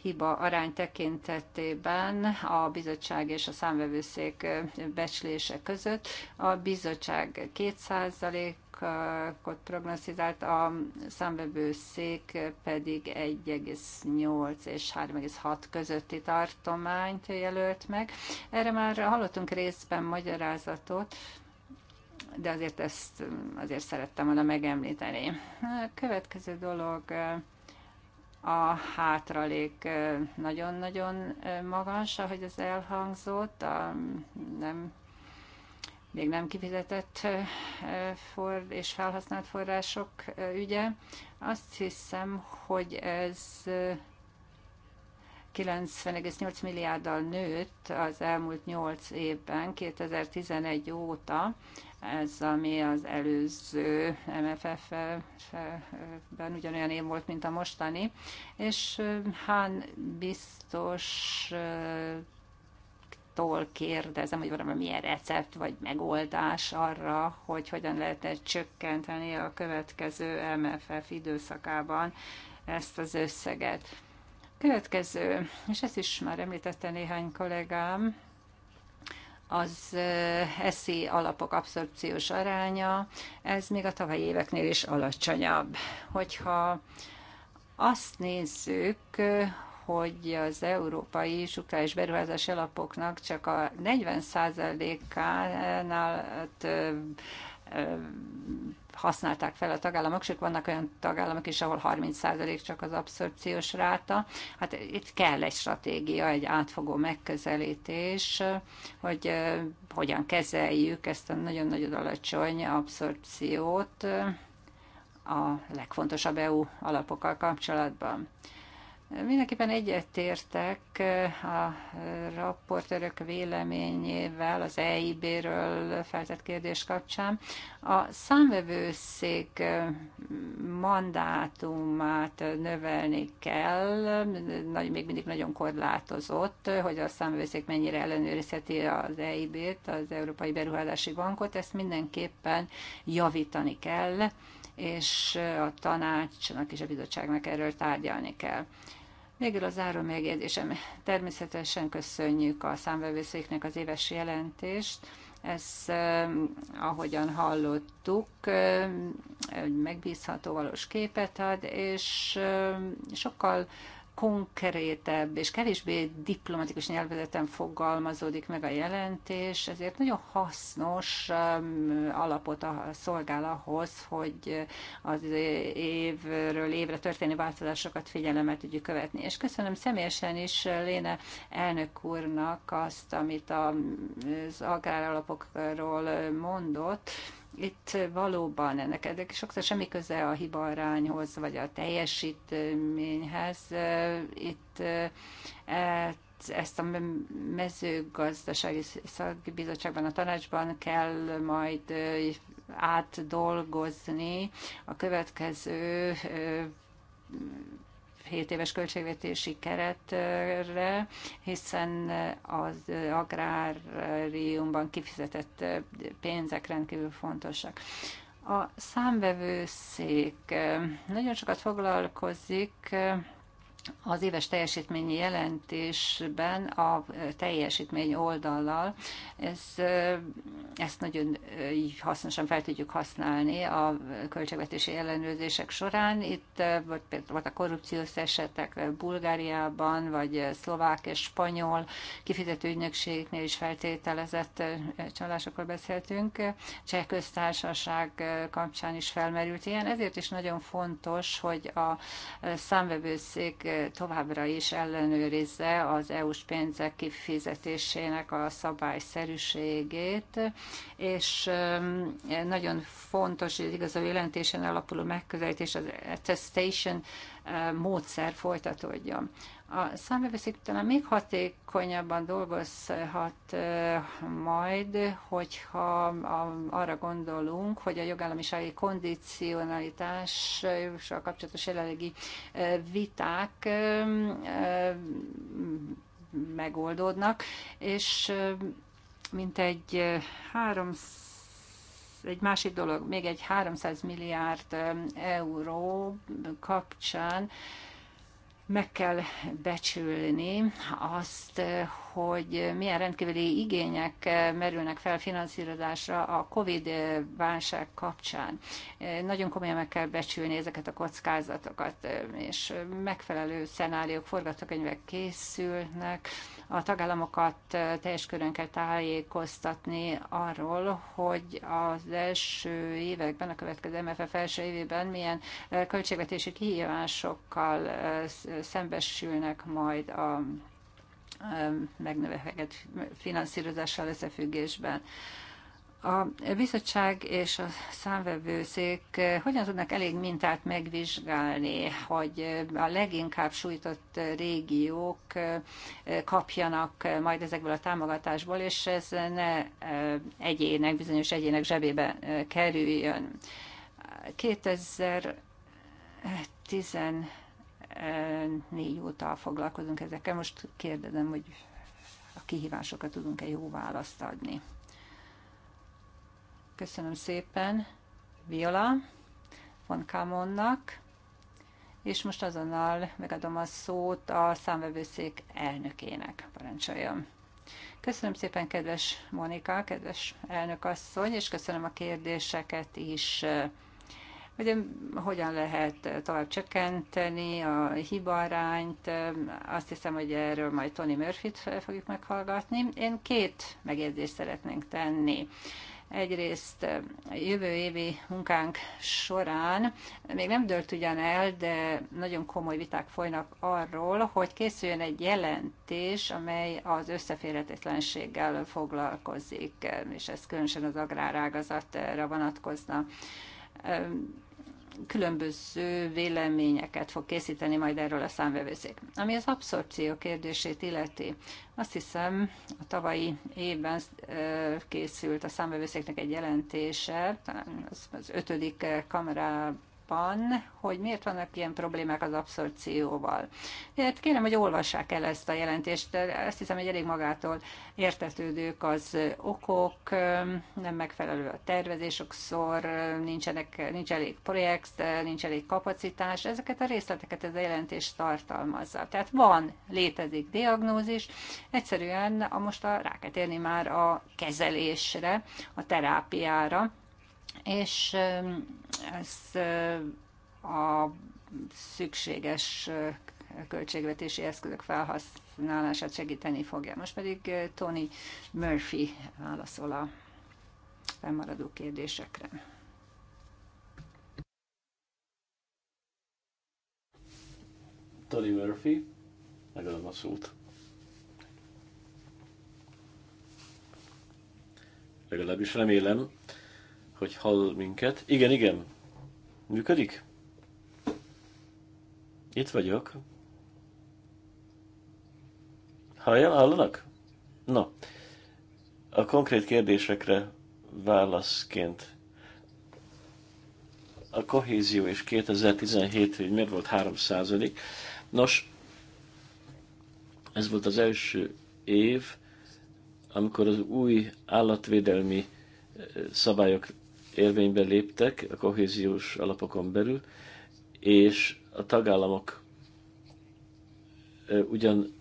hiba arány tekintetében a bizottság és a számvevőszék becslése között. A bizottság százalékot prognosztizált, a számvevőszék pedig 1,8 és 3,6 közötti tartományt jelölt meg. Erre már hallottunk részben magyarázatot, de azért ezt azért szerettem volna megemlíteni. A következő dolog a hátralék nagyon-nagyon magas, ahogy az elhangzott, a, nem még nem kifizetett for és felhasznált források ügye. Azt hiszem, hogy ez 90,8 milliárddal nőtt az elmúlt 8 évben, 2011 óta, ez ami az előző MFF-ben ugyanolyan év volt, mint a mostani, és Hán biztos úrtól kérdezem, hogy milyen recept vagy megoldás arra, hogy hogyan lehetne csökkenteni a következő MFF időszakában ezt az összeget. Következő, és ezt is már említette néhány kollégám, az eh, eszi alapok abszorpciós aránya, ez még a tavalyi éveknél is alacsonyabb. Hogyha azt nézzük, hogy az európai struktúrális beruházási alapoknak csak a 40%-nál hát, használták fel a tagállamok, sőt vannak olyan tagállamok is, ahol 30% csak az abszorpciós ráta. Hát itt kell egy stratégia, egy átfogó megközelítés, hogy hogyan kezeljük ezt a nagyon-nagyon alacsony abszorpciót a legfontosabb EU alapokkal kapcsolatban. Mindenképpen egyetértek eh, a raportőrök véleményével az EIB-ről feltett kérdés kapcsán. A számvevőszék eh, mandátumát növelni kell, nagy, még mindig nagyon korlátozott, hogy a számvevőszék mennyire ellenőrizheti az EIB-t, az Európai Beruházási Bankot, ezt mindenképpen javítani kell és a tanácsnak és a bizottságnak erről tárgyalni kell. Végül a záró megjegyzésem. Természetesen köszönjük a számvevőszéknek az éves jelentést. Ez, um, ahogyan hallottuk, um, megbízható valós képet ad, és um, sokkal konkrétebb és kevésbé diplomatikus nyelvezeten fogalmazódik meg a jelentés, ezért nagyon hasznos um, alapot szolgál ahhoz, hogy az évről évre történő változásokat figyelemmel tudjuk követni. És köszönöm személyesen is Léne elnök úrnak azt, amit az agráralapokról mondott, itt valóban ennek, ennek sokszor semmi köze a hibarányhoz, vagy a teljesítményhez. Itt e- ezt a mezőgazdasági szakbizottságban, a tanácsban kell majd átdolgozni a következő 7 éves költségvetési keretre, hiszen az agráriumban kifizetett pénzek rendkívül fontosak. A számvevőszék eh, nagyon sokat foglalkozik eh, az éves teljesítményi jelentésben a teljesítmény oldallal, ez, ezt nagyon hasznosan fel tudjuk használni a költségvetési ellenőrzések során. Itt volt a korrupciós esetek Bulgáriában, vagy szlovák és spanyol kifizető ügynökségnél is feltételezett csalásokról beszéltünk. Cseh köztársaság kapcsán is felmerült ilyen. Ezért is nagyon fontos, hogy a számvevőszék továbbra is ellenőrizze az EU-s pénzek kifizetésének a szabályszerűségét, és nagyon fontos, hogy igaz a jelentésen alapuló megközelítés az attestation módszer folytatódjon. A számvevőszék még hatékonyabban dolgozhat majd, hogyha arra gondolunk, hogy a jogállamisági kondicionalitással kapcsolatos jelenlegi viták megoldódnak, és mint egy három egy másik dolog, még egy 300 milliárd euró kapcsán meg kell becsülni azt, hogy milyen rendkívüli igények merülnek fel finanszírozásra a COVID válság kapcsán. Nagyon komolyan meg kell becsülni ezeket a kockázatokat, és megfelelő szenáriók, forgatókönyvek készülnek. A tagállamokat teljes körön kell tájékoztatni arról, hogy az első években, a következő MFF első évében milyen költségvetési kihívásokkal szembesülnek majd a megnövekedett finanszírozással összefüggésben. A bizottság és a számvevőszék hogyan tudnak elég mintát megvizsgálni, hogy a leginkább sújtott régiók kapjanak majd ezekből a támogatásból, és ez ne e, egyének, bizonyos egyének zsebébe e, kerüljön. 2010 2004 óta foglalkozunk ezekkel. Most kérdezem, hogy a kihívásokat tudunk-e jó választ adni. Köszönöm szépen Viola von Kamonnak, és most azonnal megadom a szót a számvevőszék elnökének. Parancsoljon! Köszönöm szépen, kedves Monika, kedves elnök asszony, és köszönöm a kérdéseket is hogy hogyan lehet eh, tovább csökkenteni a hibarányt. Eh, azt hiszem, hogy erről majd Tony Murphy-t fogjuk meghallgatni. Én két megjegyzést szeretnénk tenni. Egyrészt eh, jövő évi munkánk során még nem dölt ugyan el, de nagyon komoly viták folynak arról, hogy készüljön egy jelentés, amely az összeférhetetlenséggel foglalkozik, és ez különösen az agrárágazatra vonatkozna különböző véleményeket fog készíteni majd erről a számvevőszék. Ami az abszorció kérdését illeti, azt hiszem a tavalyi évben készült a számvevőszéknek egy jelentése, talán az, az ötödik kamerá Európában, hogy miért vannak ilyen problémák az abszorcióval. Hát kérem, hogy olvassák el ezt a jelentést, ezt hiszem, hogy elég magától értetődők az okok, nem megfelelő a tervezés sokszor, nincsenek, nincs elég projekt, nincs elég kapacitás, ezeket a részleteket ez a jelentés tartalmazza. Tehát van, létezik diagnózis, egyszerűen a most a, rá kell térni már a kezelésre, a terápiára, és ez a szükséges költségvetési eszközök felhasználását segíteni fogja. Most pedig Tony Murphy válaszol a fennmaradó kérdésekre. Tony Murphy, megadom a szót. Legalábbis remélem, hogy hall minket. Igen, igen. Működik? Itt vagyok. Hallja, hallanak? Na, a konkrét kérdésekre válaszként a kohézió és 2017, hogy miért volt 3 százalék. Nos, ez volt az első év, amikor az új állatvédelmi eh, szabályok érvénybe léptek a kohéziós alapokon belül, és a tagállamok ugyan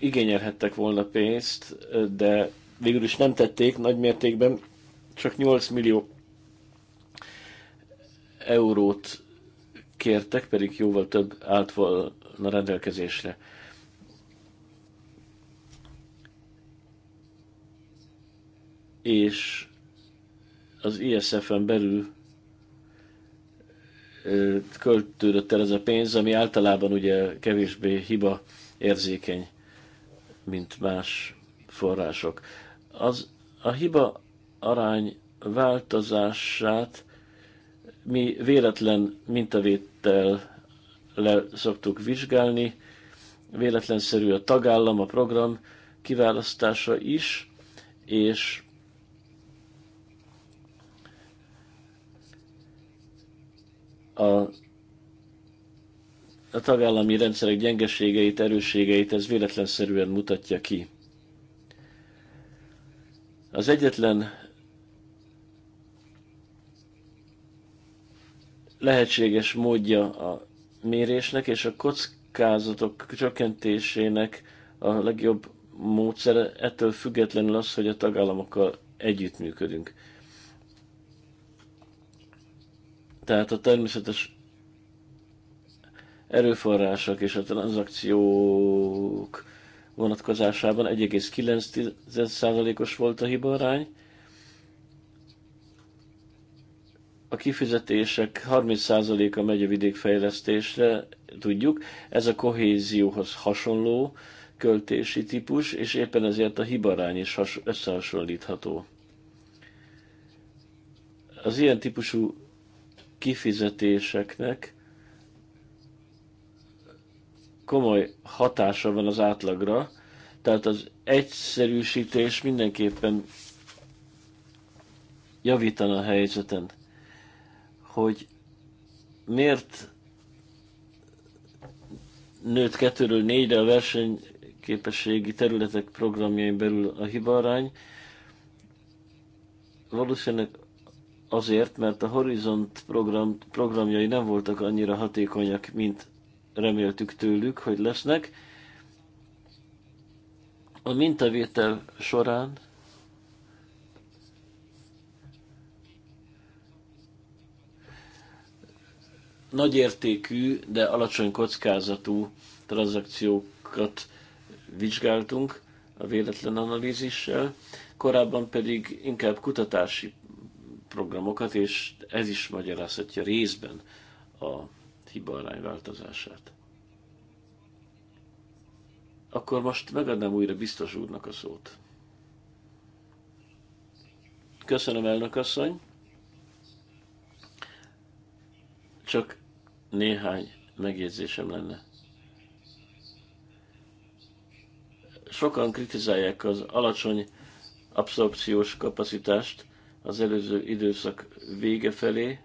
igényelhettek volna pénzt, de végül is nem tették nagy mértékben, csak 8 millió eurót kértek, pedig jóval több állt volna rendelkezésre. És az ISF-en belül költődött el ez a pénz, ami általában ugye kevésbé hiba érzékeny, mint más források. Az, a hiba arány változását mi véletlen mintavétel le szoktuk vizsgálni, véletlenszerű a tagállam, a program kiválasztása is, és a a tagállami rendszerek gyengeségeit, erősségeit ez véletlenszerűen mutatja ki. Az egyetlen lehetséges módja a mérésnek és a kockázatok csökkentésének a legjobb módszere ettől függetlenül az, hogy a tagállamokkal együttműködünk. Tehát a természetes erőforrások és a tranzakciók vonatkozásában 1,9%-os volt a hibarány, a kifizetések 30%-a megy a vidékfejlesztésre, tudjuk, ez a kohézióhoz hasonló költési típus, és éppen ezért a hibarány is has- összehasonlítható. Az ilyen típusú kifizetéseknek komoly hatása van az átlagra, tehát az egyszerűsítés mindenképpen javítana a helyzeten, hogy miért nőtt kettőről négyre a versenyképességi területek programjain belül a hibarány. Valószínűleg azért, mert a Horizont program, programjai nem voltak annyira hatékonyak, mint reméltük tőlük, hogy lesznek. A mintavétel során nagyértékű, de alacsony kockázatú tranzakciókat vizsgáltunk a véletlen analízissel, korábban pedig inkább kutatási programokat, és ez is magyarázhatja részben a hibarány változását. Akkor most megadnám újra biztos úrnak a szót. Köszönöm, elnök asszony. Csak néhány megjegyzésem lenne. Sokan kritizálják az alacsony abszorpciós kapacitást, az előző időszak vége felé.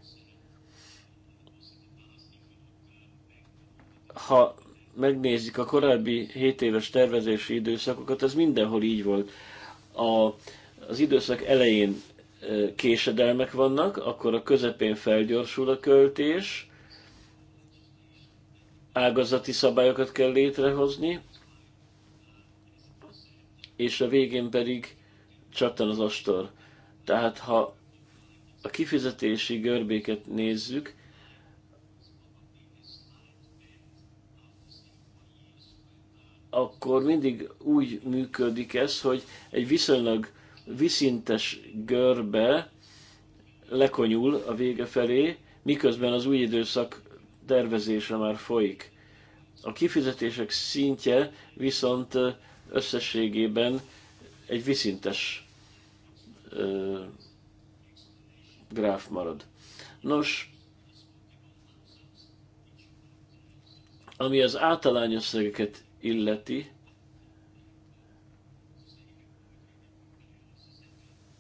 Ha megnézik a korábbi 7 éves tervezési időszakokat, ez mindenhol így volt. A, az időszak elején késedelmek vannak, akkor a közepén felgyorsul a költés, ágazati szabályokat kell létrehozni, és a végén pedig csattan az ostor. Tehát ha a kifizetési görbéket nézzük, akkor mindig úgy működik ez, hogy egy viszonylag viszintes görbe lekonyul a vége felé, miközben az új időszak tervezése már folyik. A kifizetések szintje viszont összességében egy viszintes ö, gráf marad. Nos, ami az általányösszegeket illeti,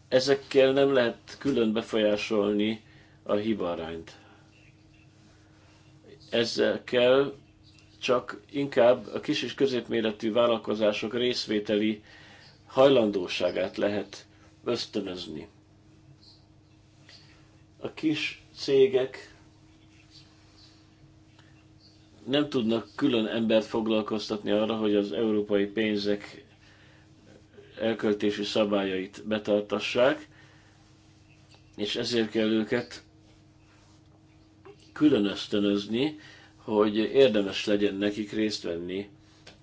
ezekkel nem lehet külön befolyásolni a hibarányt. Ezekkel csak inkább a kis és középméretű vállalkozások részvételi hajlandóságát lehet ösztönözni. A kis cégek nem tudnak külön embert foglalkoztatni arra, hogy az európai pénzek elköltési szabályait betartassák, és ezért kell őket külön ösztönözni, hogy érdemes legyen nekik részt venni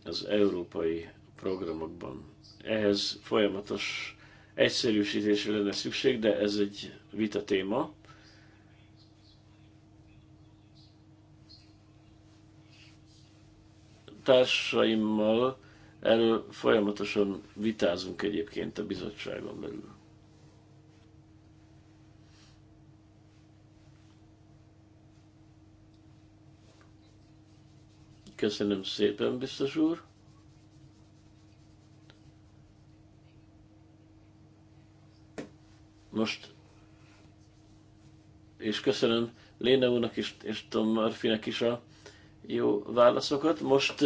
az európai programokban. Ehhez folyamatos egyszerűsítésre lenne szükség, de ez egy vita téma. Társaimmal erről folyamatosan vitázunk egyébként a bizottságon belül. Köszönöm szépen, biztos úr. Most, és köszönöm Léne úrnak is, és Tom Murphynek is a jó válaszokat. Most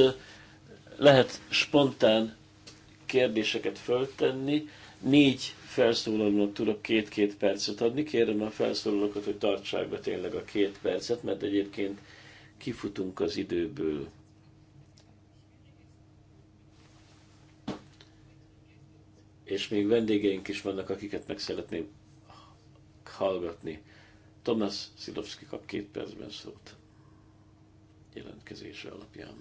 lehet spontán kérdéseket föltenni. Négy felszólalónak tudok két-két percet adni. Kérem a felszólalókat, hogy tartsák be tényleg a két percet, mert egyébként kifutunk az időből. És még vendégeink is vannak, akiket meg szeretném hallgatni. Thomas Szilovszki kap két percben szót jelentkezése alapján.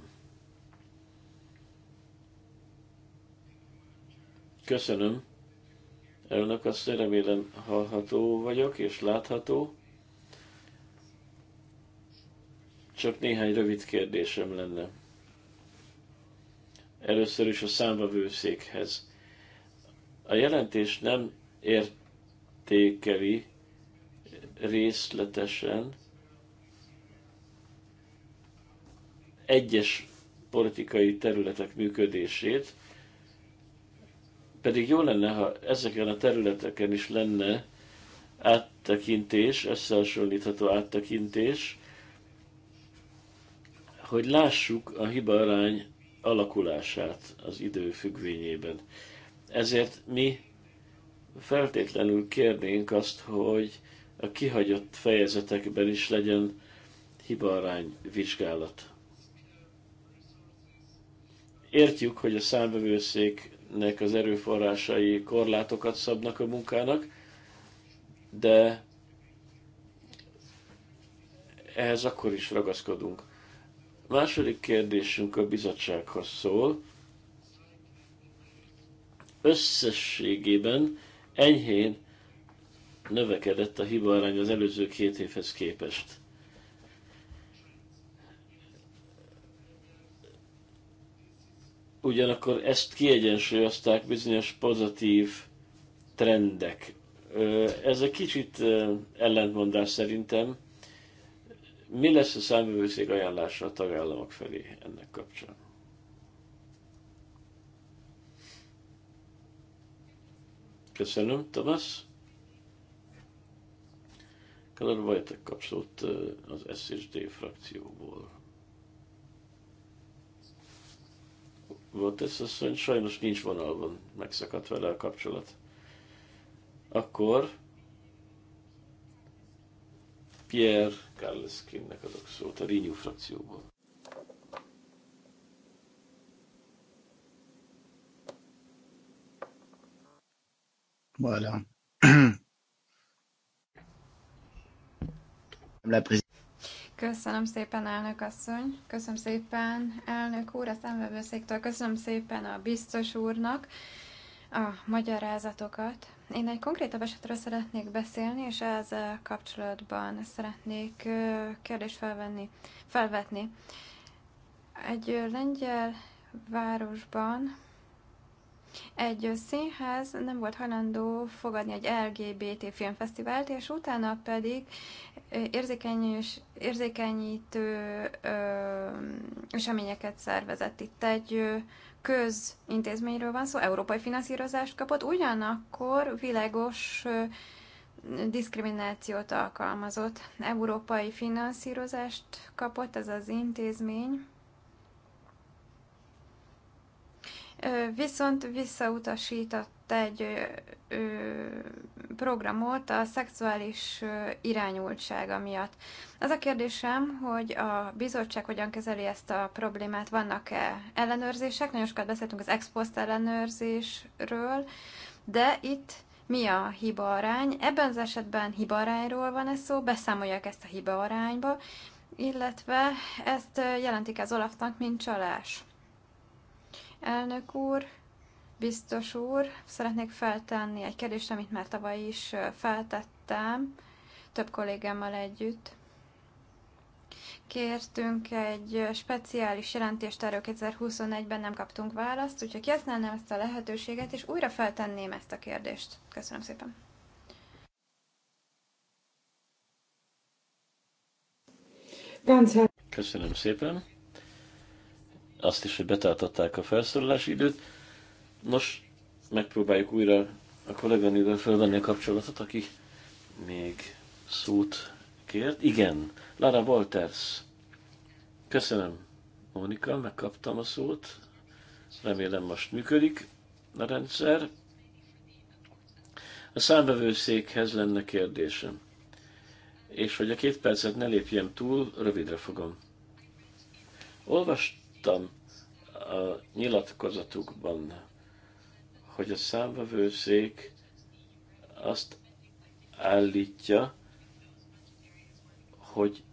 Köszönöm. Elnök azt remélem hallható vagyok és látható. Csak néhány rövid kérdésem lenne. Először is a számvevőszékhez. A jelentés nem értékeli részletesen egyes politikai területek működését, pedig jó lenne, ha ezeken a területeken is lenne áttekintés, összehasonlítható áttekintés, hogy lássuk a hiba arány alakulását az idő függvényében. Ezért mi feltétlenül kérnénk azt, hogy a kihagyott fejezetekben is legyen hibarány vizsgálat. Értjük, hogy a számvevőszéknek az erőforrásai korlátokat szabnak a munkának, de ehhez akkor is ragaszkodunk. A második kérdésünk a bizottsághoz szól. Összességében enyhén növekedett a arány az előző két évhez képest. Ugyanakkor ezt kiegyensúlyozták bizonyos pozitív trendek. Ez egy kicsit ellentmondás szerintem. Mi lesz a számvevőszék ajánlása a tagállamok felé ennek kapcsán? Köszönöm, Tomasz. Keller Vajtek kapcsolt az SSD frakcióból. Volt ez asszony, sajnos nincs vonalban, megszakadt vele a kapcsolat. Akkor Pierre Carleskinnek adok szót a Renew frakcióból. Voilà. Köszönöm szépen, elnök asszony. Köszönöm szépen, elnök úr, a szemvevőszéktől. Köszönöm szépen a biztos úrnak a magyarázatokat. Én egy konkrétabb esetről szeretnék beszélni, és ezzel kapcsolatban szeretnék kérdést felvenni, felvetni. Egy lengyel városban egy színház nem volt hajlandó fogadni egy LGBT filmfesztivált, és utána pedig érzékeny és érzékenyítő ö, eseményeket szervezett. Itt egy közintézményről van szó, európai finanszírozást kapott, ugyanakkor világos ö, diszkriminációt alkalmazott. Európai finanszírozást kapott ez az intézmény, viszont visszautasított egy programot a szexuális irányultsága miatt. Az a kérdésem, hogy a bizottság hogyan kezeli ezt a problémát, vannak-e ellenőrzések? Nagyon sokat beszéltünk az ex post ellenőrzésről, de itt mi a hibaarány? Ebben az esetben hibaarányról van ez szó, beszámolják ezt a arányba, illetve ezt jelentik az Olafnak, mint csalás. Elnök úr, biztos úr, szeretnék feltenni egy kérdést, amit már tavaly is feltettem több kollégámmal együtt. Kértünk egy speciális jelentést erről 2021-ben, nem kaptunk választ, úgyhogy kihasználnám ezt a lehetőséget, és újra feltenném ezt a kérdést. Köszönöm szépen. Köszönöm szépen azt is, hogy betartották a felszólalási időt. Nos, megpróbáljuk újra a kolléganővel felvenni a kapcsolatot, aki még szót kért. Igen, Lara Walters. Köszönöm, Mónika, megkaptam a szót. Remélem most működik a rendszer. A számbevőszékhez lenne kérdésem. És hogy a két percet ne lépjem túl, rövidre fogom. Olvast hallottam a nyilatkozatukban, hogy a számvevőszék azt állítja, hogy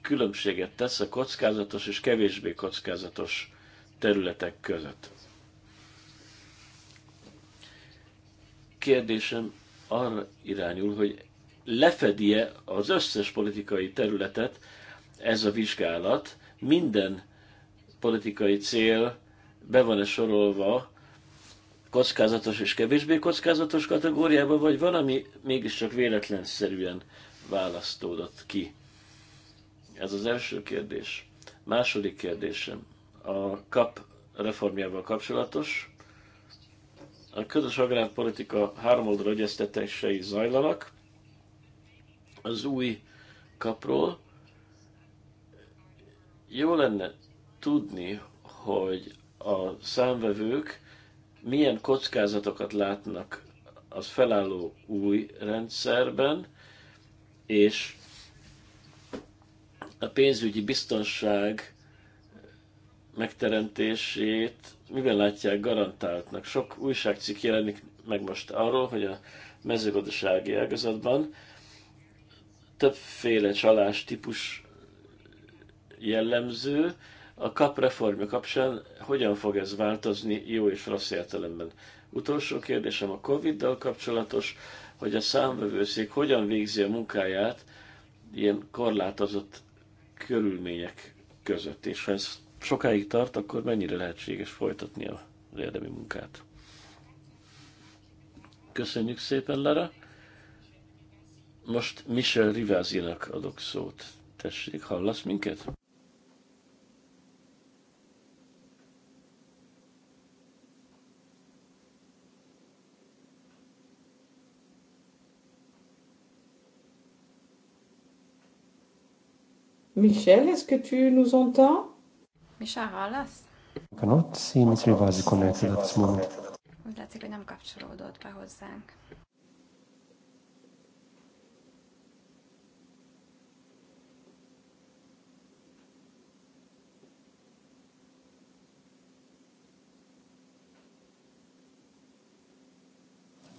különbséget tesz a kockázatos és kevésbé kockázatos területek között. Kérdésem arra irányul, hogy lefedie az összes politikai területet ez a vizsgálat, minden politikai cél be van-e sorolva kockázatos és kevésbé kockázatos kategóriába, vagy van, ami mégiscsak véletlenszerűen választódott ki? Ez az első kérdés. Második kérdésem a KAP reformjával kapcsolatos. A közös agrárpolitika háromoldalú egyeztetései zajlanak az új kapról. Jó lenne tudni, hogy a számvevők milyen kockázatokat látnak az felálló új rendszerben, és a pénzügyi biztonság megteremtését miben látják garantáltnak. Sok újságcikk jelenik meg most arról, hogy a mezőgazdasági ágazatban többféle csalás típus jellemző, a kap reformja kapcsán hogyan fog ez változni jó és rossz értelemben. Utolsó kérdésem a Covid-dal kapcsolatos, hogy a számvevőszék hogyan végzi a munkáját ilyen korlátozott körülmények között, és ha ez sokáig tart, akkor mennyire lehetséges folytatni az érdemi munkát. Köszönjük szépen, Lara! Most Michel Rivázinak adok szót. Tessék, hallasz minket? Michel, est-ce que tu nous entends? Michel, hallasz? Cannot see Miss Rivas connected at this moment. Úgy látszik, hogy nem kapcsolódott be hozzánk.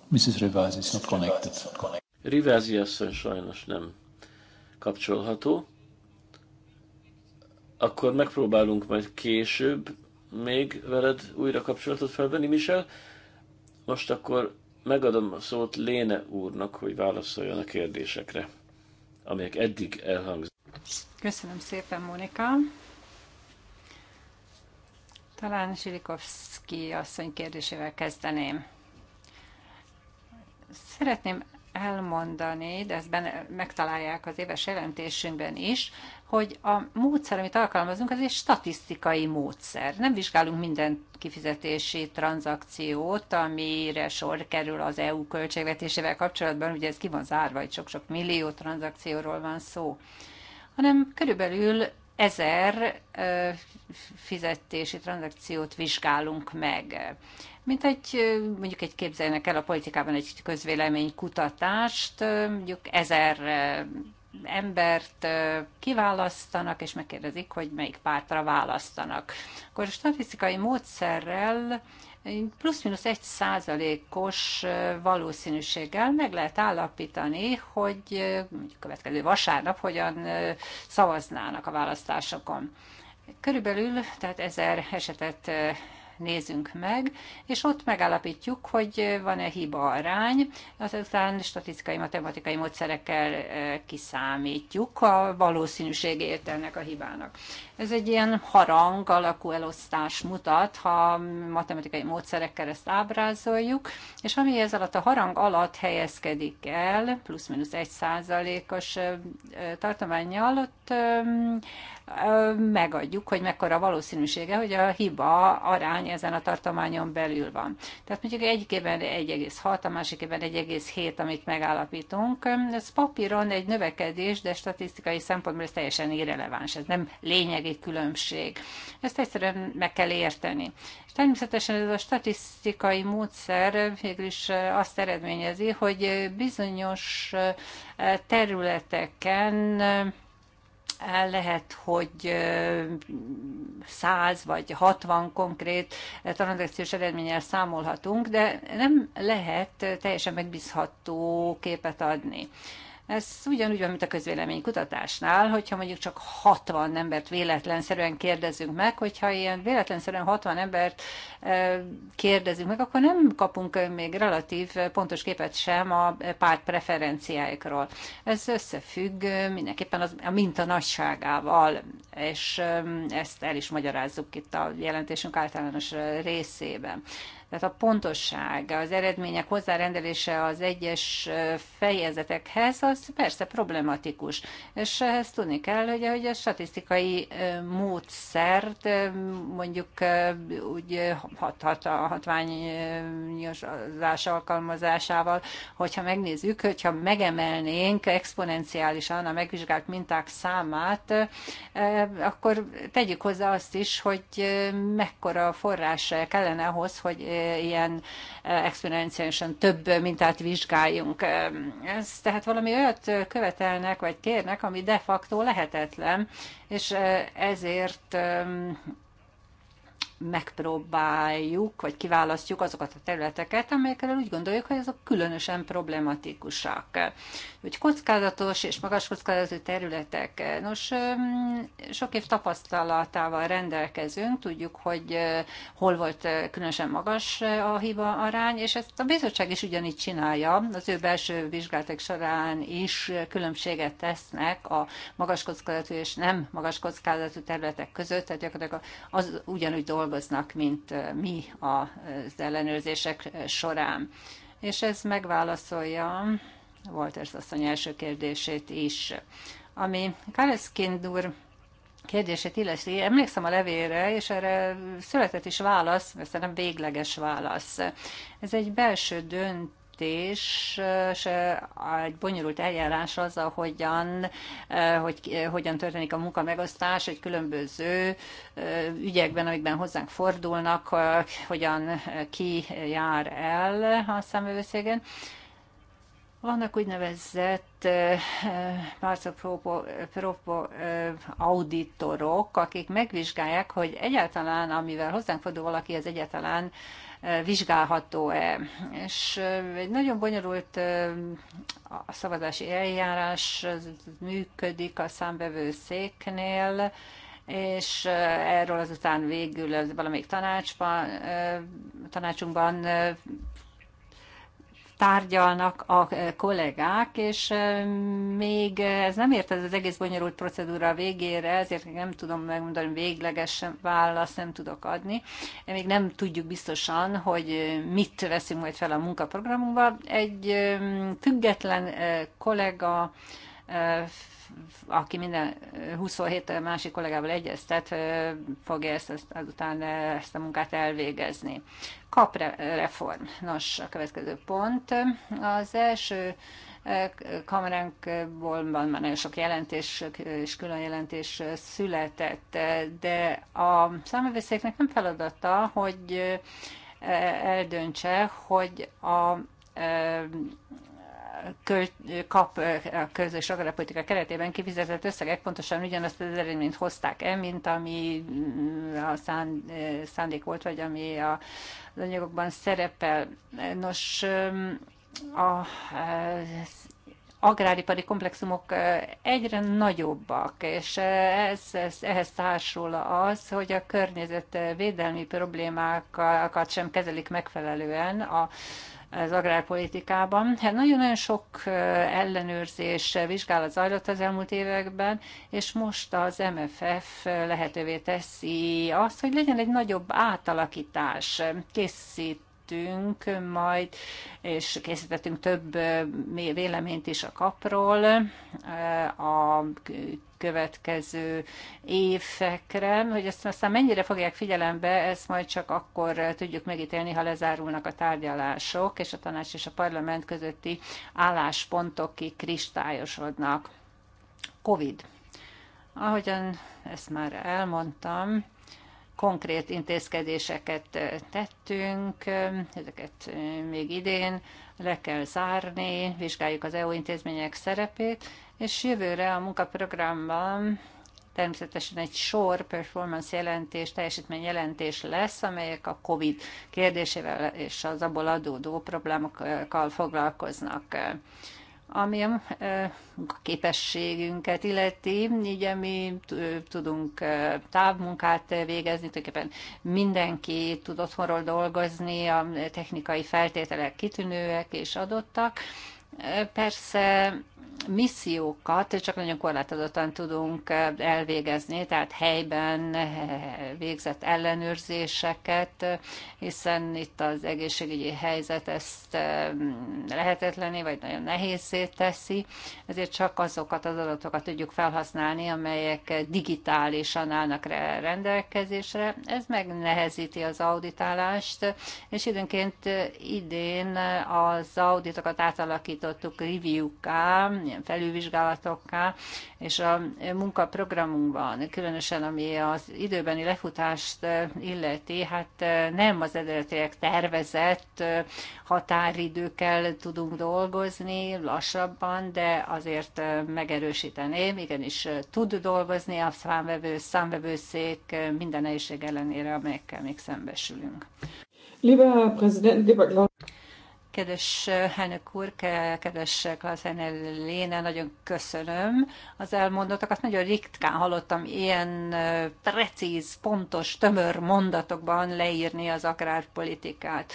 Mrs. Rivas is not connected. Rivázi asszony sajnos nem kapcsolható akkor megpróbálunk majd később még veled újra kapcsolatot felvenni, Michel. Most akkor megadom a szót Léne úrnak, hogy válaszoljon a kérdésekre, amelyek eddig elhangzottak. Köszönöm szépen, Monika. Talán Zsilikovszki asszony kérdésével kezdeném. Szeretném elmondani, de ezt benne, megtalálják az éves jelentésünkben is, hogy a módszer, amit alkalmazunk, az egy statisztikai módszer. Nem vizsgálunk minden kifizetési tranzakciót, amire sor kerül az EU költségvetésével kapcsolatban, ugye ez ki van zárva, hogy sok-sok millió tranzakcióról van szó, hanem körülbelül ezer fizetési tranzakciót vizsgálunk meg mint egy, mondjuk egy képzeljenek el a politikában egy közvélemény kutatást, mondjuk ezer embert kiválasztanak, és megkérdezik, hogy melyik pártra választanak. Akkor a statisztikai módszerrel plusz-minusz egy százalékos valószínűséggel meg lehet állapítani, hogy mondjuk következő vasárnap hogyan szavaznának a választásokon. Körülbelül, tehát ezer esetet nézünk meg, és ott megállapítjuk, hogy van-e hiba arány, azután statisztikai, matematikai módszerekkel eh, kiszámítjuk a valószínűségét ennek a hibának. Ez egy ilyen harang alakú elosztás mutat, ha matematikai módszerekkel ezt ábrázoljuk, és ami ez alatt a harang alatt helyezkedik el, plusz-minusz egy százalékos eh, tartományjal, ott ehm, megadjuk, hogy mekkora valószínűsége, hogy a hiba arány ezen a tartományon belül van. Tehát mondjuk egyikében 1,6, a másikében 1,7, amit megállapítunk. Ez papíron egy növekedés, de statisztikai szempontból ez teljesen irreleváns, ez nem lényegi különbség. Ezt egyszerűen meg kell érteni. Természetesen ez a statisztikai módszer végül is azt eredményezi, hogy bizonyos területeken lehet, hogy 100 vagy 60 konkrét tranzakciós eredménnyel számolhatunk, de nem lehet teljesen megbízható képet adni. Ez ugyanúgy van, mint a közvéleménykutatásnál, hogyha mondjuk csak 60 embert véletlenszerűen kérdezünk meg, hogyha ilyen véletlenszerűen 60 embert e, kérdezünk meg, akkor nem kapunk még relatív e, pontos képet sem a párt preferenciáikról. Ez összefügg mindenképpen az, a minta nagyságával, és e, ezt el is magyarázzuk itt a jelentésünk általános részében tehát a pontosság, az eredmények hozzárendelése az egyes fejezetekhez, az persze problematikus. És ehhez tudni kell, hogy, hogy a statisztikai módszert mondjuk úgy hat, hat, a hatványozás alkalmazásával, hogyha megnézzük, hogyha megemelnénk exponenciálisan a megvizsgált minták számát, akkor tegyük hozzá azt is, hogy mekkora forrás kellene ahhoz, hogy ilyen eh, exponenciálisan több mintát vizsgáljunk. Eh, ez tehát valami olyat eh, követelnek, vagy kérnek, ami de facto lehetetlen, és ezért megpróbáljuk, vagy kiválasztjuk azokat a területeket, amelyekről úgy gondoljuk, hogy azok különösen problematikusak. Úgy kockázatos és magas kockázatú területek. Nos, sok év tapasztalatával rendelkezünk, tudjuk, hogy hol volt különösen magas a hiba arány, és ezt a bizottság is ugyanígy csinálja. Az ő belső vizsgálatok során is különbséget tesznek a magas kockázatú és nem magas kockázatú területek között, tehát gyakorlatilag az ugyanúgy dolgozik, dolgoznak, mint mi az ellenőrzések során. És ez megválaszolja Walters asszony első kérdését is. Ami Kareskind úr kérdését illeti, emlékszem a levélre, és erre született is válasz, persze nem végleges válasz. Ez egy belső dönt döntés egy bonyolult eljárás az, ahogyan, hogy, hogyan történik a munka megosztás, egy különböző ügyekben, amikben hozzánk fordulnak, hogyan ki jár el a szemövőszégen. Vannak úgynevezett Marco Propo, Propo auditorok, akik megvizsgálják, hogy egyáltalán, amivel hozzánk fordul valaki, az egyáltalán vizsgálható-e. És egy nagyon bonyolult a szavazási eljárás működik a számbevőszéknél, és erről azután végül valamelyik tanácsban, tanácsunkban tárgyalnak a kollégák, és még ez nem ért ez az egész bonyolult procedúra végére, ezért nem tudom megmondani, végleges választ nem tudok adni. Még nem tudjuk biztosan, hogy mit veszünk majd fel a munkaprogramunkba. Egy független kollega aki minden 27 másik kollégával egyeztet, fogja ezt azután ezt a munkát elvégezni kapreform. Nos, a következő pont. Az első eh, kameránkból van már nagyon sok jelentés és külön jelentés született, de a számövészéknek nem feladata, hogy eh, eldöntse, hogy a eh, kap a közös agrárpolitika keretében kifizetett összegek pontosan ugyanazt az eredményt hozták el, mint ami mm, a szán, szándék volt, vagy ami a, az anyagokban szerepel. Nos, a agráripari komplexumok egyre nagyobbak, és ez, ez, ehhez társul az, hogy a környezetvédelmi problémákat sem kezelik megfelelően a az agrárpolitikában. Hát nagyon-nagyon sok ellenőrzés, vizsgálat zajlott az elmúlt években, és most az MFF lehetővé teszi azt, hogy legyen egy nagyobb átalakítás. Készít készítettünk majd, és készítettünk több véleményt is a kapról a következő évekre, hogy ezt aztán mennyire fogják figyelembe, ezt majd csak akkor tudjuk megítélni, ha lezárulnak a tárgyalások, és a tanács és a parlament közötti álláspontok kikristályosodnak. COVID. Ahogyan ezt már elmondtam, konkrét intézkedéseket tettünk, ezeket még idén le kell zárni, vizsgáljuk az EU intézmények szerepét, és jövőre a munkaprogramban természetesen egy sor performance jelentés, teljesítmény jelentés lesz, amelyek a COVID kérdésével és az abból adódó problémákkal foglalkoznak. Ami a képességünket illeti, így mi tudunk távmunkát végezni, tulajdonképpen mindenki tud otthonról dolgozni, a technikai feltételek kitűnőek és adottak. Persze missziókat csak nagyon korlátozottan tudunk eh, elvégezni, tehát helyben eh, végzett ellenőrzéseket, hiszen itt az egészségügyi helyzet ezt eh, lehetetlené vagy nagyon nehézé teszi, ezért csak azokat az adatokat tudjuk felhasználni, amelyek digitálisan állnak rendelkezésre. Ez megnehezíti az auditálást, és időnként idén az auditokat átalakítottuk review ilyen felülvizsgálatokkal, és a munkaprogramunkban, különösen ami az időbeni lefutást illeti, hát eh, nem az eredetileg tervezett eh, határidőkkel tudunk dolgozni, lassabban, de azért eh, megerősíteném, igenis tud dolgozni a számvevő, számvevőszék minden nehézség ellenére, amelyekkel még szembesülünk. Lieber Präsident, lieber Klaus. Kedves eh, elnök úr, kedves eh, Klazen Léne, nagyon köszönöm az elmondottakat. Nagyon ritkán hallottam ilyen eh, precíz, pontos, tömör mondatokban leírni az agrárpolitikát.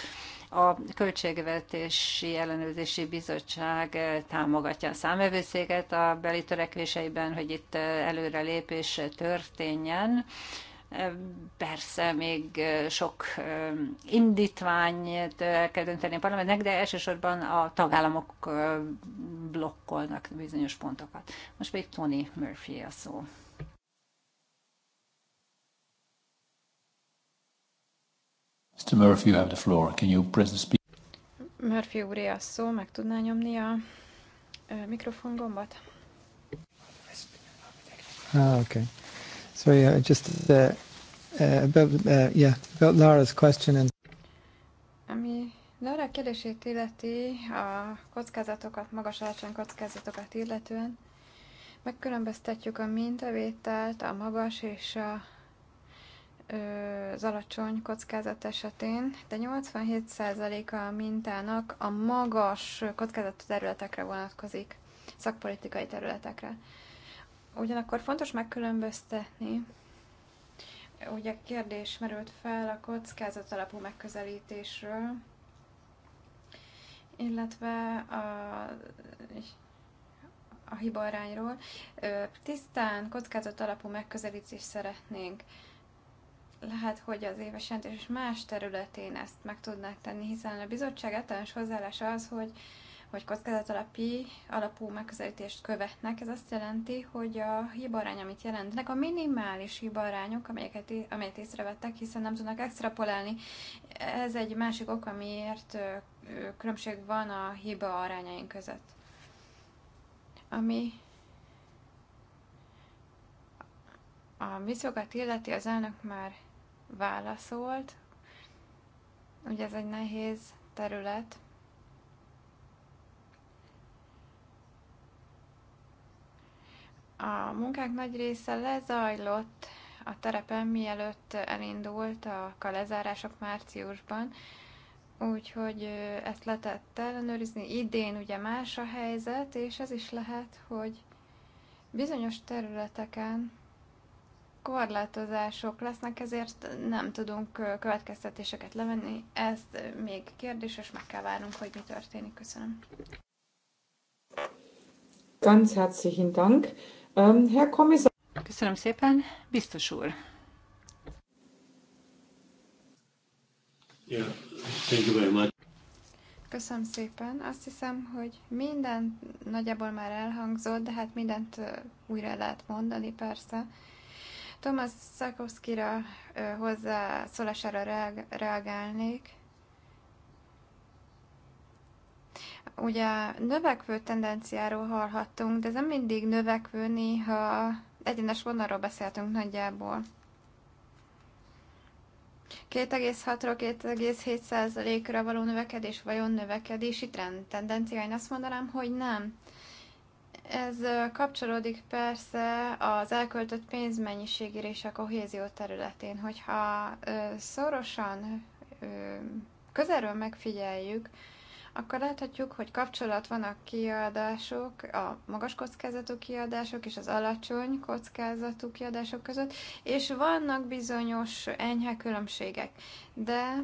A Költségvetési Ellenőrzési Bizottság támogatja a számövőszéget a beli törekvéseiben, hogy itt előrelépés történjen Persze még sok indítványt el kell dönteni a parlamentnek, de elsősorban a tagállamok blokkolnak bizonyos pontokat. Most pedig Tony Murphy a szó. Mr. Murphy, you have the floor. Can you press the speak? Murphy úr a szó, meg tudná nyomni a mikrofon gombot? Ah, okay. Sorry, uh, just uh, uh, about, uh, yeah, about Lara's question and ami Lara kérdését illeti, a kockázatokat, magas alacsony kockázatokat illetően, megkülönböztetjük a mintavételt a magas és a, az alacsony kockázat esetén, de 87%-a a mintának a magas kockázatú területekre vonatkozik, szakpolitikai területekre. Ugyanakkor fontos megkülönböztetni, ugye kérdés merült fel a kockázat alapú megközelítésről, illetve a, a arányról. Tisztán kockázat alapú megközelítést szeretnénk. Lehet, hogy az éves jelentés más területén ezt meg tudnák tenni, hiszen a bizottság általános hozzáállása az, hogy hogy alapi, alapú megközelítést követnek. Ez azt jelenti, hogy a hibarány, amit jelentnek a minimális hibarányok, amelyeket, amelyet észrevettek, hiszen nem tudnak extrapolálni. Ez egy másik ok, amiért különbség van a hiba arányaink között. Ami a viszonyokat illeti, az elnök már válaszolt. Ugye ez egy nehéz terület, A munkák nagy része lezajlott a terepen, mielőtt elindult a lezárások márciusban, úgyhogy ezt letett ellenőrizni. Idén ugye más a helyzet, és ez is lehet, hogy bizonyos területeken korlátozások lesznek, ezért nem tudunk következtetéseket levenni. Ez még kérdéses, meg kell várnunk, hogy mi történik. Köszönöm. Ganz herzlichen Dank. Um, Herr Kommissar. Köszönöm szépen, biztos úr. thank you very much. Köszönöm szépen. Azt hiszem, hogy minden nagyjából már elhangzott, de hát mindent újra lehet mondani, persze. Thomas Szakowskira szólására reagálnék. Ugye növekvő tendenciáról hallhattunk, de ez nem mindig növekvő, néha egyenes vonalról beszéltünk nagyjából. 2,6-ról 2,7%-ra való növekedés vajon növekedési trend tendencia? Én azt mondanám, hogy nem. Ez kapcsolódik persze az elköltött pénzmennyiségére és a kohézió területén, hogyha szorosan közelről megfigyeljük akkor láthatjuk, hogy kapcsolat van a kiadások, a magas kockázatú kiadások és az alacsony kockázatú kiadások között, és vannak bizonyos enyhe különbségek, de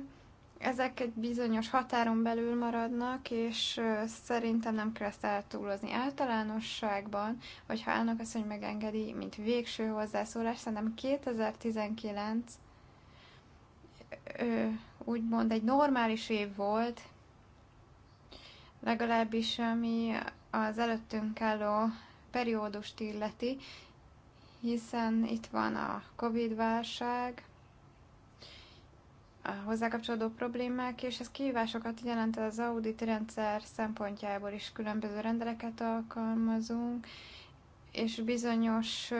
ezek egy bizonyos határon belül maradnak, és szerintem nem kell ezt eltúlozni. Általánosságban, hogyha állnak azt, hogy megengedi, mint végső hozzászólás, szerintem 2019 úgymond egy normális év volt, legalábbis ami az előttünk álló periódust illeti, hiszen itt van a Covid-válság, a hozzákapcsolódó problémák, és ez kihívásokat jelent az audit rendszer szempontjából is különböző rendeleket alkalmazunk, és bizonyos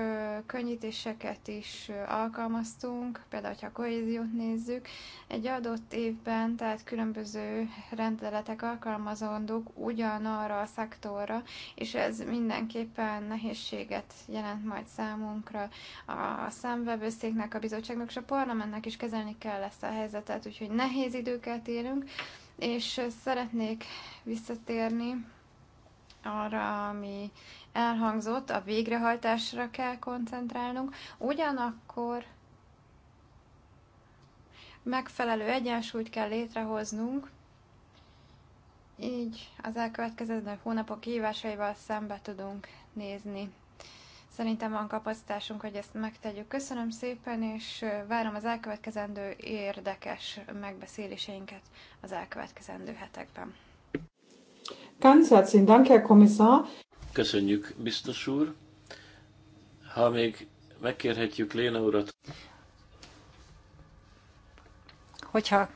könnyítéseket is alkalmaztunk, például, ha a kohéziót nézzük, egy adott évben, tehát különböző rendeletek alkalmazandók ugyanarra a szektorra, és ez mindenképpen nehézséget jelent majd számunkra. A számvevőszéknek, a bizottságnak és a parlamentnek is kezelni kell ezt a helyzetet, úgyhogy nehéz időket élünk, és szeretnék visszatérni arra, ami elhangzott, a végrehajtásra kell koncentrálnunk, ugyanakkor megfelelő egyensúlyt kell létrehoznunk, így az elkövetkező hónapok hívásaival szembe tudunk nézni. Szerintem van kapacitásunk, hogy ezt megtegyük. Köszönöm szépen, és várom az elkövetkezendő érdekes megbeszéléseinket az elkövetkezendő hetekben. Ganz herzlichen Dank, Herr Kommissar. Köszönjük, biztos úr. Ha még megkérhetjük Léna urat. Hogyha.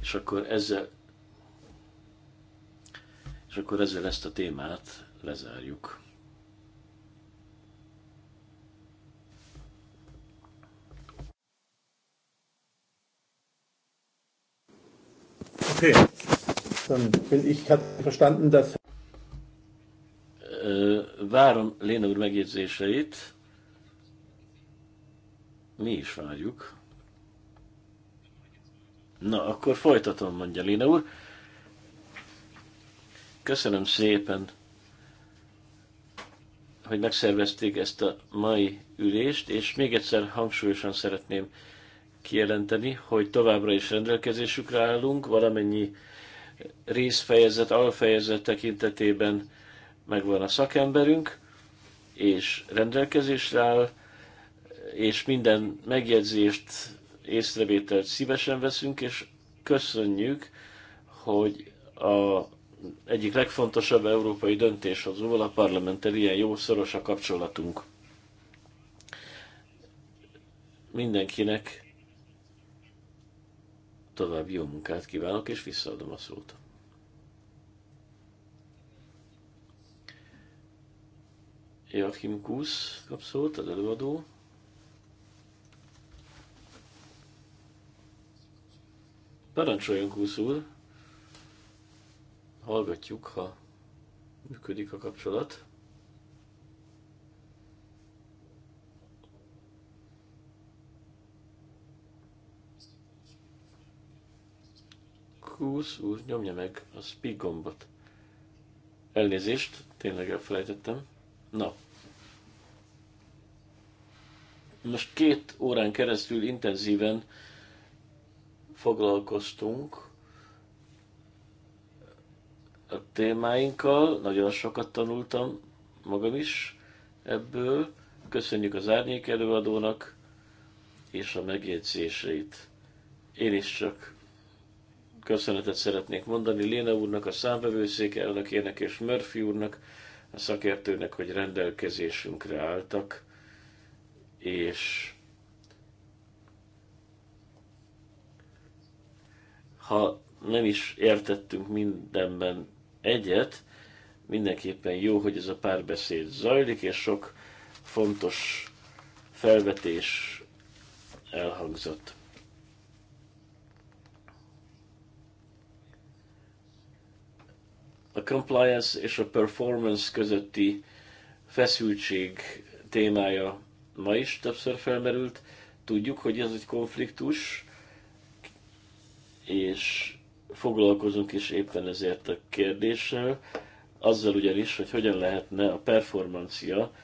És akkor ezzel és akkor ezzel ezt a témát lezárjuk. Okay dann Bin ich verstanden, dass. Várom Léna úr megjegyzéseit. Mi is várjuk. Na, akkor folytatom, mondja Léna úr. Köszönöm szépen, hogy megszervezték ezt a mai ülést, és még egyszer hangsúlyosan szeretném kijelenteni, hogy továbbra is rendelkezésükre állunk, valamennyi részfejezet, alfejezet tekintetében megvan a szakemberünk, és rendelkezésre áll, és minden megjegyzést, észrevételt szívesen veszünk, és köszönjük, hogy a egyik legfontosabb európai döntéshozóval a parlamenttel ilyen jó szoros a kapcsolatunk. Mindenkinek további jó munkát kívánok, és visszaadom a szót. Joachim Kusz kap szót, az előadó. Parancsoljon Kusz úr! Hallgatjuk, ha működik a kapcsolat. Kúsz úr nyomja meg a speak gombot. Elnézést, tényleg elfelejtettem. Na. Most két órán keresztül intenzíven foglalkoztunk a témáinkkal, nagyon sokat tanultam magam is ebből. Köszönjük az árnyék előadónak és a megjegyzéseit. Én is csak köszönetet szeretnék mondani Léna úrnak, a számvevőszék elnökének és Murphy úrnak, a szakértőnek, hogy rendelkezésünkre álltak, és ha nem is értettünk mindenben egyet, mindenképpen jó, hogy ez a párbeszéd zajlik, és sok fontos felvetés elhangzott. a compliance és a performance közötti feszültség témája ma is többször felmerült. Tudjuk, hogy ez egy konfliktus, és foglalkozunk is éppen ezért a kérdéssel, azzal ugyanis, hogy hogyan lehetne a performancia,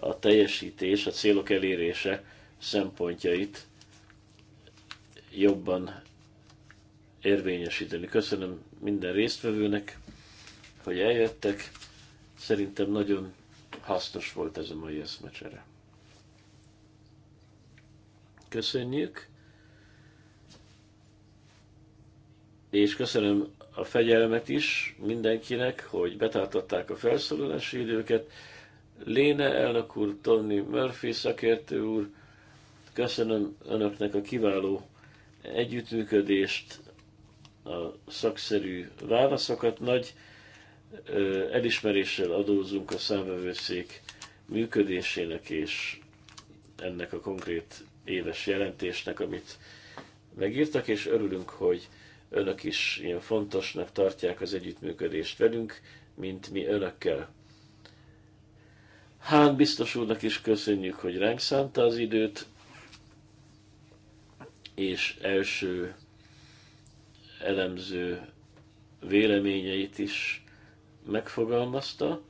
a teljesítés, a célok elérése szempontjait jobban érvényesíteni. Köszönöm minden résztvevőnek, hogy eljöttek. Szerintem nagyon hasznos volt ez a mai eszmecsere. Köszönjük! És köszönöm a fegyelmet is mindenkinek, hogy betartották a felszólalási időket. Léne elnök úr, Tony Murphy szakértő úr, köszönöm önöknek a kiváló együttműködést, a szakszerű válaszokat. Nagy elismeréssel adózunk a számvevőszék működésének és ennek a konkrét éves jelentésnek, amit megírtak, és örülünk, hogy önök is ilyen fontosnak tartják az együttműködést velünk, mint mi önökkel. Hán biztos úrnak is köszönjük, hogy ránk szánta az időt, és első elemző véleményeit is megfogalmazta.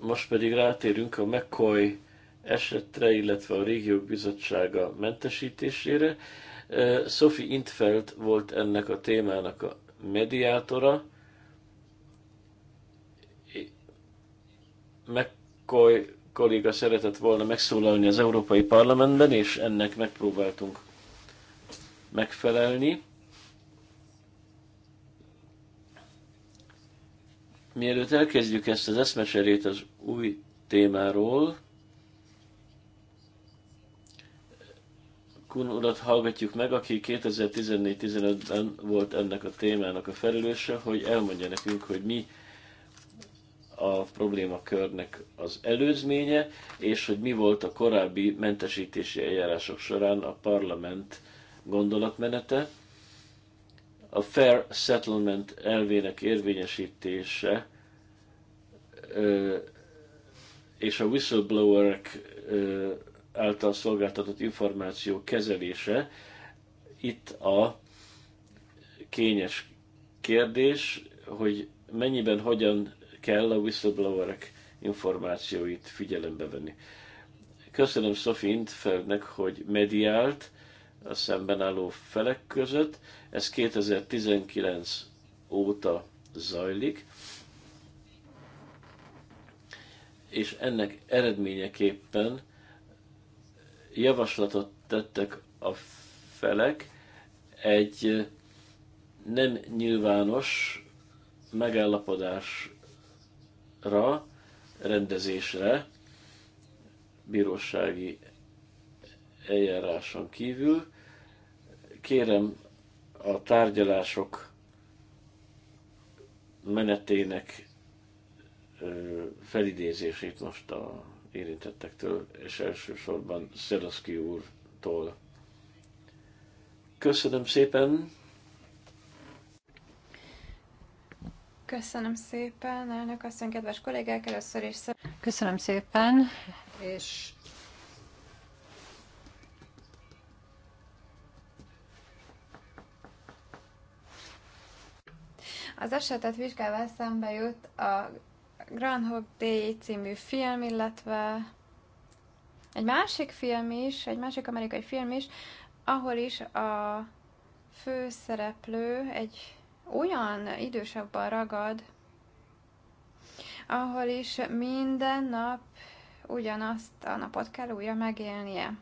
Most pedig rátérünk a McCoy esetre, illetve a Régiók Bizottsága mentesítésére. Sophie Intfeld volt ennek a témának a mediátora. McCoy kolléga szeretett volna megszólalni az Európai Parlamentben, és ennek megpróbáltunk megfelelni. Mielőtt elkezdjük ezt az eszmecserét az új témáról, Kun urat hallgatjuk meg, aki 2014-15-ben volt ennek a témának a felelőse, hogy elmondja nekünk, hogy mi a problémakörnek az előzménye, és hogy mi volt a korábbi mentesítési eljárások során a parlament gondolatmenete a fair settlement elvének érvényesítése és a whistleblowerek által szolgáltatott információ kezelése itt a kényes kérdés, hogy mennyiben hogyan kell a whistleblowerek információit figyelembe venni. Köszönöm Sophie Intfeldnek, hogy mediált, a szemben álló felek között. Ez 2019 óta zajlik, és ennek eredményeképpen javaslatot tettek a felek egy nem nyilvános megállapodásra, rendezésre, bírósági eljáráson kívül, kérem a tárgyalások menetének felidézését most a érintettektől, és elsősorban Szeraszki úrtól. Köszönöm szépen! Köszönöm szépen, elnök asszony, kedves kollégák, először is Köszönöm szépen, és Az esetet vizsgálva eszembe jut a Groundhog Day című film, illetve egy másik film is, egy másik amerikai film is, ahol is a főszereplő egy olyan idősebben ragad, ahol is minden nap ugyanazt a napot kell újra megélnie.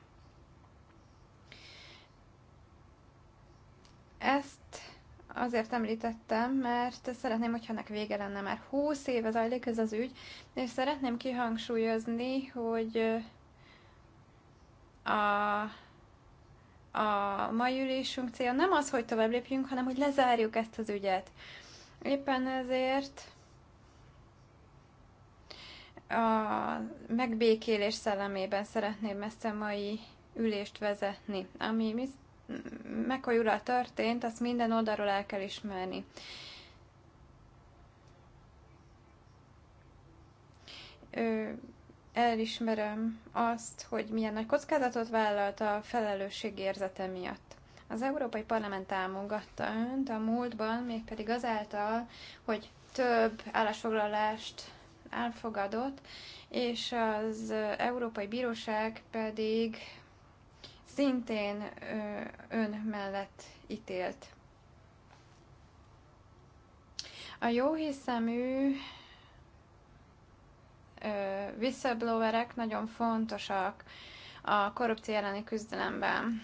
Ezt azért említettem, mert szeretném, hogyha ennek vége lenne már 20 éve zajlik ez az ügy, és szeretném kihangsúlyozni, hogy a, a mai ülésünk célja nem az, hogy tovább lépjünk, hanem hogy lezárjuk ezt az ügyet. Éppen ezért a megbékélés szellemében szeretném ezt a mai ülést vezetni, ami meghajulat történt, azt minden oldalról el kell ismerni. Ö, elismerem azt, hogy milyen nagy kockázatot vállalt a felelősség érzete miatt. Az Európai Parlament támogatta önt a múltban, mégpedig azáltal, hogy több állásfoglalást elfogadott, és az Európai Bíróság pedig szintén ön mellett ítélt. A jó ö, whistleblowerek nagyon fontosak a korrupció elleni küzdelemben,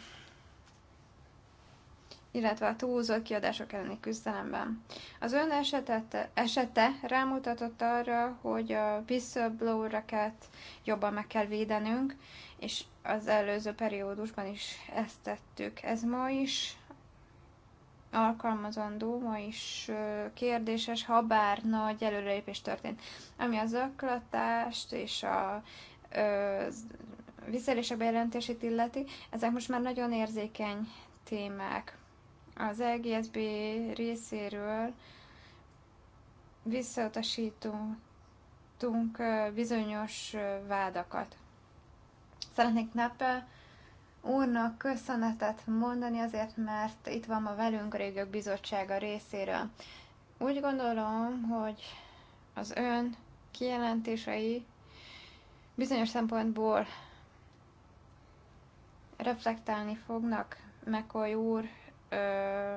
illetve a túlzott kiadások elleni küzdelemben. Az ön esetet, esete rámutatott arra, hogy a whistleblowereket jobban meg kell védenünk, és az előző periódusban is ezt tettük. Ez ma is alkalmazandó, ma is kérdéses, ha bár nagy előrelépés történt. Ami az öklatást és a visszaélések bejelentését illeti, ezek most már nagyon érzékeny témák. Az EGSB részéről visszautasítunk bizonyos vádakat. Szeretnék Nappel úrnak köszönetet mondani azért, mert itt van ma velünk a Régiók Bizottsága részéről. Úgy gondolom, hogy az ön kijelentései bizonyos szempontból reflektálni fognak Mekoly úr ö,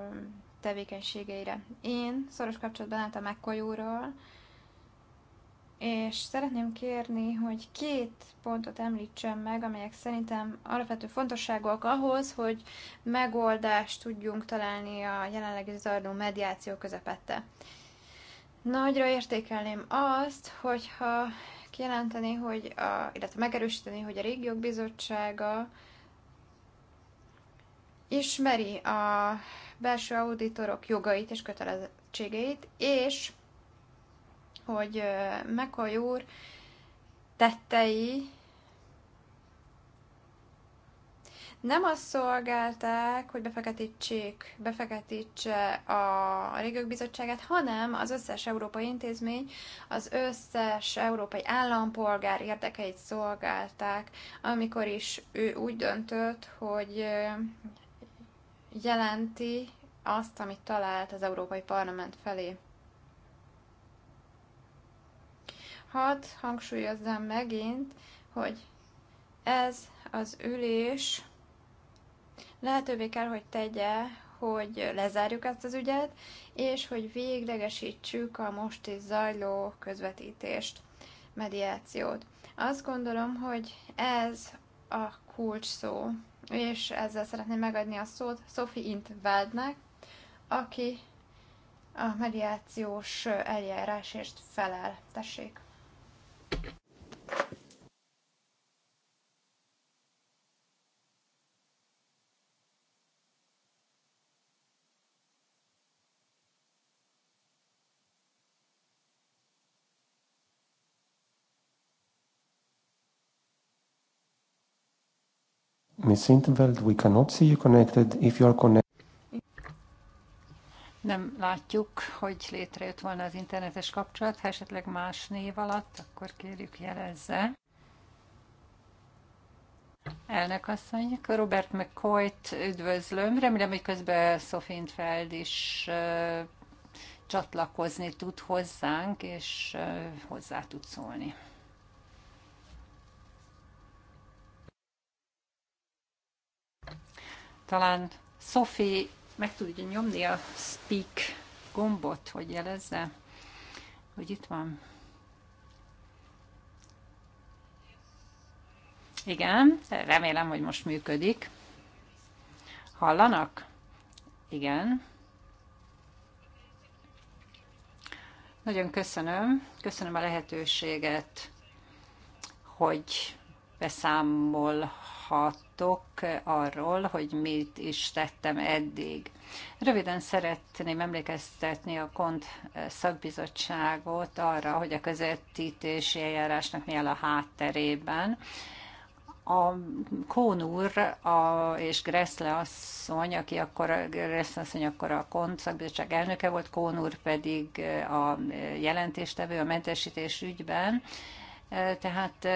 tevékenységeire. Én szoros kapcsolatban álltam Mekoly úrral, és szeretném kérni, hogy két pontot említsen meg, amelyek szerintem alapvető fontosságúak ahhoz, hogy megoldást tudjunk találni a jelenlegi zajló mediáció közepette. Nagyra értékelném azt, hogyha kijelenteni, hogy a, illetve megerősíteni, hogy a régiók bizottsága ismeri a belső auditorok jogait és kötelezettségeit, és hogy Mekaj úr tettei nem azt szolgálták, hogy befeketítsék, befeketítse a Régők bizottságát, hanem az összes európai intézmény, az összes európai állampolgár érdekeit szolgálták, amikor is ő úgy döntött, hogy jelenti azt, amit talált az Európai Parlament felé. Hadd hangsúlyozzam megint, hogy ez az ülés lehetővé kell, hogy tegye, hogy lezárjuk ezt az ügyet, és hogy véglegesítsük a most is zajló közvetítést, mediációt. Azt gondolom, hogy ez a kulcs szó, és ezzel szeretném megadni a szót Sophie Intveldnek, aki a mediációs eljárásért felel. Tessék! Miss Interveld, we cannot see you connected. If you are connected, nem látjuk, hogy létrejött volna az internetes kapcsolat, ha esetleg más név alatt, akkor kérjük jelezze. Elnök asszony, Robert McCoy-t üdvözlöm. Remélem, hogy közben Sofintfeld is uh, csatlakozni tud hozzánk, és uh, hozzá tud szólni. Talán Sophie meg tudja nyomni a speak gombot, hogy jelezze, hogy itt van. Igen, remélem, hogy most működik. Hallanak? Igen. Nagyon köszönöm. Köszönöm a lehetőséget, hogy beszámol hallhattok arról, hogy mit is tettem eddig. Röviden szeretném emlékeztetni a KONT szakbizottságot arra, hogy a közvetítési eljárásnak mi áll a hátterében. A úr a, és Gressle asszony, aki akkor, Gressle asszony akkor a KONT szakbizottság elnöke volt, úr pedig a jelentéstevő a mentesítés ügyben, tehát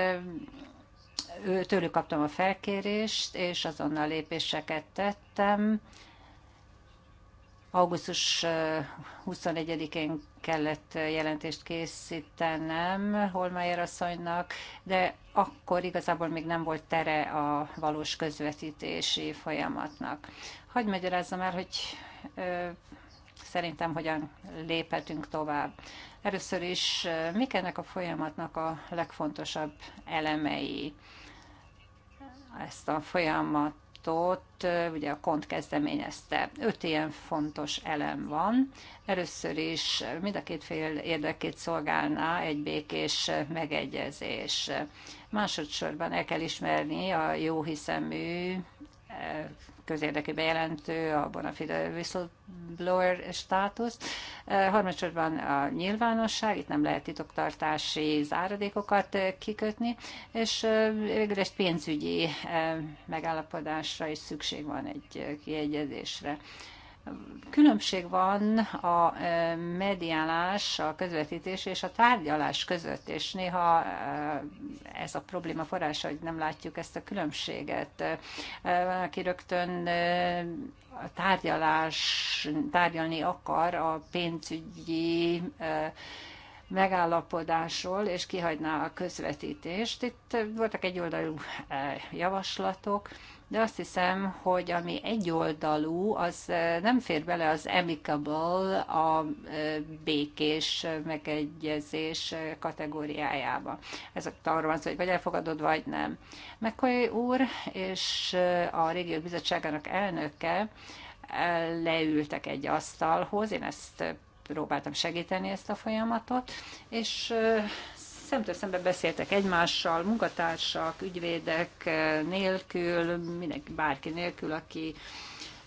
tőlük kaptam a felkérést, és azonnal lépéseket tettem. Augusztus 21-én kellett jelentést készítenem Holmeyer asszonynak, de akkor igazából még nem volt tere a valós közvetítési folyamatnak. Hogy magyarázzam el, hogy ö, szerintem hogyan léphetünk tovább. Először is, mik ennek a folyamatnak a legfontosabb elemei? ezt a folyamatot ugye a kont kezdeményezte. Öt ilyen fontos elem van. Először is mind a két fél érdekét szolgálná egy békés megegyezés. Másodszorban el kell ismerni a jó hiszemű közérdekű bejelentő, a bona fide whistleblower státuszt. Harmadsorban a nyilvánosság, itt nem lehet titoktartási záradékokat kikötni, és végül egy pénzügyi megállapodásra is szükség van egy kiegyezésre. Különbség van a e, mediálás, a közvetítés és a tárgyalás között, és néha e, ez a probléma forrása, hogy nem látjuk ezt a különbséget. E, van, aki rögtön tárgyalás, tárgyalni akar a pénzügyi megállapodásról, és kihagyná a közvetítést. Itt voltak egyoldalú javaslatok, de azt hiszem, hogy ami egyoldalú, az nem fér bele az amicable, a békés megegyezés kategóriájába. Ez arról van hogy vagy elfogadod, vagy nem. McCoy úr és a Régiók Bizottságának elnöke leültek egy asztalhoz, én ezt próbáltam segíteni ezt a folyamatot, és szemtől szembe beszéltek egymással, munkatársak, ügyvédek eh, nélkül, mindenki, bárki nélkül, aki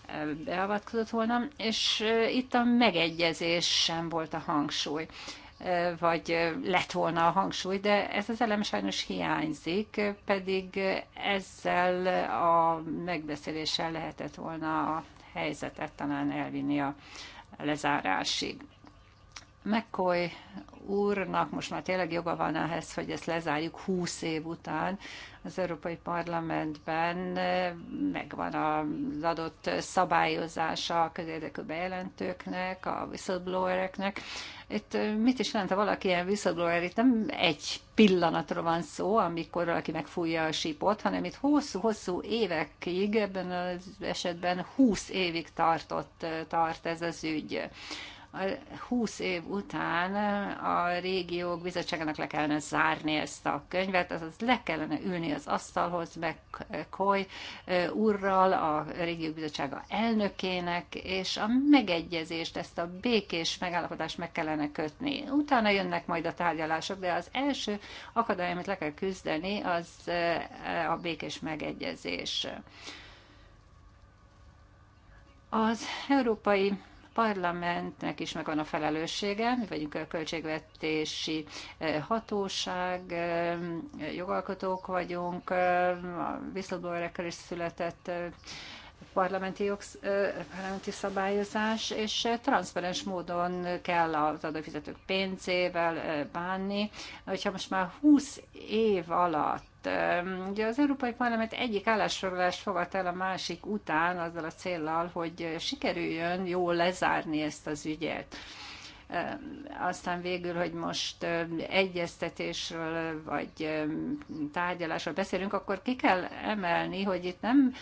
eh, beavatkozott volna, és eh, itt a megegyezés sem volt a hangsúly vagy lett volna a hangsúly, de ez az elem sajnos hiányzik, pedig ezzel a megbeszéléssel lehetett volna a helyzetet talán elvinni a lezárásig. McCoy úrnak most már tényleg joga van ehhez, hogy ezt lezárjuk 20 év után az Európai Parlamentben, eh, megvan az adott szabályozása a közérdekű bejelentőknek, a whistleblowereknek. Itt eh, mit is jelent, ha valaki ilyen whistleblower, itt nem egy pillanatra van szó, amikor valaki megfújja a sípot, hanem itt hosszú-hosszú évekig, ebben az esetben 20 évig tartott, eh, tart ez az ügy. 20 év után a régiók bizottságának le kellene zárni ezt a könyvet, azaz le kellene ülni az asztalhoz, meg Koy úrral, a régiók bizottsága elnökének, és a megegyezést, ezt a békés megállapodást meg kellene kötni. Utána jönnek majd a tárgyalások, de az első akadály, amit le kell küzdeni, az a békés megegyezés. Az európai parlamentnek is megvan a felelőssége, mi vagyunk a költségvetési eh, hatóság, eh, jogalkotók vagyunk, eh, a whistleblowerekkel is született parlamenti, jogsz, parlamenti szabályozás, és transzparens módon kell az adófizetők pénzével bánni. Hogyha most már 20 év alatt Hát, ugye az Európai Parlament egyik állásfoglalást fogadta el a másik után azzal a céllal, hogy sikerüljön jól lezárni ezt az ügyet aztán végül, hogy most egyeztetésről vagy tárgyalásról beszélünk, akkor ki kell emelni, hogy itt nem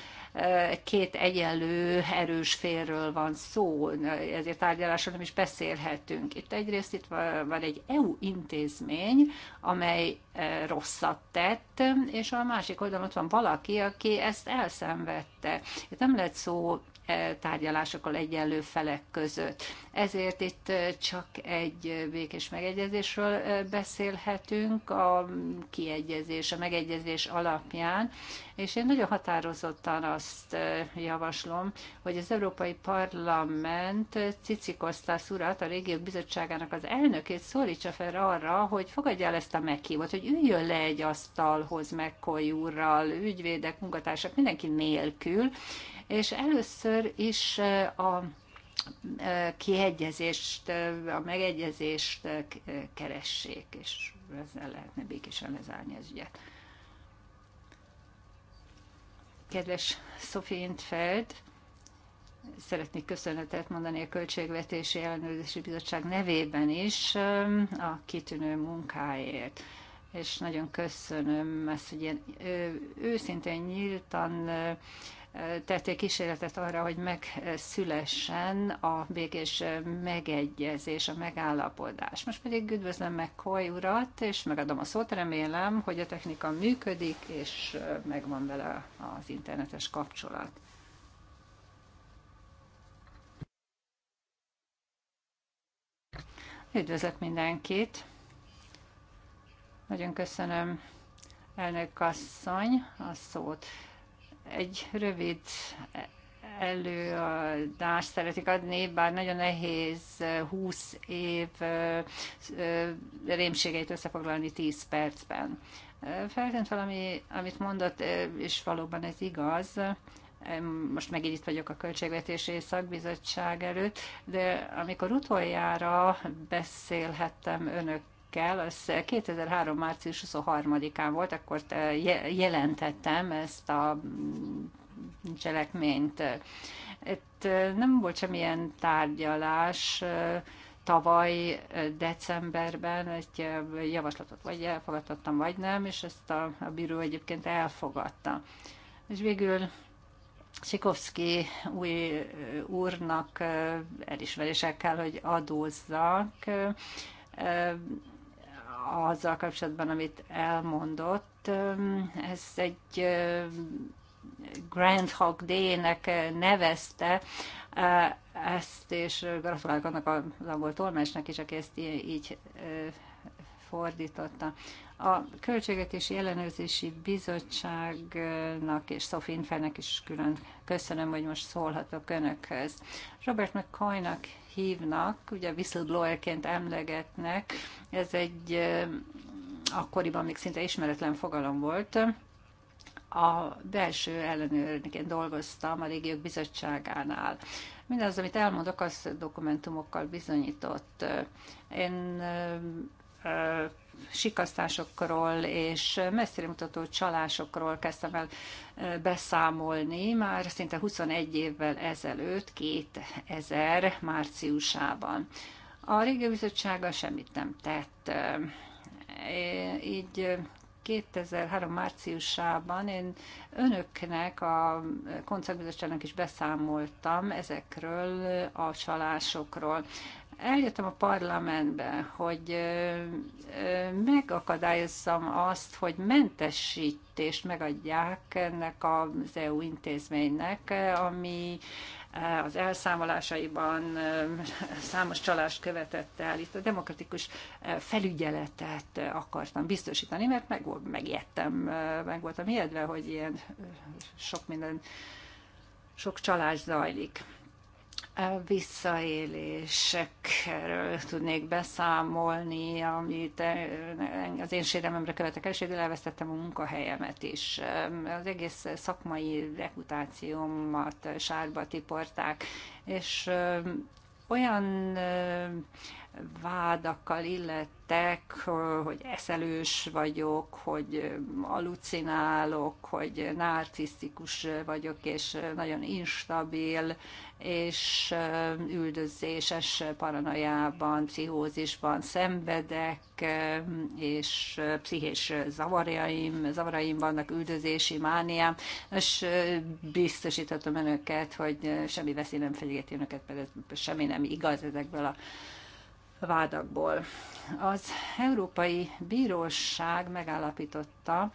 két egyenlő erős félről van szó, ezért tárgyalásról nem is beszélhetünk. Itt egyrészt itt van egy EU intézmény, amely rosszat tett, és a másik oldalon ott van valaki, aki ezt elszenvedte. Itt nem lehet szó E, tárgyalásokkal egyenlő felek között. Ezért itt e, csak egy e, békés megegyezésről beszélhetünk, a kiegyezés, a megegyezés alapján, és én nagyon határozottan azt javaslom, hogy az Európai Parlament Cicikosztász urat, a régió Bizottságának az elnökét szólítsa fel arra, hogy fogadja el ezt a meghívót, hogy üljön le egy asztalhoz megkoljúrral, ügyvédek, munkatársak, mindenki nélkül, és először is eh, a eh, kiegyezést, eh, a megegyezést keressék, és ezzel lehetne békésen lezárni az ügyet. Kedves Sophie Intfeld, szeretnék köszönetet mondani a Költségvetési Ellenőrzési Bizottság nevében is ehm, a kitűnő munkáért. És nagyon köszönöm ezt, hogy ilyen őszintén, nyíltan tették kísérletet arra, hogy megszülessen a békés megegyezés, a megállapodás. Most pedig üdvözlöm meg Koy urat, és megadom a szót, remélem, hogy a technika működik, és megvan vele az internetes kapcsolat. Üdvözlök mindenkit! Nagyon köszönöm elnök asszony a szót. Egy rövid előadást szeretik adni, bár nagyon nehéz 20 eh, év eh, eh, rémségeit összefoglalni 10 percben. Feltűnt valami, amit mondott, és valóban ez igaz, most megint itt vagyok a Költségvetési Szakbizottság előtt, de amikor utoljára beszélhettem önök Kell, az 2003. március 23-án volt, akkor jelentettem ezt a cselekményt. Itt nem volt semmilyen tárgyalás, tavaly decemberben egy javaslatot vagy elfogadtam vagy nem, és ezt a, a bíró egyébként elfogadta. És végül Sikovszki új úrnak kell, hogy adózzak, azzal kapcsolatban, amit elmondott. Ez egy Grand Hog D-nek nevezte ezt, és gratulálok annak az angol tolmásnak is, aki ezt így fordította. A Költségvetési Ellenőrzési Bizottságnak és Sophie Infelnek is külön köszönöm, hogy most szólhatok Önökhöz. Robert McCoynak hívnak, ugye whistleblowerként emlegetnek, ez egy akkoriban még szinte ismeretlen fogalom volt, a belső ellenőrként dolgoztam a régiók bizottságánál. Mindaz, amit elmondok, az dokumentumokkal bizonyított. Én sikasztásokról és messzire mutató csalásokról kezdtem el beszámolni már szinte 21 évvel ezelőtt, 2000 márciusában. A régi bizottsága semmit nem tett. Így 2003 márciusában én önöknek, a koncertbizottságnak is beszámoltam ezekről a csalásokról eljöttem a parlamentbe, hogy megakadályozzam azt, hogy mentesítést megadják ennek az EU intézménynek, ami az elszámolásaiban számos csalást követett el. Itt a demokratikus felügyeletet akartam biztosítani, mert meg, megijedtem, meg voltam ijedve, hogy ilyen sok minden, sok csalás zajlik visszaélésekről tudnék beszámolni, amit eh, az én sérelmemre követek el, és elvesztettem a munkahelyemet is. Az egész szakmai reputációmat sárba tiporták, és eh, olyan eh, vádakkal illettek, hogy eszelős vagyok, hogy alucinálok, hogy narcisztikus vagyok, és nagyon instabil, és üldözéses paranoiában, pszichózisban szenvedek, és pszichés zavarjaim, zavaraim vannak, üldözési mániám. és biztosíthatom önöket, hogy semmi veszély nem fenyegeti önöket, például semmi nem igaz ezekből a vádakból. Az Európai Bíróság megállapította,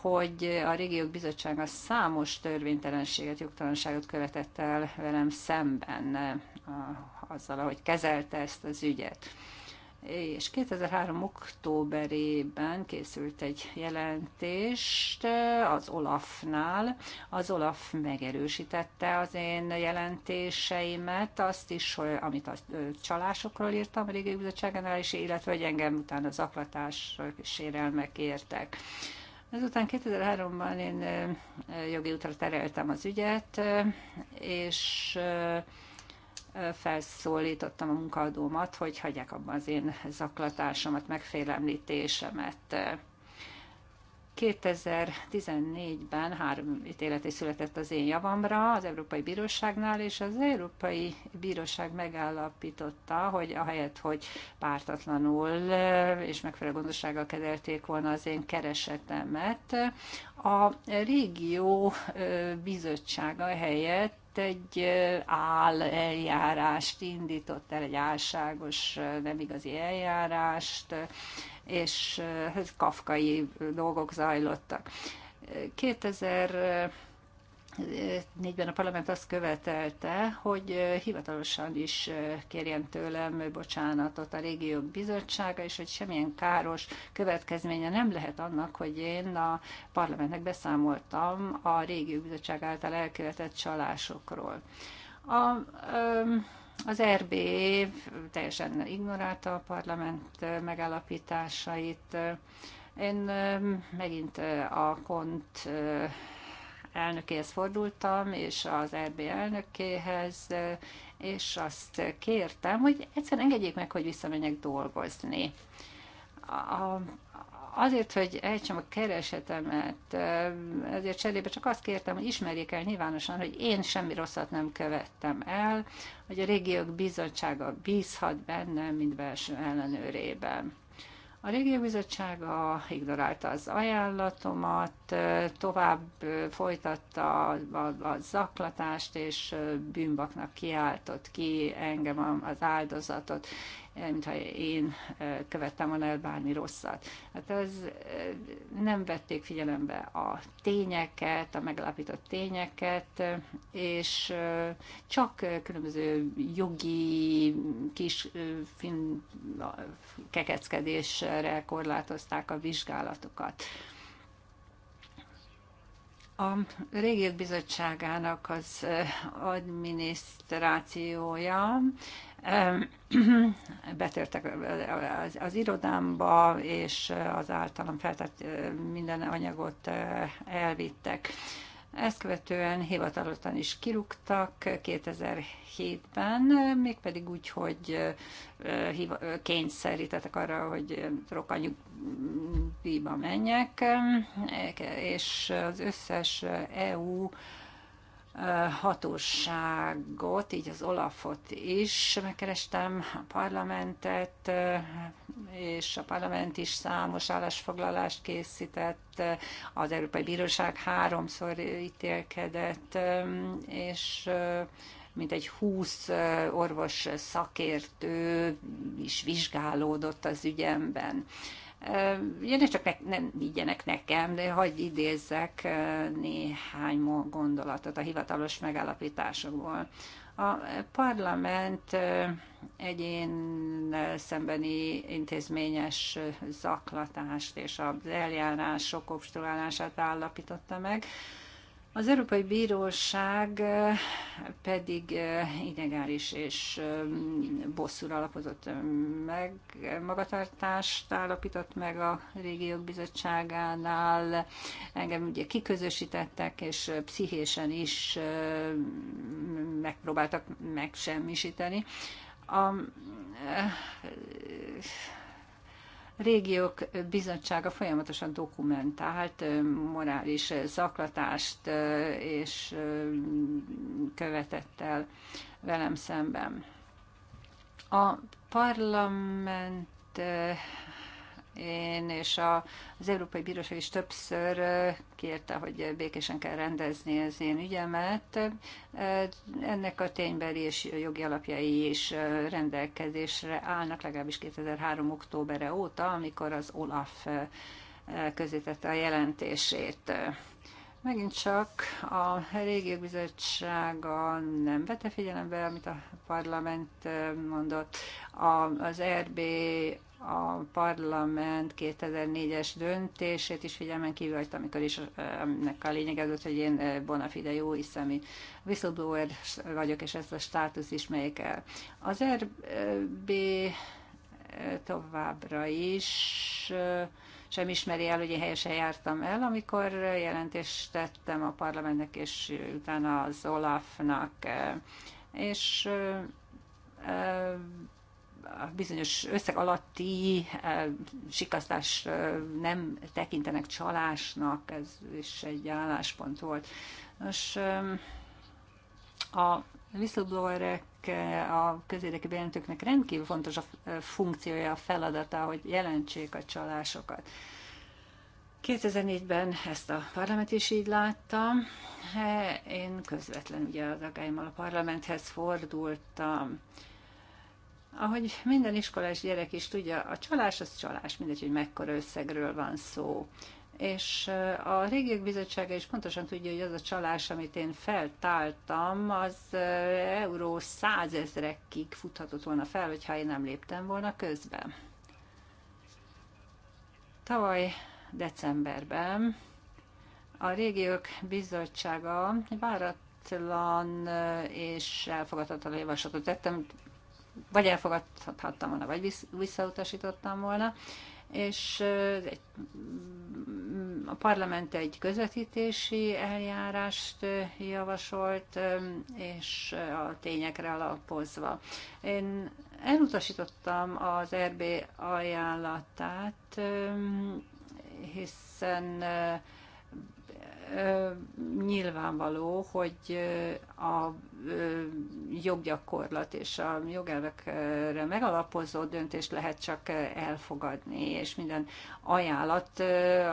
hogy a Régiók Bizottsága számos törvénytelenséget, jogtalanságot követett el velem szemben eh, azzal, ahogy kezelte ezt az ügyet és 2003. októberében készült egy jelentést az Olafnál. Az Olaf megerősítette az én jelentéseimet, azt is, hogy, amit a csalásokról írtam a régi bizottságánál, és illetve, hogy engem utána zaklatás sérelmek értek. Ezután 2003-ban én jogi útra tereltem az ügyet, és felszólítottam a munkaadómat, hogy hagyják abban az én zaklatásomat, megfélemlítésemet. 2014-ben három ítéleti született az én javamra az Európai Bíróságnál, és az Európai Bíróság megállapította, hogy ahelyett, hogy pártatlanul és megfelelő gondossággal kezelték volna az én keresetemet, a régió bizottsága helyett itt egy áll eljárást indított el, egy álságos, nem igazi eljárást, és hát kafkai dolgok zajlottak. 2000 Négyben a parlament azt követelte, hogy hivatalosan is kérjen tőlem bocsánatot a régió bizottsága, és hogy semmilyen káros következménye nem lehet annak, hogy én a parlamentnek beszámoltam a régió bizottság által elkövetett csalásokról. A, az RB teljesen ignorálta a parlament megállapításait. Én megint a kont elnökéhez fordultam, és az RB elnökéhez, és azt kértem, hogy egyszerűen engedjék meg, hogy visszamenjek dolgozni. A, azért, hogy ejtsem a keresetemet, ezért cserébe csak azt kértem, hogy ismerjék el nyilvánosan, hogy én semmi rosszat nem követtem el, hogy a régiók bizottsága bízhat bennem, mint belső ellenőrében. A Régió a ignorálta az ajánlatomat, tovább folytatta a zaklatást, és bűnbaknak kiáltott ki engem az áldozatot. Eh, mintha én eh, követtem volna el bármi rosszat. Hát ez eh, nem vették figyelembe a tényeket, a megalapított tényeket, és csak különböző jogi kis fin, kekeckedésre korlátozták a vizsgálatokat. A régiók bizottságának az adminisztrációja betörtek az, az irodámba, és az általam feltett minden anyagot elvittek. Ezt követően hivatalosan is kirúgtak 2007-ben, mégpedig úgy, hogy kényszerítettek arra, hogy rokanyugdíjba menjek, és az összes EU hatóságot, így az Olafot is megkerestem, a parlamentet, és a parlament is számos állásfoglalást készített, az Európai Bíróság háromszor ítélkedett, és mint egy 20 orvos szakértő is vizsgálódott az ügyemben. Ugye ne csak ne, nem higgyenek nekem, de hagyj idézzek néhány gondolatot a hivatalos megállapításokból. A parlament egyén szembeni intézményes zaklatást és az eljárások obstruálását állapította meg. Az Európai Bíróság pedig idegális és bosszúra alapozott meg, magatartást állapított meg a régiók bizottságánál. Engem ugye kiközösítettek, és pszichésen is megpróbáltak megsemmisíteni. A régiók bizottsága folyamatosan dokumentált morális zaklatást és követett el velem szemben. A parlament én, és a, az Európai Bíróság is többször kérte, hogy békésen kell rendezni az én ügyemet. Ennek a ténybeli és jogi alapjai is rendelkezésre állnak, legalábbis 2003. októbere óta, amikor az OLAF közítette a jelentését. Megint csak a régi bizottsága nem vette figyelembe, amit a parlament mondott. A, az RB a parlament 2004-es döntését is figyelmen kívül hagyta, amikor is ennek a lényeg az hogy én bona fide jó hiszemű whistleblower vagyok, és ezt a státusz ismerjék el. Az RB továbbra is sem ismeri el, hogy én helyesen jártam el, amikor jelentést tettem a parlamentnek, és utána az Olafnak, és a bizonyos összeg alatti eh, sikasztás eh, nem tekintenek csalásnak, ez is egy álláspont volt. Nos, a whistleblowerek eh, a közérdekű bejelentőknek rendkívül fontos a funkciója, a feladata, hogy jelentsék a csalásokat. 2004-ben ezt a parlament is így láttam. Én közvetlenül ugye az agályommal a parlamenthez fordultam. Ahogy minden iskolás gyerek is tudja, a csalás az csalás, mindegy, hogy mekkora összegről van szó. És a régiek bizottsága is pontosan tudja, hogy az a csalás, amit én feltáltam, az euró százezrekig futhatott volna fel, hogyha én nem léptem volna közben. Tavaly decemberben a régiek bizottsága váratlan és elfogadhatatlan javaslatot tettem, vagy elfogadhattam volna, vagy visszautasítottam volna, és egy, mm, a parlament egy közvetítési eljárást javasolt, és a tényekre alapozva. Én elutasítottam az RB ajánlatát, hiszen nyilvánvaló, hogy a joggyakorlat és a jogelvekre megalapozó döntést lehet csak elfogadni, és minden ajánlat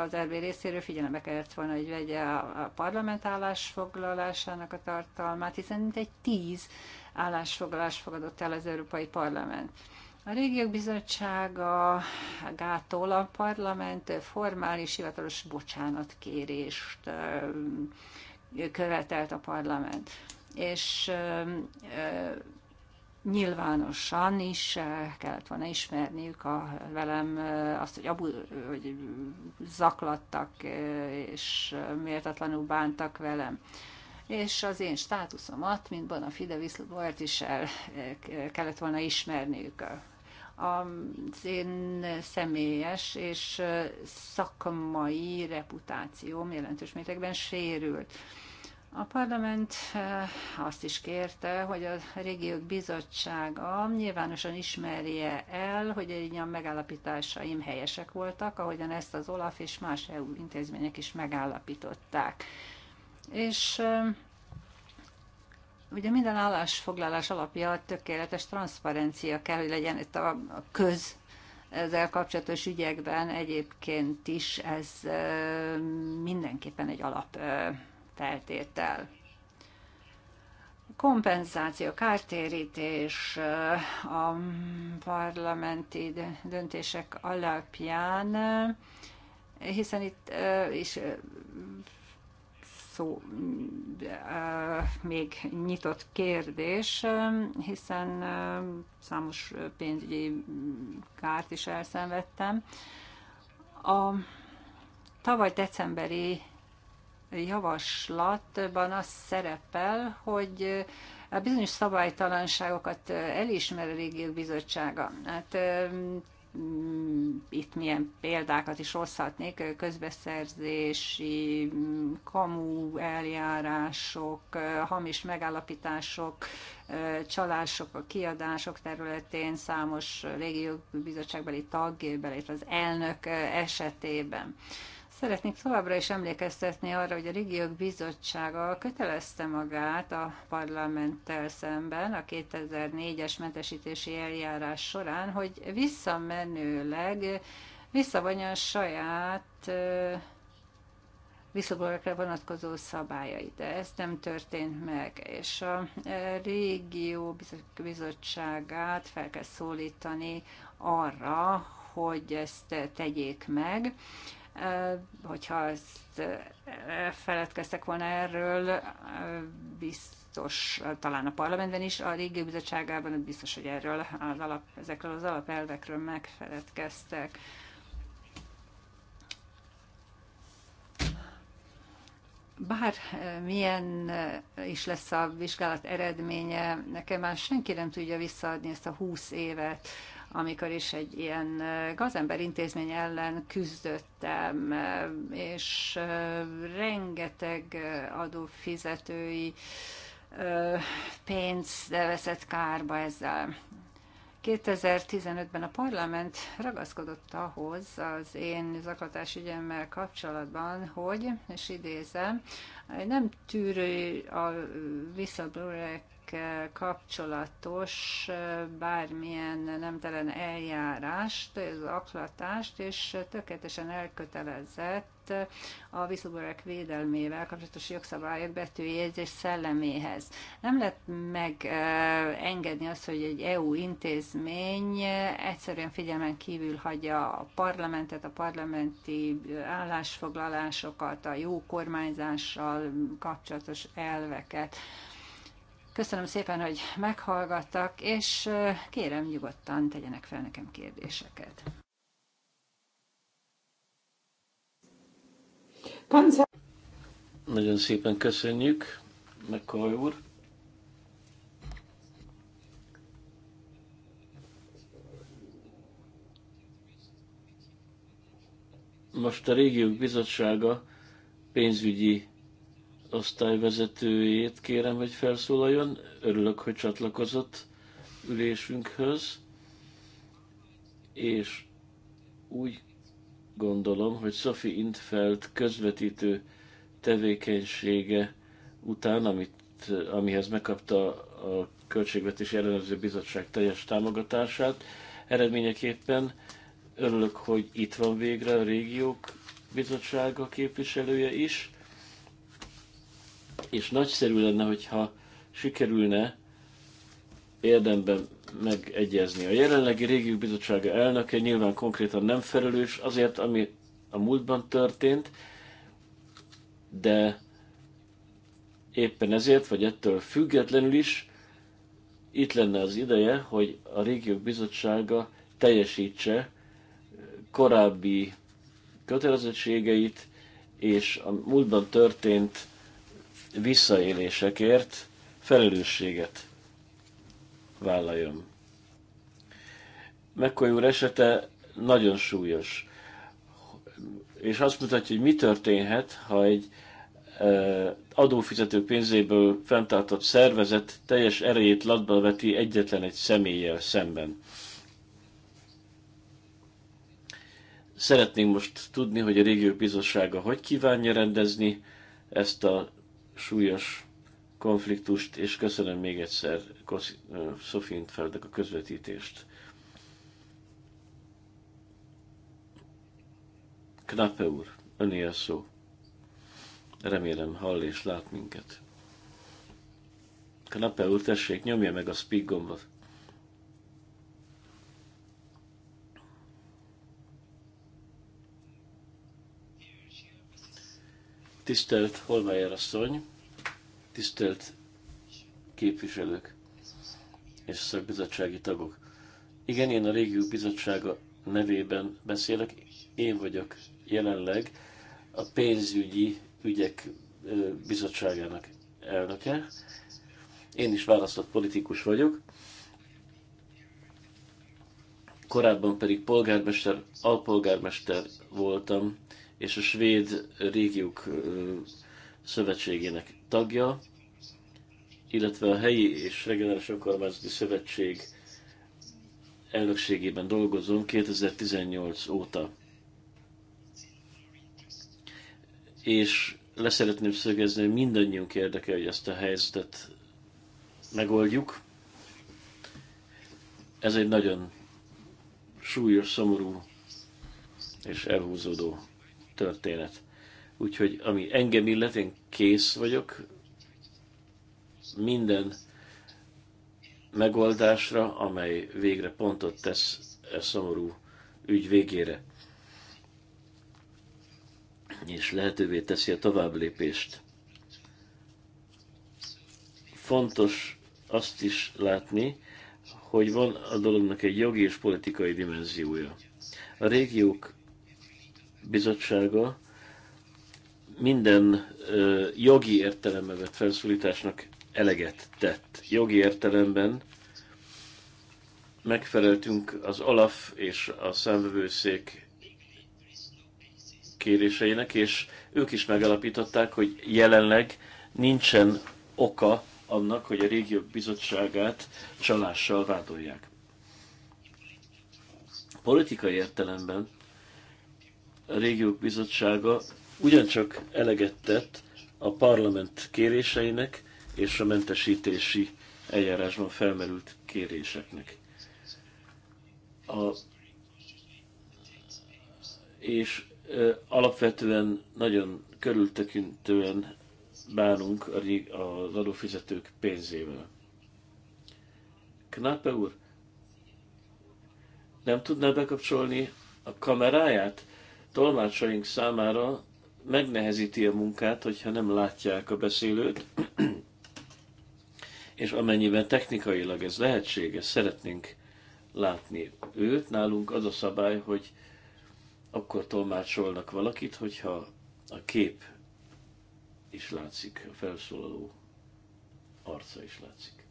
az RB részéről figyelembe kellett volna, hogy vegye a parlament állásfoglalásának a tartalmát, hiszen mintegy tíz állásfoglalás fogadott el az Európai Parlament. A régiók bizottsága gátol a parlament formális hivatalos bocsánatkérést követelt a parlament. És nyilvánosan is kellett volna ismerniük a velem azt, hogy, abu, hogy zaklattak és méltatlanul bántak velem. És az én státuszomat, mint Bonafide whistleblower is el kellett volna ismerniük az én személyes és szakmai reputációm jelentős mértékben sérült. A parlament azt is kérte, hogy a régiók bizottsága nyilvánosan ismerje el, hogy egy a megállapításaim helyesek voltak, ahogyan ezt az OLAF és más EU intézmények is megállapították. És Ugye minden állásfoglalás alapja tökéletes transzparencia kell, hogy legyen itt a, a köz ezzel kapcsolatos ügyekben egyébként is ez mindenképpen egy alapfeltétel. Kompenzáció, kártérítés a parlamenti döntések alapján, hiszen itt is szó még nyitott kérdés, hiszen számos pénzügyi kárt is elszenvedtem. A tavaly decemberi javaslatban az szerepel, hogy a bizonyos szabálytalanságokat elismer a régiók bizottsága. Hát Mm, itt milyen példákat is hozhatnék, közbeszerzési, mm, kamu eljárások, hamis megállapítások, csalások a kiadások területén, számos légi bizottságbeli tag, illetve az elnök esetében. Szeretnék továbbra is emlékeztetni arra, hogy a Régiók Bizottsága kötelezte magát a parlamenttel szemben a 2004-es mentesítési eljárás során, hogy visszamenőleg visszavonja a saját visszagolókra vonatkozó szabályait. De ez nem történt meg, és a régió bizottságát fel kell szólítani arra, hogy ezt tegyék meg. Hogyha ezt feledkeztek volna erről, biztos talán a parlamentben is, a régi bizottságában biztos, hogy erről az alap, ezekről az alapelvekről megfeledkeztek. bár milyen is lesz a vizsgálat eredménye, nekem már senki nem tudja visszaadni ezt a 20 évet, amikor is egy ilyen gazember intézmény ellen küzdöttem, és rengeteg adófizetői pénz veszett kárba ezzel. 2015-ben a parlament ragaszkodott ahhoz az én zaklatás ügyemmel kapcsolatban, hogy, és idézem, nem tűrő a visszablórek kapcsolatos bármilyen nemtelen eljárást, az aklatást, és tökéletesen elkötelezett a visszaborák védelmével kapcsolatos jogszabályok betűjét és szelleméhez. Nem lehet megengedni azt, hogy egy EU intézmény egyszerűen figyelmen kívül hagyja a parlamentet, a parlamenti állásfoglalásokat, a jó kormányzással kapcsolatos elveket. Köszönöm szépen, hogy meghallgattak, és kérem nyugodtan tegyenek fel nekem kérdéseket. Nagyon szépen köszönjük, McCoy úr. Most a régiók bizottsága pénzügyi osztályvezetőjét kérem, hogy felszólaljon. Örülök, hogy csatlakozott ülésünkhöz, és úgy gondolom, hogy Sophie Intfeld közvetítő tevékenysége után, amit, amihez megkapta a Költségvetési Ellenőrző Bizottság teljes támogatását, eredményeképpen örülök, hogy itt van végre a régiók bizottsága képviselője is, és nagyszerű lenne, hogyha sikerülne érdemben megegyezni. A jelenlegi régiók bizottsága elnöke nyilván konkrétan nem felelős azért, ami a múltban történt, de éppen ezért, vagy ettől függetlenül is itt lenne az ideje, hogy a régiók bizottsága teljesítse korábbi kötelezettségeit, és a múltban történt visszaélésekért felelősséget vállaljon. McCoy úr esete nagyon súlyos, és azt mutatja, hogy mi történhet, ha egy adófizető pénzéből fenntartott szervezet teljes erejét latba veti egyetlen egy személlyel szemben. Szeretnénk most tudni, hogy a régió bizottsága hogy kívánja rendezni ezt a súlyos konfliktust, és köszönöm még egyszer Sofint Feldek a közvetítést. Knappe úr, öné a szó. Remélem hall és lát minket. Knappe úr, tessék, nyomja meg a speak gombot. Tisztelt Holmeyer asszony, tisztelt képviselők és szakbizottsági tagok. Igen, én a régió bizottsága nevében beszélek. Én vagyok jelenleg a pénzügyi ügyek bizottságának elnöke. Én is választott politikus vagyok. Korábban pedig polgármester, alpolgármester voltam és a svéd régiók szövetségének tagja, illetve a helyi és regionális önkormányzati szövetség elnökségében dolgozom 2018 óta. És leszeretném szögezni, hogy mindannyiunk érdeke, hogy ezt a helyzetet megoldjuk. Ez egy nagyon súlyos, szomorú és elhúzódó történet. Úgyhogy ami engem illet, én kész vagyok minden megoldásra, amely végre pontot tesz e szomorú ügy végére, és lehetővé teszi a továbblépést. Fontos azt is látni, hogy van a dolognak egy jogi és politikai dimenziója. A régiók bizottsága minden ö, jogi értelemben vett felszólításnak eleget tett. Jogi értelemben megfeleltünk az ALAF és a számvevőszék kéréseinek, és ők is megalapították, hogy jelenleg nincsen oka annak, hogy a régió bizottságát csalással vádolják. Politikai értelemben a régiók bizottsága ugyancsak eleget tett a parlament kéréseinek és a mentesítési eljárásban felmerült kéréseknek. A, és e, alapvetően nagyon körültekintően bánunk a, az adófizetők pénzével. Knappe úr, nem tudná bekapcsolni a kameráját? tolmácsaink számára megnehezíti a munkát, hogyha nem látják a beszélőt, és amennyiben technikailag ez lehetséges, szeretnénk látni őt. Nálunk az a szabály, hogy akkor tolmácsolnak valakit, hogyha a kép is látszik, a felszólaló arca is látszik.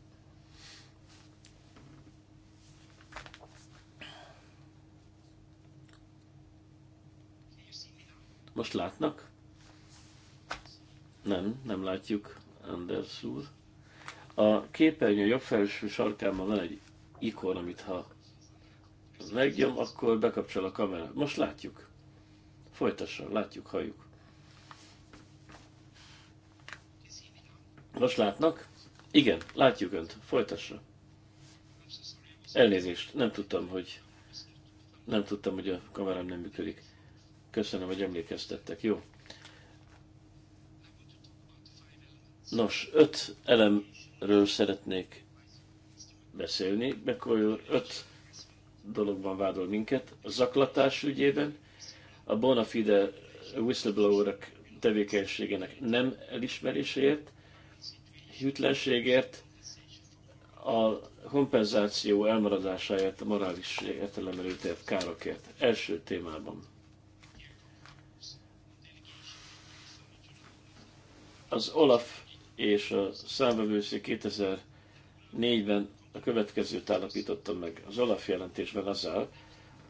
Most látnak? Nem, nem látjuk, Anders úr. A képernyő jobb felső sarkában van egy ikon, amit ha megnyom, akkor bekapcsol a kamera. Most látjuk. Folytassa, látjuk, halljuk. Most látnak? Igen, látjuk Önt. Folytassa. Elnézést, nem tudtam, hogy nem tudtam, hogy a kamerám nem működik. Köszönöm, hogy emlékeztettek. Jó. Nos, öt elemről szeretnék beszélni. McCoy öt dologban vádol minket. A zaklatás ügyében, a bona fide whistleblower tevékenységének nem elismeréséért, hűtlenségért, a kompenzáció elmaradásáért, a morális értelemelőtért, károkért. Első témában. Az Olaf és a számvevőszék 2004-ben a következőt állapította meg. Az Olaf jelentésben azzal,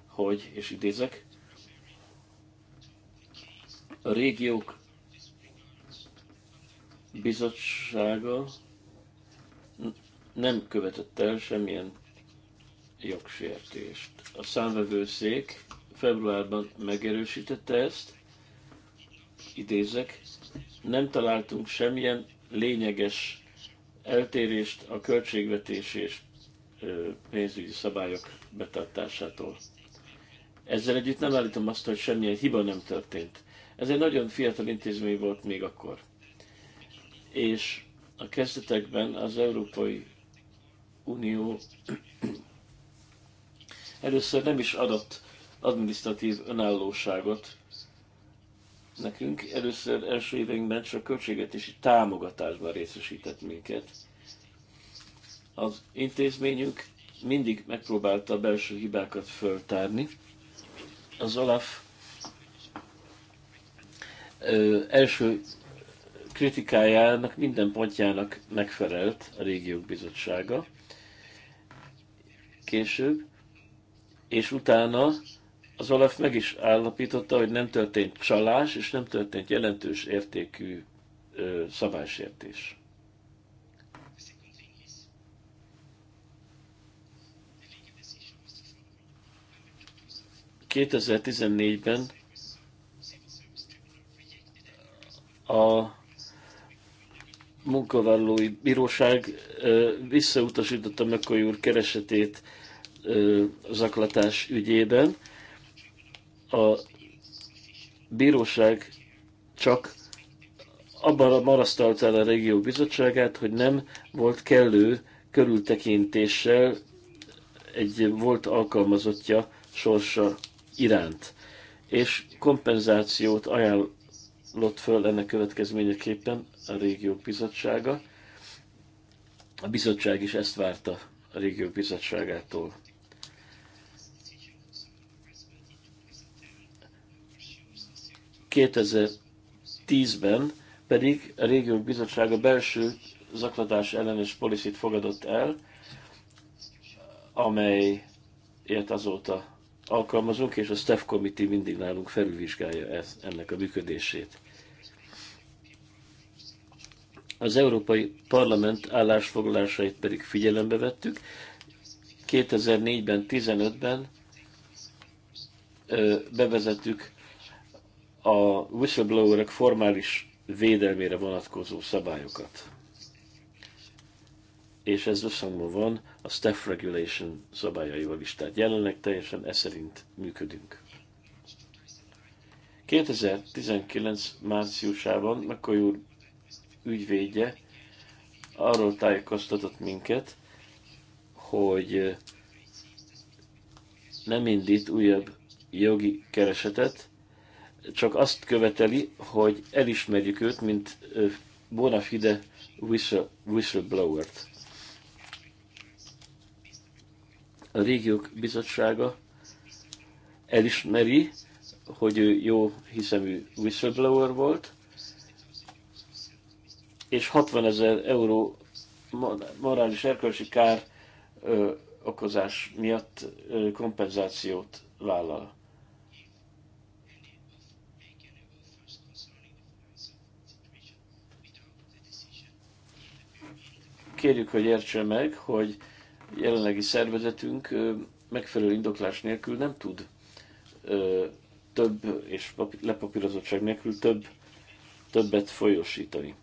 hogy, és idézek, a régiók bizottsága nem követett el semmilyen jogsértést. A számvevőszék februárban megerősítette ezt, idézek, nem találtunk semmilyen lényeges eltérést a költségvetés és pénzügyi szabályok betartásától. Ezzel együtt nem állítom azt, hogy semmilyen hiba nem történt. Ez egy nagyon fiatal intézmény volt még akkor. És a kezdetekben az Európai Unió először nem is adott adminisztratív önállóságot nekünk. Először első éveinkben csak költségvetési támogatásban részesített minket. Az intézményünk mindig megpróbálta a belső hibákat föltárni. Az Olaf ö, első kritikájának minden pontjának megfelelt a régiók bizottsága később, és utána az Olaf meg is állapította, hogy nem történt csalás, és nem történt jelentős értékű ö, szabálysértés. ...2014-ben a munkavállalói bíróság visszautasította McCoy úr keresetét zaklatás ügyében, a bíróság csak abban marasztalt el a régió bizottságát, hogy nem volt kellő körültekintéssel egy volt alkalmazottja sorsa iránt, és kompenzációt ajánlott föl ennek következményeképpen a régió bizottsága. A bizottság is ezt várta a régió bizottságától. 2010-ben pedig a Régiók Bizottsága belső zaklatás ellenes policit fogadott el, amelyet azóta alkalmazunk, és a Staff Committee mindig nálunk felülvizsgálja ezt, ennek a működését. Az Európai Parlament állásfoglalásait pedig figyelembe vettük. 2004-ben, 2015 ben bevezettük a whistleblowerek formális védelmére vonatkozó szabályokat. És ez összhangban van a staff regulation szabályaival is, tehát jelenleg teljesen e szerint működünk. 2019 márciusában McCoy úr ügyvédje arról tájékoztatott minket, hogy nem indít újabb jogi keresetet, csak azt követeli, hogy elismerjük őt, mint bona fide whistleblower-t. A régiók bizottsága elismeri, hogy ő jó hiszemű whistleblower volt, és 60 ezer euró morális erkölcsi kár ö, okozás miatt ö, kompenzációt vállal. Kérjük, hogy értse meg, hogy jelenlegi szervezetünk megfelelő indoklás nélkül nem tud több és lepapírozottság nélkül több, többet folyósítani.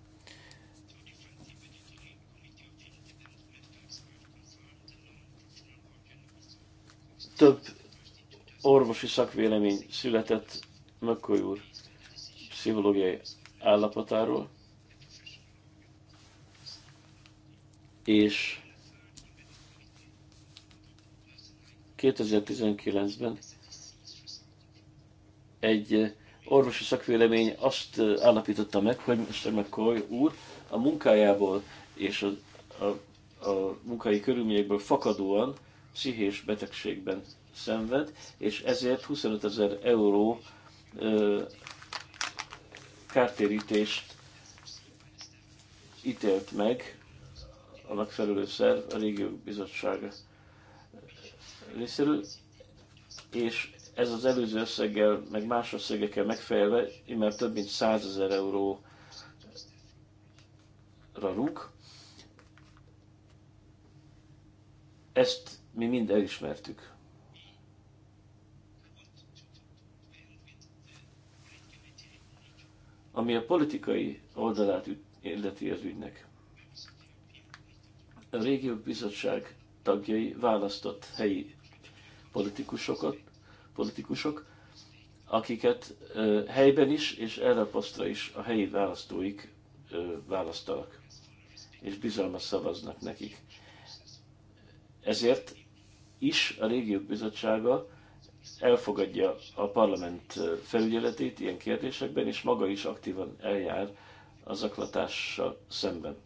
Több orvosi szakvélemény született Mökkoly úr pszichológiai állapotáról, és 2019-ben egy orvosi szakvélemény azt állapította meg, hogy Mr. McCoy úr a munkájából és a, a, a munkai körülményekből fakadóan pszichés betegségben szenved, és ezért 25 ezer euró ö, kártérítést ítélt meg a megfelelő szerv, a régió bizottsága részéről, és ez az előző összeggel, meg más összegekkel megfelelve, immár több mint 100 ezer euróra rúg. Ezt mi mind elismertük. Ami a politikai oldalát illeti az ügynek a régió bizottság tagjai választott helyi politikusokat, politikusok, akiket helyben is és erre a posztra is a helyi választóik ö, választanak, és bizalmas szavaznak nekik. Ezért is a régiók bizottsága elfogadja a parlament felügyeletét ilyen kérdésekben, és maga is aktívan eljár az aklatással szemben.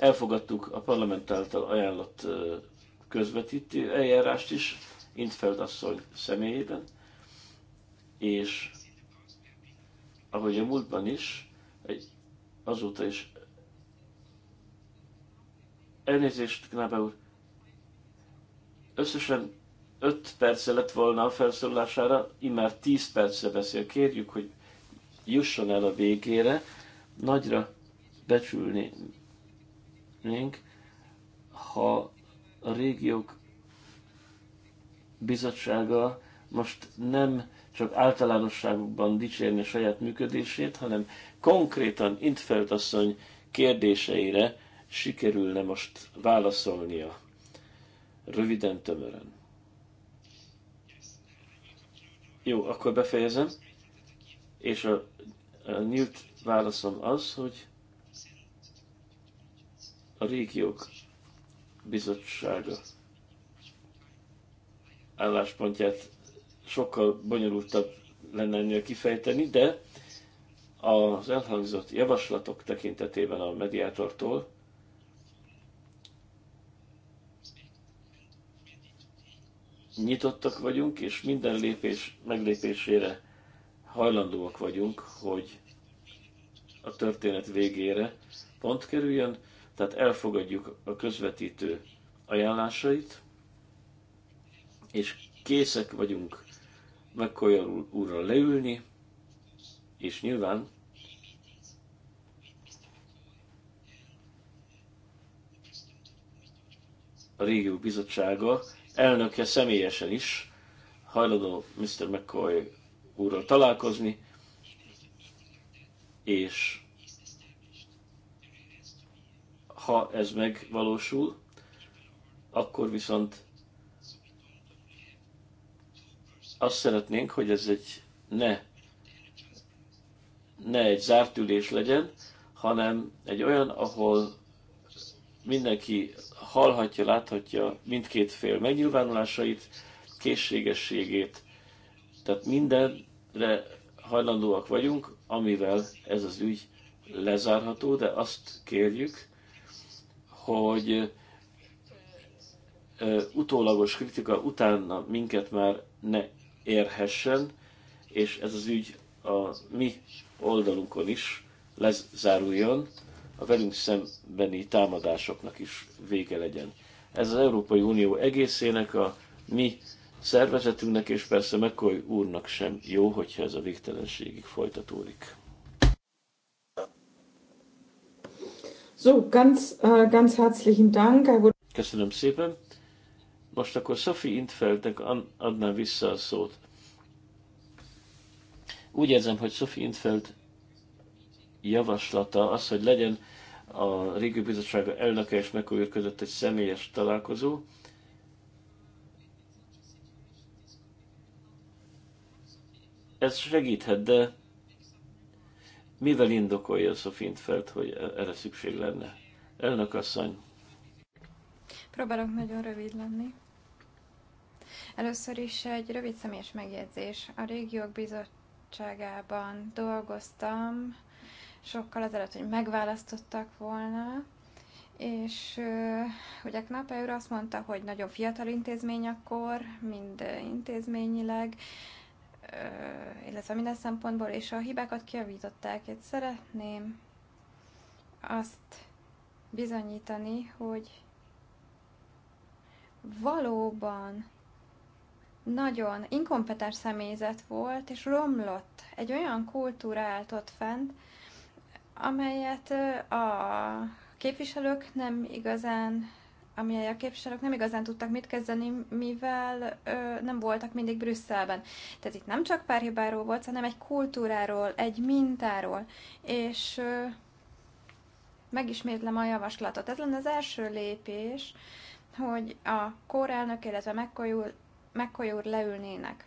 Elfogadtuk a parlament által ajánlott közvetítő eljárást is, Intfeld asszony személyében, és ahogy a múltban is, azóta is elnézést, Knábe úr, összesen 5 perce lett volna a felszólására, immár 10 perce beszél. Kérjük, hogy jusson el a végére. Nagyra becsülni szeretnénk, ha a régiók bizottsága most nem csak általánosságban dicsérni a saját működését, hanem konkrétan Intfeld asszony kérdéseire sikerülne most válaszolnia. Röviden, tömören. Jó, akkor befejezem. És a, a nyílt válaszom az, hogy a régiók bizottsága álláspontját sokkal bonyolultabb lenne ennél kifejteni, de az elhangzott javaslatok tekintetében a mediátortól nyitottak vagyunk, és minden lépés meglépésére hajlandóak vagyunk, hogy a történet végére pont kerüljön, tehát elfogadjuk a közvetítő ajánlásait, és készek vagyunk McCoy úrra leülni, és nyilván a régió bizottsága elnöke személyesen is hajlandó Mr. McCoy úrral találkozni, és ha ez megvalósul, akkor viszont azt szeretnénk, hogy ez egy ne, ne egy zárt ülés legyen, hanem egy olyan, ahol mindenki hallhatja, láthatja mindkét fél megnyilvánulásait, készségességét. Tehát mindenre hajlandóak vagyunk, amivel ez az ügy lezárható, de azt kérjük, hogy utólagos kritika utána minket már ne érhessen, és ez az ügy a mi oldalunkon is lezáruljon, a velünk szembeni támadásoknak is vége legyen. Ez az Európai Unió egészének, a mi szervezetünknek, és persze McCoy úrnak sem jó, hogyha ez a végtelenségig folytatódik. So, ganz, äh, ganz herzlichen Dank. would... Köszönöm szépen. Most akkor Szofi Intfeldnek adnám vissza a szót. Úgy érzem, hogy Szofi Intfeld javaslata az, hogy legyen a Régi Bizottsága elnöke és megújul között egy személyes találkozó. Ez segíthet, de mivel indokolja fint Felt, hogy e- erre szükség lenne? Elnök asszony. Próbálok nagyon rövid lenni. Először is egy rövid személyes megjegyzés. A régiók bizottságában dolgoztam, sokkal azelőtt, hogy megválasztottak volna, és ugye Knapeur azt mondta, hogy nagyon fiatal intézmény akkor, mind intézményileg, illetve minden szempontból, és a hibákat kiavították. Én szeretném azt bizonyítani, hogy valóban nagyon inkompetens személyzet volt, és romlott. Egy olyan kultúra állt ott fent, amelyet a képviselők nem igazán ami a képviselők nem igazán tudtak mit kezdeni, mivel ö, nem voltak mindig Brüsszelben. Tehát itt nem csak pár hibáról volt, hanem egy kultúráról, egy mintáról, és ö, megismétlem a javaslatot. Ez lenne az első lépés, hogy a kórelnök, illetve megkolyul, megkolyul leülnének.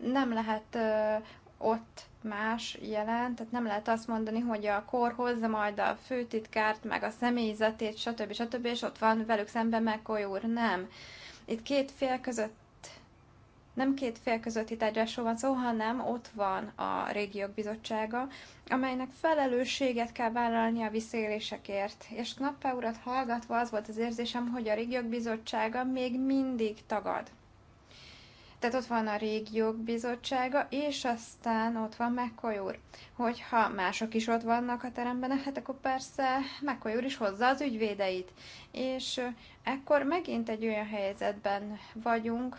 Nem lehet ö, ott más jelen, tehát nem lehet azt mondani, hogy a kor hozza majd a főtitkárt, meg a személyzetét, stb. stb. és ott van velük szemben meg úr. Nem. Itt két fél között, nem két fél közötti tárgyásról van szó, hanem ott van a régiók bizottsága, amelynek felelősséget kell vállalni a visszélésekért. És Knappe urat hallgatva az volt az érzésem, hogy a régiók bizottsága még mindig tagad. Tehát ott van a régiók bizottsága, és aztán ott van McCoy úr. Hogyha mások is ott vannak a teremben, hát akkor persze McCoy úr is hozza az ügyvédeit. És ekkor megint egy olyan helyzetben vagyunk,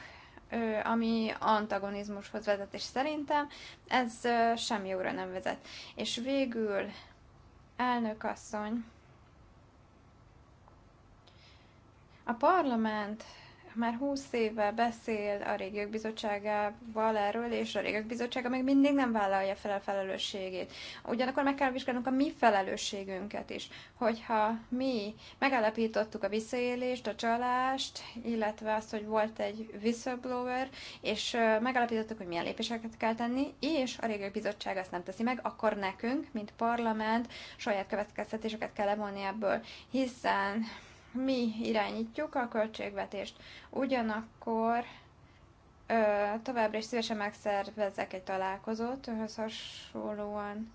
ami antagonizmushoz vezet, és szerintem ez semmi jóra nem vezet. És végül elnök asszony, a parlament már 20 éve beszél a régiók bizottságával erről, és a régiók bizottsága még mindig nem vállalja fel a felelősségét. Ugyanakkor meg kell vizsgálnunk a mi felelősségünket is, hogyha mi megállapítottuk a visszaélést, a csalást, illetve azt, hogy volt egy whistleblower, és megállapítottuk, hogy milyen lépéseket kell tenni, és a régiók bizottság ezt nem teszi meg, akkor nekünk, mint parlament, saját következtetéseket kell levonni ebből, hiszen mi irányítjuk a költségvetést. Ugyanakkor ö, továbbra is szívesen megszervezek egy találkozót, őhöz hasonlóan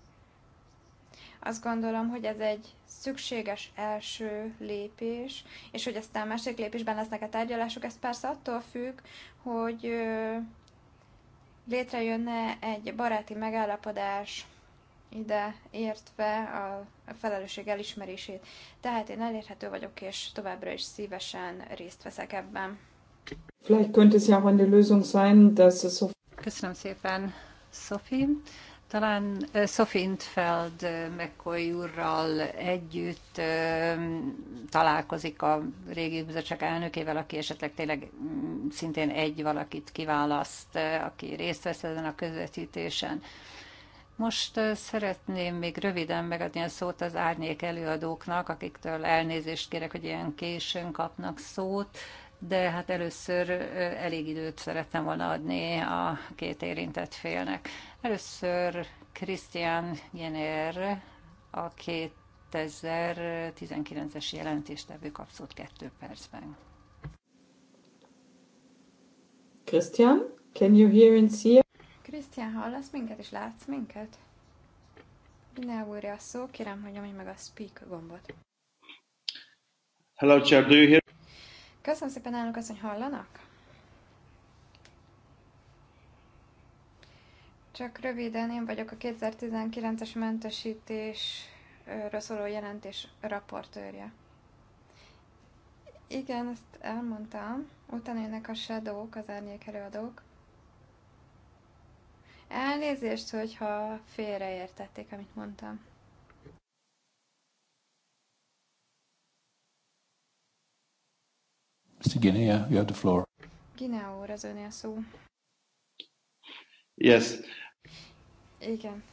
azt gondolom, hogy ez egy szükséges első lépés, és hogy aztán másik lépésben lesznek a tárgyalások, ez persze attól függ, hogy létrejönne egy baráti megállapodás ide értve a felelősség elismerését. Tehát én elérhető vagyok, és továbbra is szívesen részt veszek ebben. Köszönöm szépen, Sophie. Talán Sophie Intfeld McCoy úrral együtt találkozik a régi bizottság elnökével, aki esetleg tényleg mm, szintén egy valakit kiválaszt, aki részt vesz ezen a közvetítésen. Most szeretném még röviden megadni a szót az árnyék előadóknak, akiktől elnézést kérek, hogy ilyen későn kapnak szót, de hát először elég időt szerettem volna adni a két érintett félnek. Először Christian Jenner, a 2019-es jelentéstevő kap szót kettő percben. Christian, can you hear and see? Krisztián, hallasz minket és látsz minket? Ne újra a szó, kérem, hogy nyomj meg a speak gombot. Hello, Chair, do you hear? Köszönöm szépen, nálunk azt, hogy hallanak? Csak röviden, én vagyok a 2019-es mentesítésről szóló jelentés raportőrje. Igen, ezt elmondtam. Utána jönnek a shadow az árnyék előadók. Elnézést, hogyha félreértették, amit mondtam. Mr. Guinea, you have the floor. Guinea úr, az önél szó. Yes. Igen.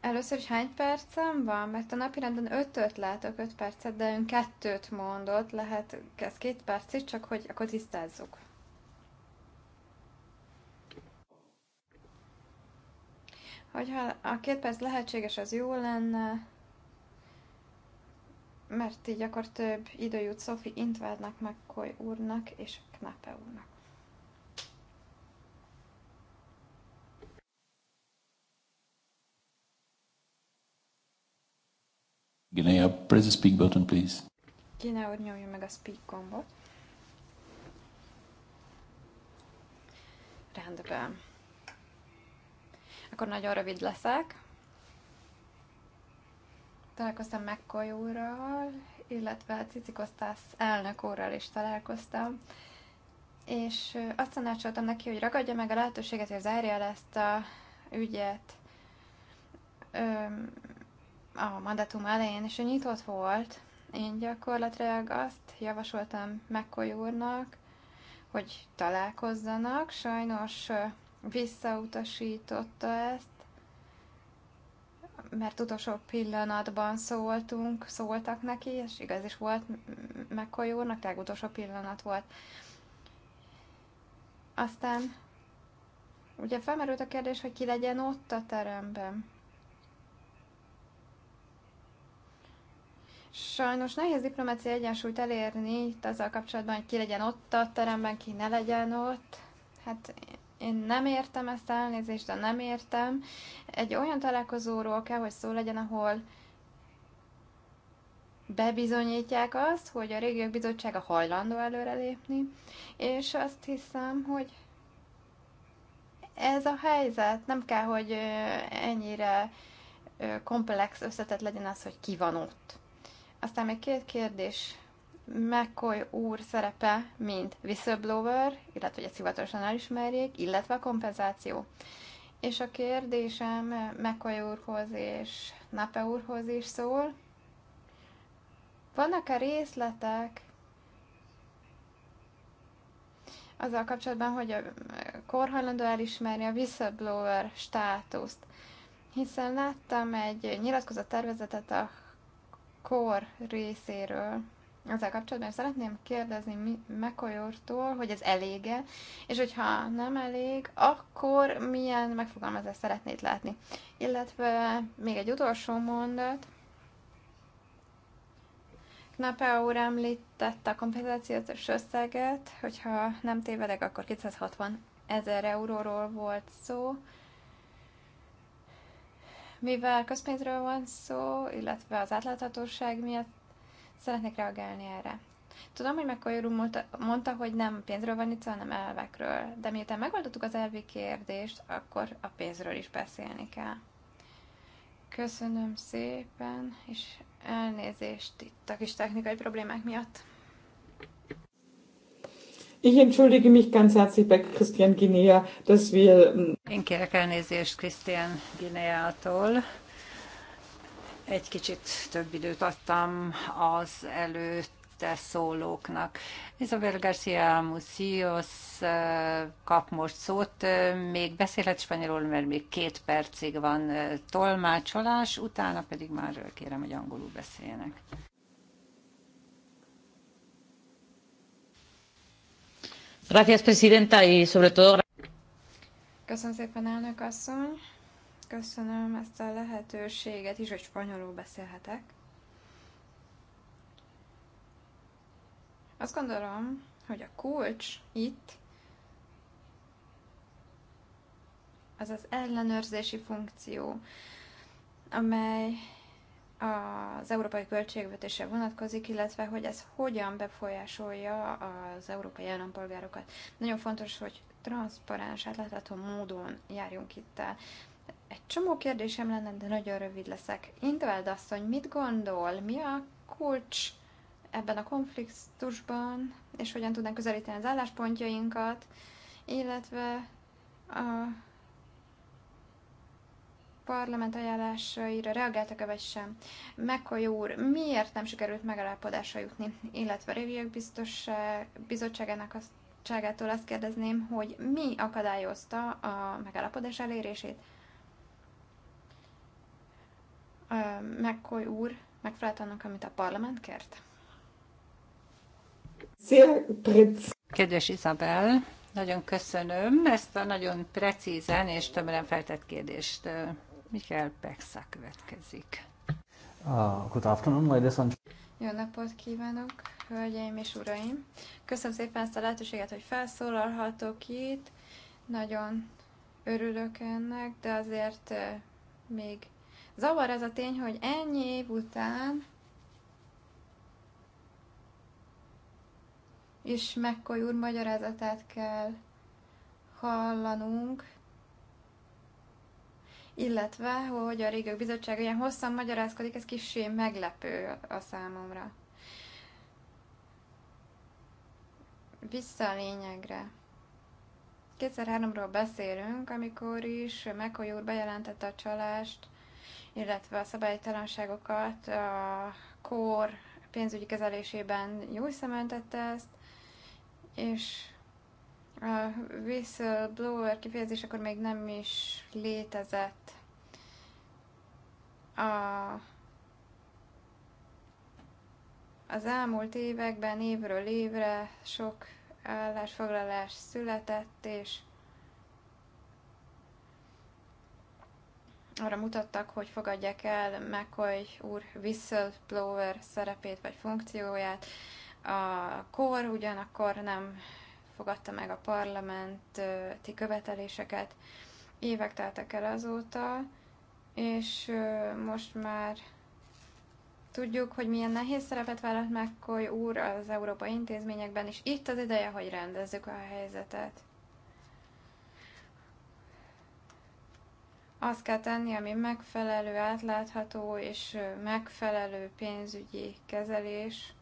Először is hány percem van? Mert a napi rendben ötöt látok, öt percet, de ön kettőt mondott, lehet ez két percig, csak hogy akkor tisztázzuk. Hogyha a két perc lehetséges, az jó lenne, mert így akkor több idő jut intvádnak meg McCoy úrnak és Knape úrnak. Ginea, press the speak button, please. Ginea, úr nyomja meg a speak gombot. Rendben. Akkor nagyon rövid leszek. Találkoztam McCoy úrral, illetve Cicikosztász elnök úrral is találkoztam, és azt tanácsoltam neki, hogy ragadja meg a lehetőséget, hogy zárja el ezt a ügyet a mandatum elején, és ő nyitott volt. Én gyakorlatilag azt javasoltam McCoy úrnak, hogy találkozzanak. Sajnos visszautasította ezt, mert utolsó pillanatban szóltunk, szóltak neki, és igaz is volt McCoy úrnak, tehát utolsó pillanat volt. Aztán ugye felmerült a kérdés, hogy ki legyen ott a teremben. Sajnos nehéz diplomáciai egyensúlyt elérni itt azzal kapcsolatban, hogy ki legyen ott a teremben, ki ne legyen ott. Hát én nem értem ezt elnézést, de nem értem. Egy olyan találkozóról kell, hogy szó legyen, ahol bebizonyítják azt, hogy a régiók bizottsága hajlandó előrelépni, és azt hiszem, hogy ez a helyzet, nem kell, hogy ennyire komplex, összetett legyen az, hogy ki van ott. Aztán még két kérdés McCoy úr szerepe, mint whistleblower, illetve hogy ezt hivatalosan elismerjék, illetve a kompenzáció. És a kérdésem McCoy úrhoz és Nape úrhoz is szól. Vannak-e részletek azzal kapcsolatban, hogy a korhajlandó elismeri a whistleblower státuszt? Hiszen láttam egy nyilatkozat tervezetet a kor részéről, ezzel kapcsolatban, és szeretném kérdezni Mekoyortól, hogy ez elége, és hogyha nem elég, akkor milyen megfogalmazást szeretnéd látni. Illetve még egy utolsó mondat. Knape úr említette a kompenzációs összeget, hogyha nem tévedek, akkor 260 ezer euróról volt szó mivel közpénzről van szó, illetve az átláthatóság miatt Szeretnék reagálni erre. Tudom, hogy McCoy úr mondta, hogy nem pénzről van itt, hanem elvekről, de miután megoldottuk az elvi kérdést, akkor a pénzről is beszélni kell. Köszönöm szépen, és elnézést itt a kis technikai problémák miatt. Ich entschuldige mich ganz herzlich bei Christian Guinea, dass wir... Én kérek elnézést Christian Guinea-tól egy kicsit több időt adtam az előtte szólóknak. Isabel García Mucios eh, kap most szót, eh, még beszélhet spanyolul, mert még két percig van eh, tolmácsolás, utána pedig már kérem, hogy angolul beszéljenek. Gracias, presidenta, y sobre todo... Köszönöm szépen, elnök asszony! köszönöm ezt a lehetőséget is, hogy spanyolul beszélhetek. Azt gondolom, hogy a kulcs itt az az ellenőrzési funkció, amely az európai költségvetése vonatkozik, illetve hogy ez hogyan befolyásolja az európai állampolgárokat. Nagyon fontos, hogy transzparens, átlátható módon járjunk itt el. Egy csomó kérdésem lenne, de nagyon rövid leszek. Intveld asszony, mit gondol, mi a kulcs ebben a konfliktusban, és hogyan tudnánk közelíteni az álláspontjainkat, illetve a parlament ajánlásaira reagáltak-e vagy sem? Mekkora úr, miért nem sikerült megállapodásra jutni? Illetve a Réviak Bizottságának azt, azt kérdezném, hogy mi akadályozta a megállapodás elérését? McCoy úr megfelelt annak, amit a parlament kért? Szia, Kedves Isabel, nagyon köszönöm ezt a nagyon precízen és tömören feltett kérdést. Mikkel Pexa következik. Uh, good afternoon, ladies and Jó napot kívánok, hölgyeim és uraim! Köszönöm szépen ezt a lehetőséget, hogy felszólalhatok itt. Nagyon örülök ennek, de azért még Zavar az a tény, hogy ennyi év után is McCoy úr magyarázatát kell hallanunk, illetve, hogy a régiók bizottsága ilyen hosszan magyarázkodik, ez kissé meglepő a számomra. Vissza a lényegre. 2003-ról beszélünk, amikor is McCoy úr bejelentette a csalást, illetve a szabálytalanságokat. A kór pénzügyi kezelésében jó szemeltette ezt, és a whistleblower kifejezés akkor még nem is létezett. A, az elmúlt években évről évre sok állásfoglalás született, és arra mutattak, hogy fogadják el McCoy úr whistleblower szerepét vagy funkcióját. A kor ugyanakkor nem fogadta meg a parlamenti követeléseket. Évek teltek el azóta, és most már tudjuk, hogy milyen nehéz szerepet vállalt McCoy úr az európai intézményekben, és itt az ideje, hogy rendezzük a helyzetet. azt kell tenni, ami megfelelő, átlátható és megfelelő pénzügyi kezelés,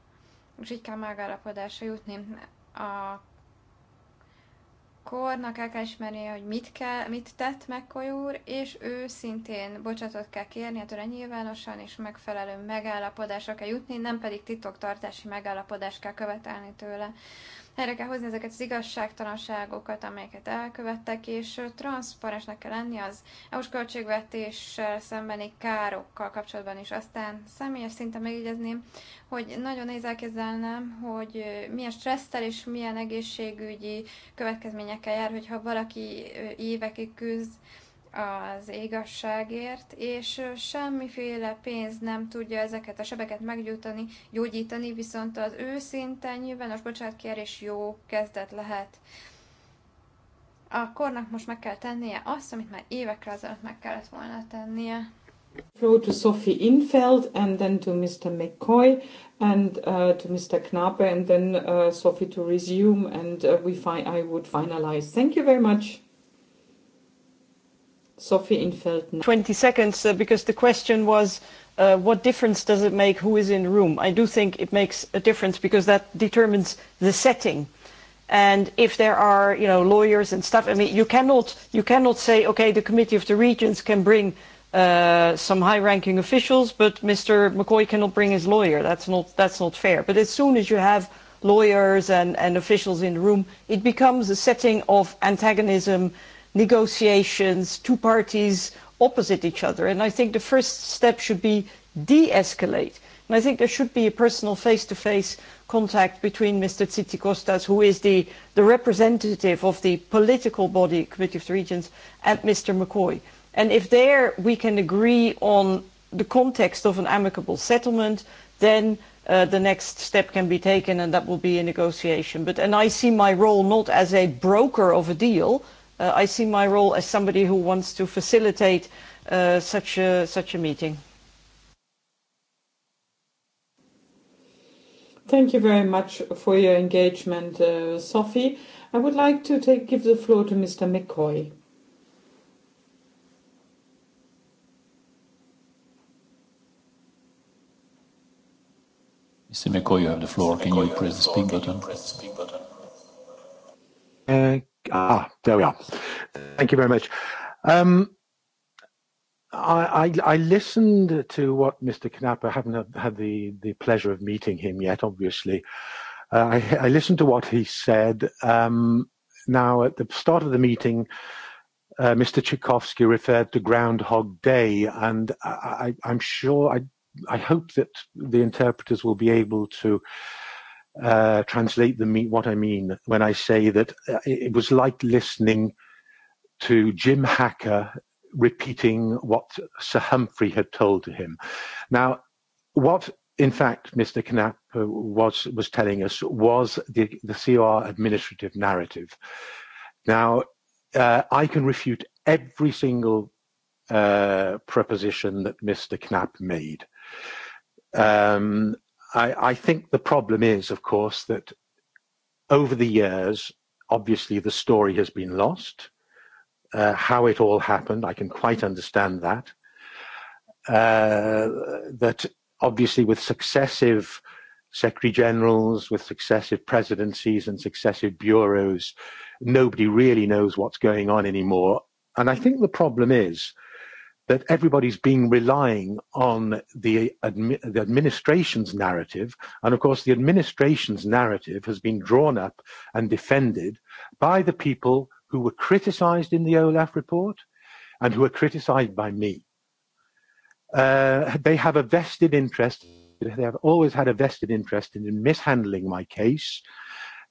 és így kell megállapodásra jutni. A kornak el kell ismerni, hogy mit, kell, mit tett McCoy és ő szintén bocsátot kell kérni, tőle nyilvánosan és megfelelő megállapodásra kell jutni, nem pedig titoktartási megállapodást kell követelni tőle helyre kell hozni ezeket az igazságtalanságokat, amelyeket elkövettek, és transzparensnek kell lenni az EU-s költségvetéssel szembeni károkkal kapcsolatban is. Aztán személyes szinten megjegyezném, hogy nagyon nehéz elképzelnem, hogy milyen stresszel és milyen egészségügyi következményekkel jár, hogyha valaki évekig küzd az igazságért, és semmiféle pénz nem tudja ezeket a sebeket meggyújtani, gyógyítani, viszont az őszinte nyilvános bocsátkérés jó kezdet lehet. A kornak most meg kell tennie azt, amit már évekre azelőtt meg kellett volna tennie. Throw to Sophie Infeld and then to Mr. McCoy and uh, to Mr. Knappe and then uh, Sophie to resume and uh, we fi- I would finalize. Thank you very much. Sophie Infeld. 20 seconds, uh, because the question was uh, what difference does it make who is in the room? I do think it makes a difference because that determines the setting. And if there are, you know, lawyers and stuff, I mean, you cannot, you cannot say, okay, the Committee of the Regions can bring uh, some high-ranking officials, but Mr. McCoy cannot bring his lawyer. That's not, that's not fair. But as soon as you have lawyers and, and officials in the room, it becomes a setting of antagonism, negotiations, two parties opposite each other. And I think the first step should be de-escalate. And I think there should be a personal face-to-face contact between Mr. Tsitsikostas, who is the, the representative of the political body, Committee of the Regions, and Mr. McCoy. And if there we can agree on the context of an amicable settlement, then uh, the next step can be taken, and that will be a negotiation. But, and I see my role not as a broker of a deal, uh, I see my role as somebody who wants to facilitate uh, such, a, such a meeting. Thank you very much for your engagement, uh, Sophie. I would like to take, give the floor to Mr. McCoy. Mr. McCoy, you have the floor. Can you press the speak button? Press the speak button. Uh, Ah, there we are. Thank you very much. Um, I, I, I, listened to what Mr. Knapper, I haven't had the, the pleasure of meeting him yet, obviously. Uh, I, I, listened to what he said. Um, now, at the start of the meeting, uh, Mr. Tchaikovsky referred to Groundhog Day, and I, I'm sure, I, I hope that the interpreters will be able to uh, translate the me- what I mean when I say that uh, it was like listening to Jim Hacker repeating what Sir Humphrey had told to him. Now, what in fact Mr. Knapp uh, was was telling us was the, the CR administrative narrative. Now, uh, I can refute every single uh, proposition that Mr. Knapp made. Um, I, I think the problem is, of course, that over the years, obviously the story has been lost. Uh, how it all happened, I can quite understand that. Uh, that obviously, with successive secretary generals, with successive presidencies and successive bureaus, nobody really knows what's going on anymore. And I think the problem is that everybody's being relying on the, admi- the administration's narrative. And of course, the administration's narrative has been drawn up and defended by the people who were criticized in the OLAF report and who were criticized by me. Uh, they have a vested interest, they have always had a vested interest in mishandling my case.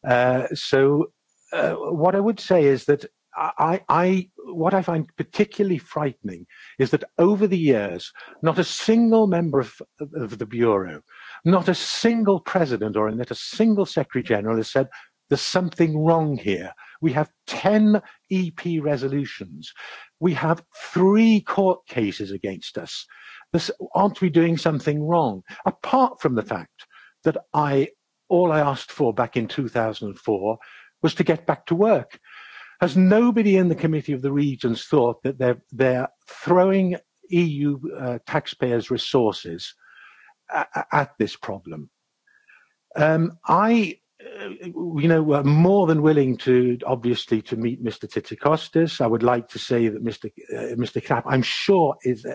Uh, so, uh, what I would say is that I, I, what I find particularly frightening is that over the years, not a single member of, of the Bureau, not a single president or not a single secretary general has said, there's something wrong here. We have 10 EP resolutions. We have three court cases against us. This, aren't we doing something wrong? Apart from the fact that I, all I asked for back in 2004 was to get back to work Has nobody in the Committee of the Regions thought that they're, they're throwing EU uh, taxpayers' resources at, at this problem? Um, I, uh, you know, we're more than willing to, obviously, to meet Mr. Titikostas. I would like to say that Mr. Uh, Mr. Knapp, I'm sure, is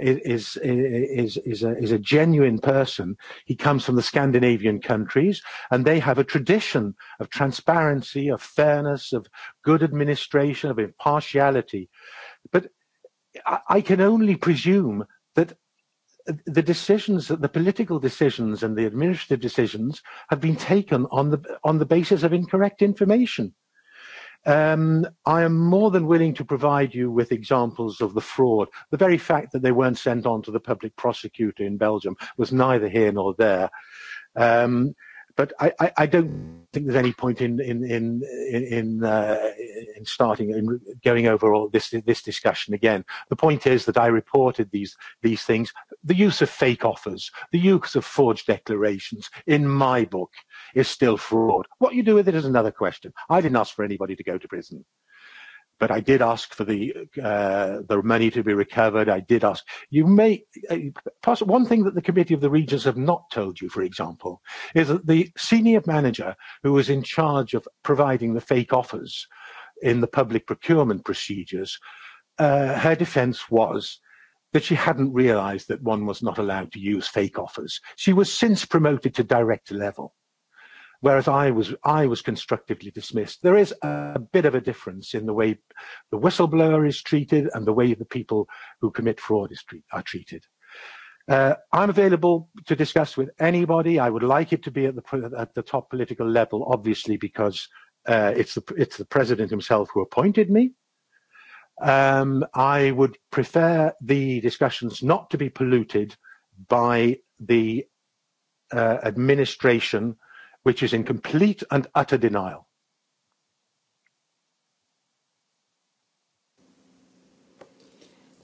is is is a, is a genuine person. He comes from the Scandinavian countries, and they have a tradition of transparency, of fairness, of good administration, of impartiality. But I, I can only presume that the decisions, the political decisions, and the administrative decisions have been taken on the on the basis of incorrect information. Um, I am more than willing to provide you with examples of the fraud. The very fact that they weren't sent on to the public prosecutor in Belgium was neither here nor there. Um, but I, I, I, don't think there's any point in in in in, uh, in starting in going over all this this discussion again. The point is that I reported these these things, the use of fake offers, the use of forged declarations, in my book, is still fraud. What you do with it is another question. I didn't ask for anybody to go to prison but I did ask for the uh, the money to be recovered. I did ask. You may uh, one thing that the committee of the regions have not told you, for example, is that the senior manager who was in charge of providing the fake offers in the public procurement procedures, uh, her defence was that she hadn't realised that one was not allowed to use fake offers. She was since promoted to director level whereas I was I was constructively dismissed. There is a, bit of a difference in the way the whistleblower is treated and the way the people who commit fraud is treat, are treated. Uh, I'm available to discuss with anybody. I would like it to be at the at the top political level, obviously, because uh, it's the it's the president himself who appointed me. Um, I would prefer the discussions not to be polluted by the uh, administration which is in complete and utter denial.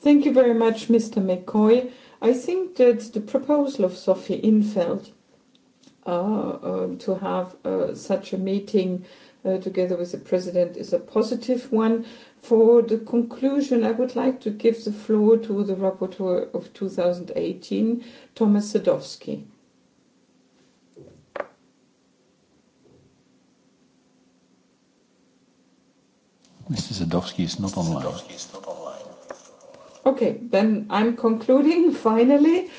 Thank you very much, Mr. McCoy. I think that the proposal of Sophie Infeld uh, uh, to have uh, such a meeting uh, together with the president is a positive one. For the conclusion, I would like to give the floor to the rapporteur of 2018, Thomas Sadowski. Mr. Sadowski is not online. Is not online. Okay, then I'm concluding finally.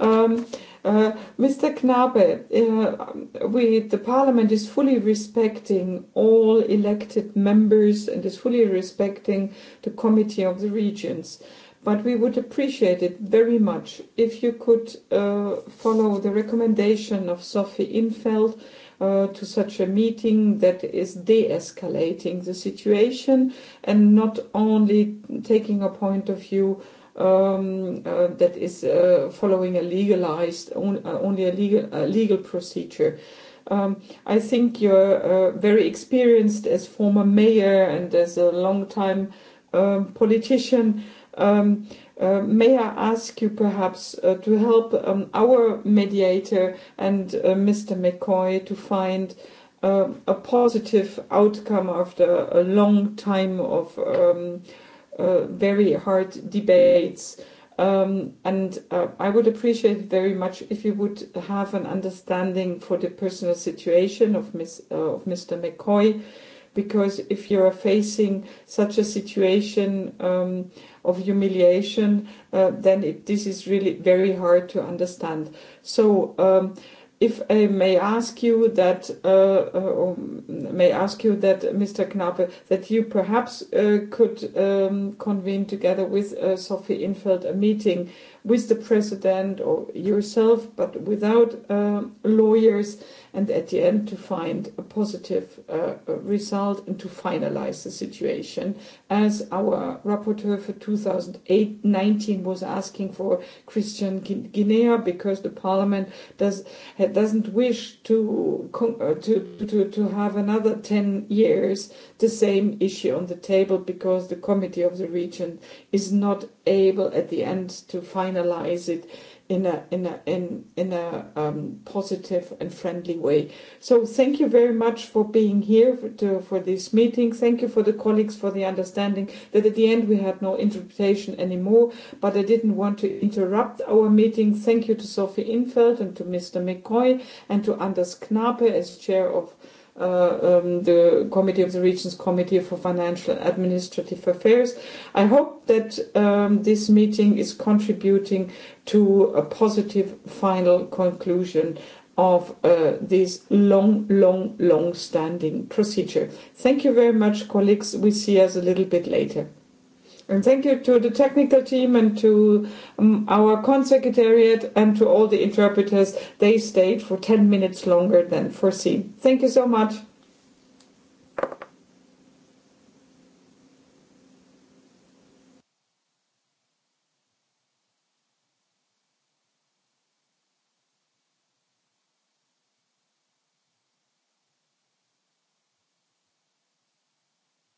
Um, uh, Mr. Knabe, uh, we, the Parliament is fully respecting all elected members and is fully respecting the Committee of the Regions. But we would appreciate it very much if you could uh, follow the recommendation of Sophie Infeld uh, to such a meeting that is de-escalating the situation and not only taking a point of view um, uh, that is uh, following a legalized on, uh, only a legal a legal procedure. Um, I think you're uh, very experienced as former mayor and as a long time um, politician. Um, Uh, may I ask you perhaps uh, to help um, our mediator and uh, Mr. McCoy to find uh, a positive outcome after a long time of um, uh, very hard debates? Um, and uh, I would appreciate very much if you would have an understanding for the personal situation of, Miss, uh, of Mr. McCoy because if you are facing such a situation um, of humiliation, uh, then it, this is really very hard to understand. So. Um, if I may ask you that, uh, uh, may ask you that, Mr. Knappe, that you perhaps uh, could um, convene together with uh, Sophie Infeld a meeting with the president or yourself, but without uh, lawyers and at the end to find a positive uh, result and to finalize the situation. As our rapporteur for 2019 was asking for Christian Guinea because the parliament does, doesn't wish to, uh, to, to, to have another 10 years the same issue on the table because the committee of the region is not able at the end to finalize it in a in a in in a um, positive and friendly way. So thank you very much for being here for, to, for this meeting. Thank you for the colleagues for the understanding that at the end we had no interpretation anymore, but I didn't want to interrupt our meeting. Thank you to Sophie Infeld and to Mr. McCoy and to Anders Knape as chair of Uh, um, the Committee of the Regions Committee for Financial and Administrative Affairs. I hope that um, this meeting is contributing to a positive final conclusion of uh, this long, long, long standing procedure. Thank you very much, colleagues. We see us a little bit later. And thank you to the technical team and to um, our consecretariat and to all the interpreters. They stayed for 10 minutes longer than foreseen. Thank you so much.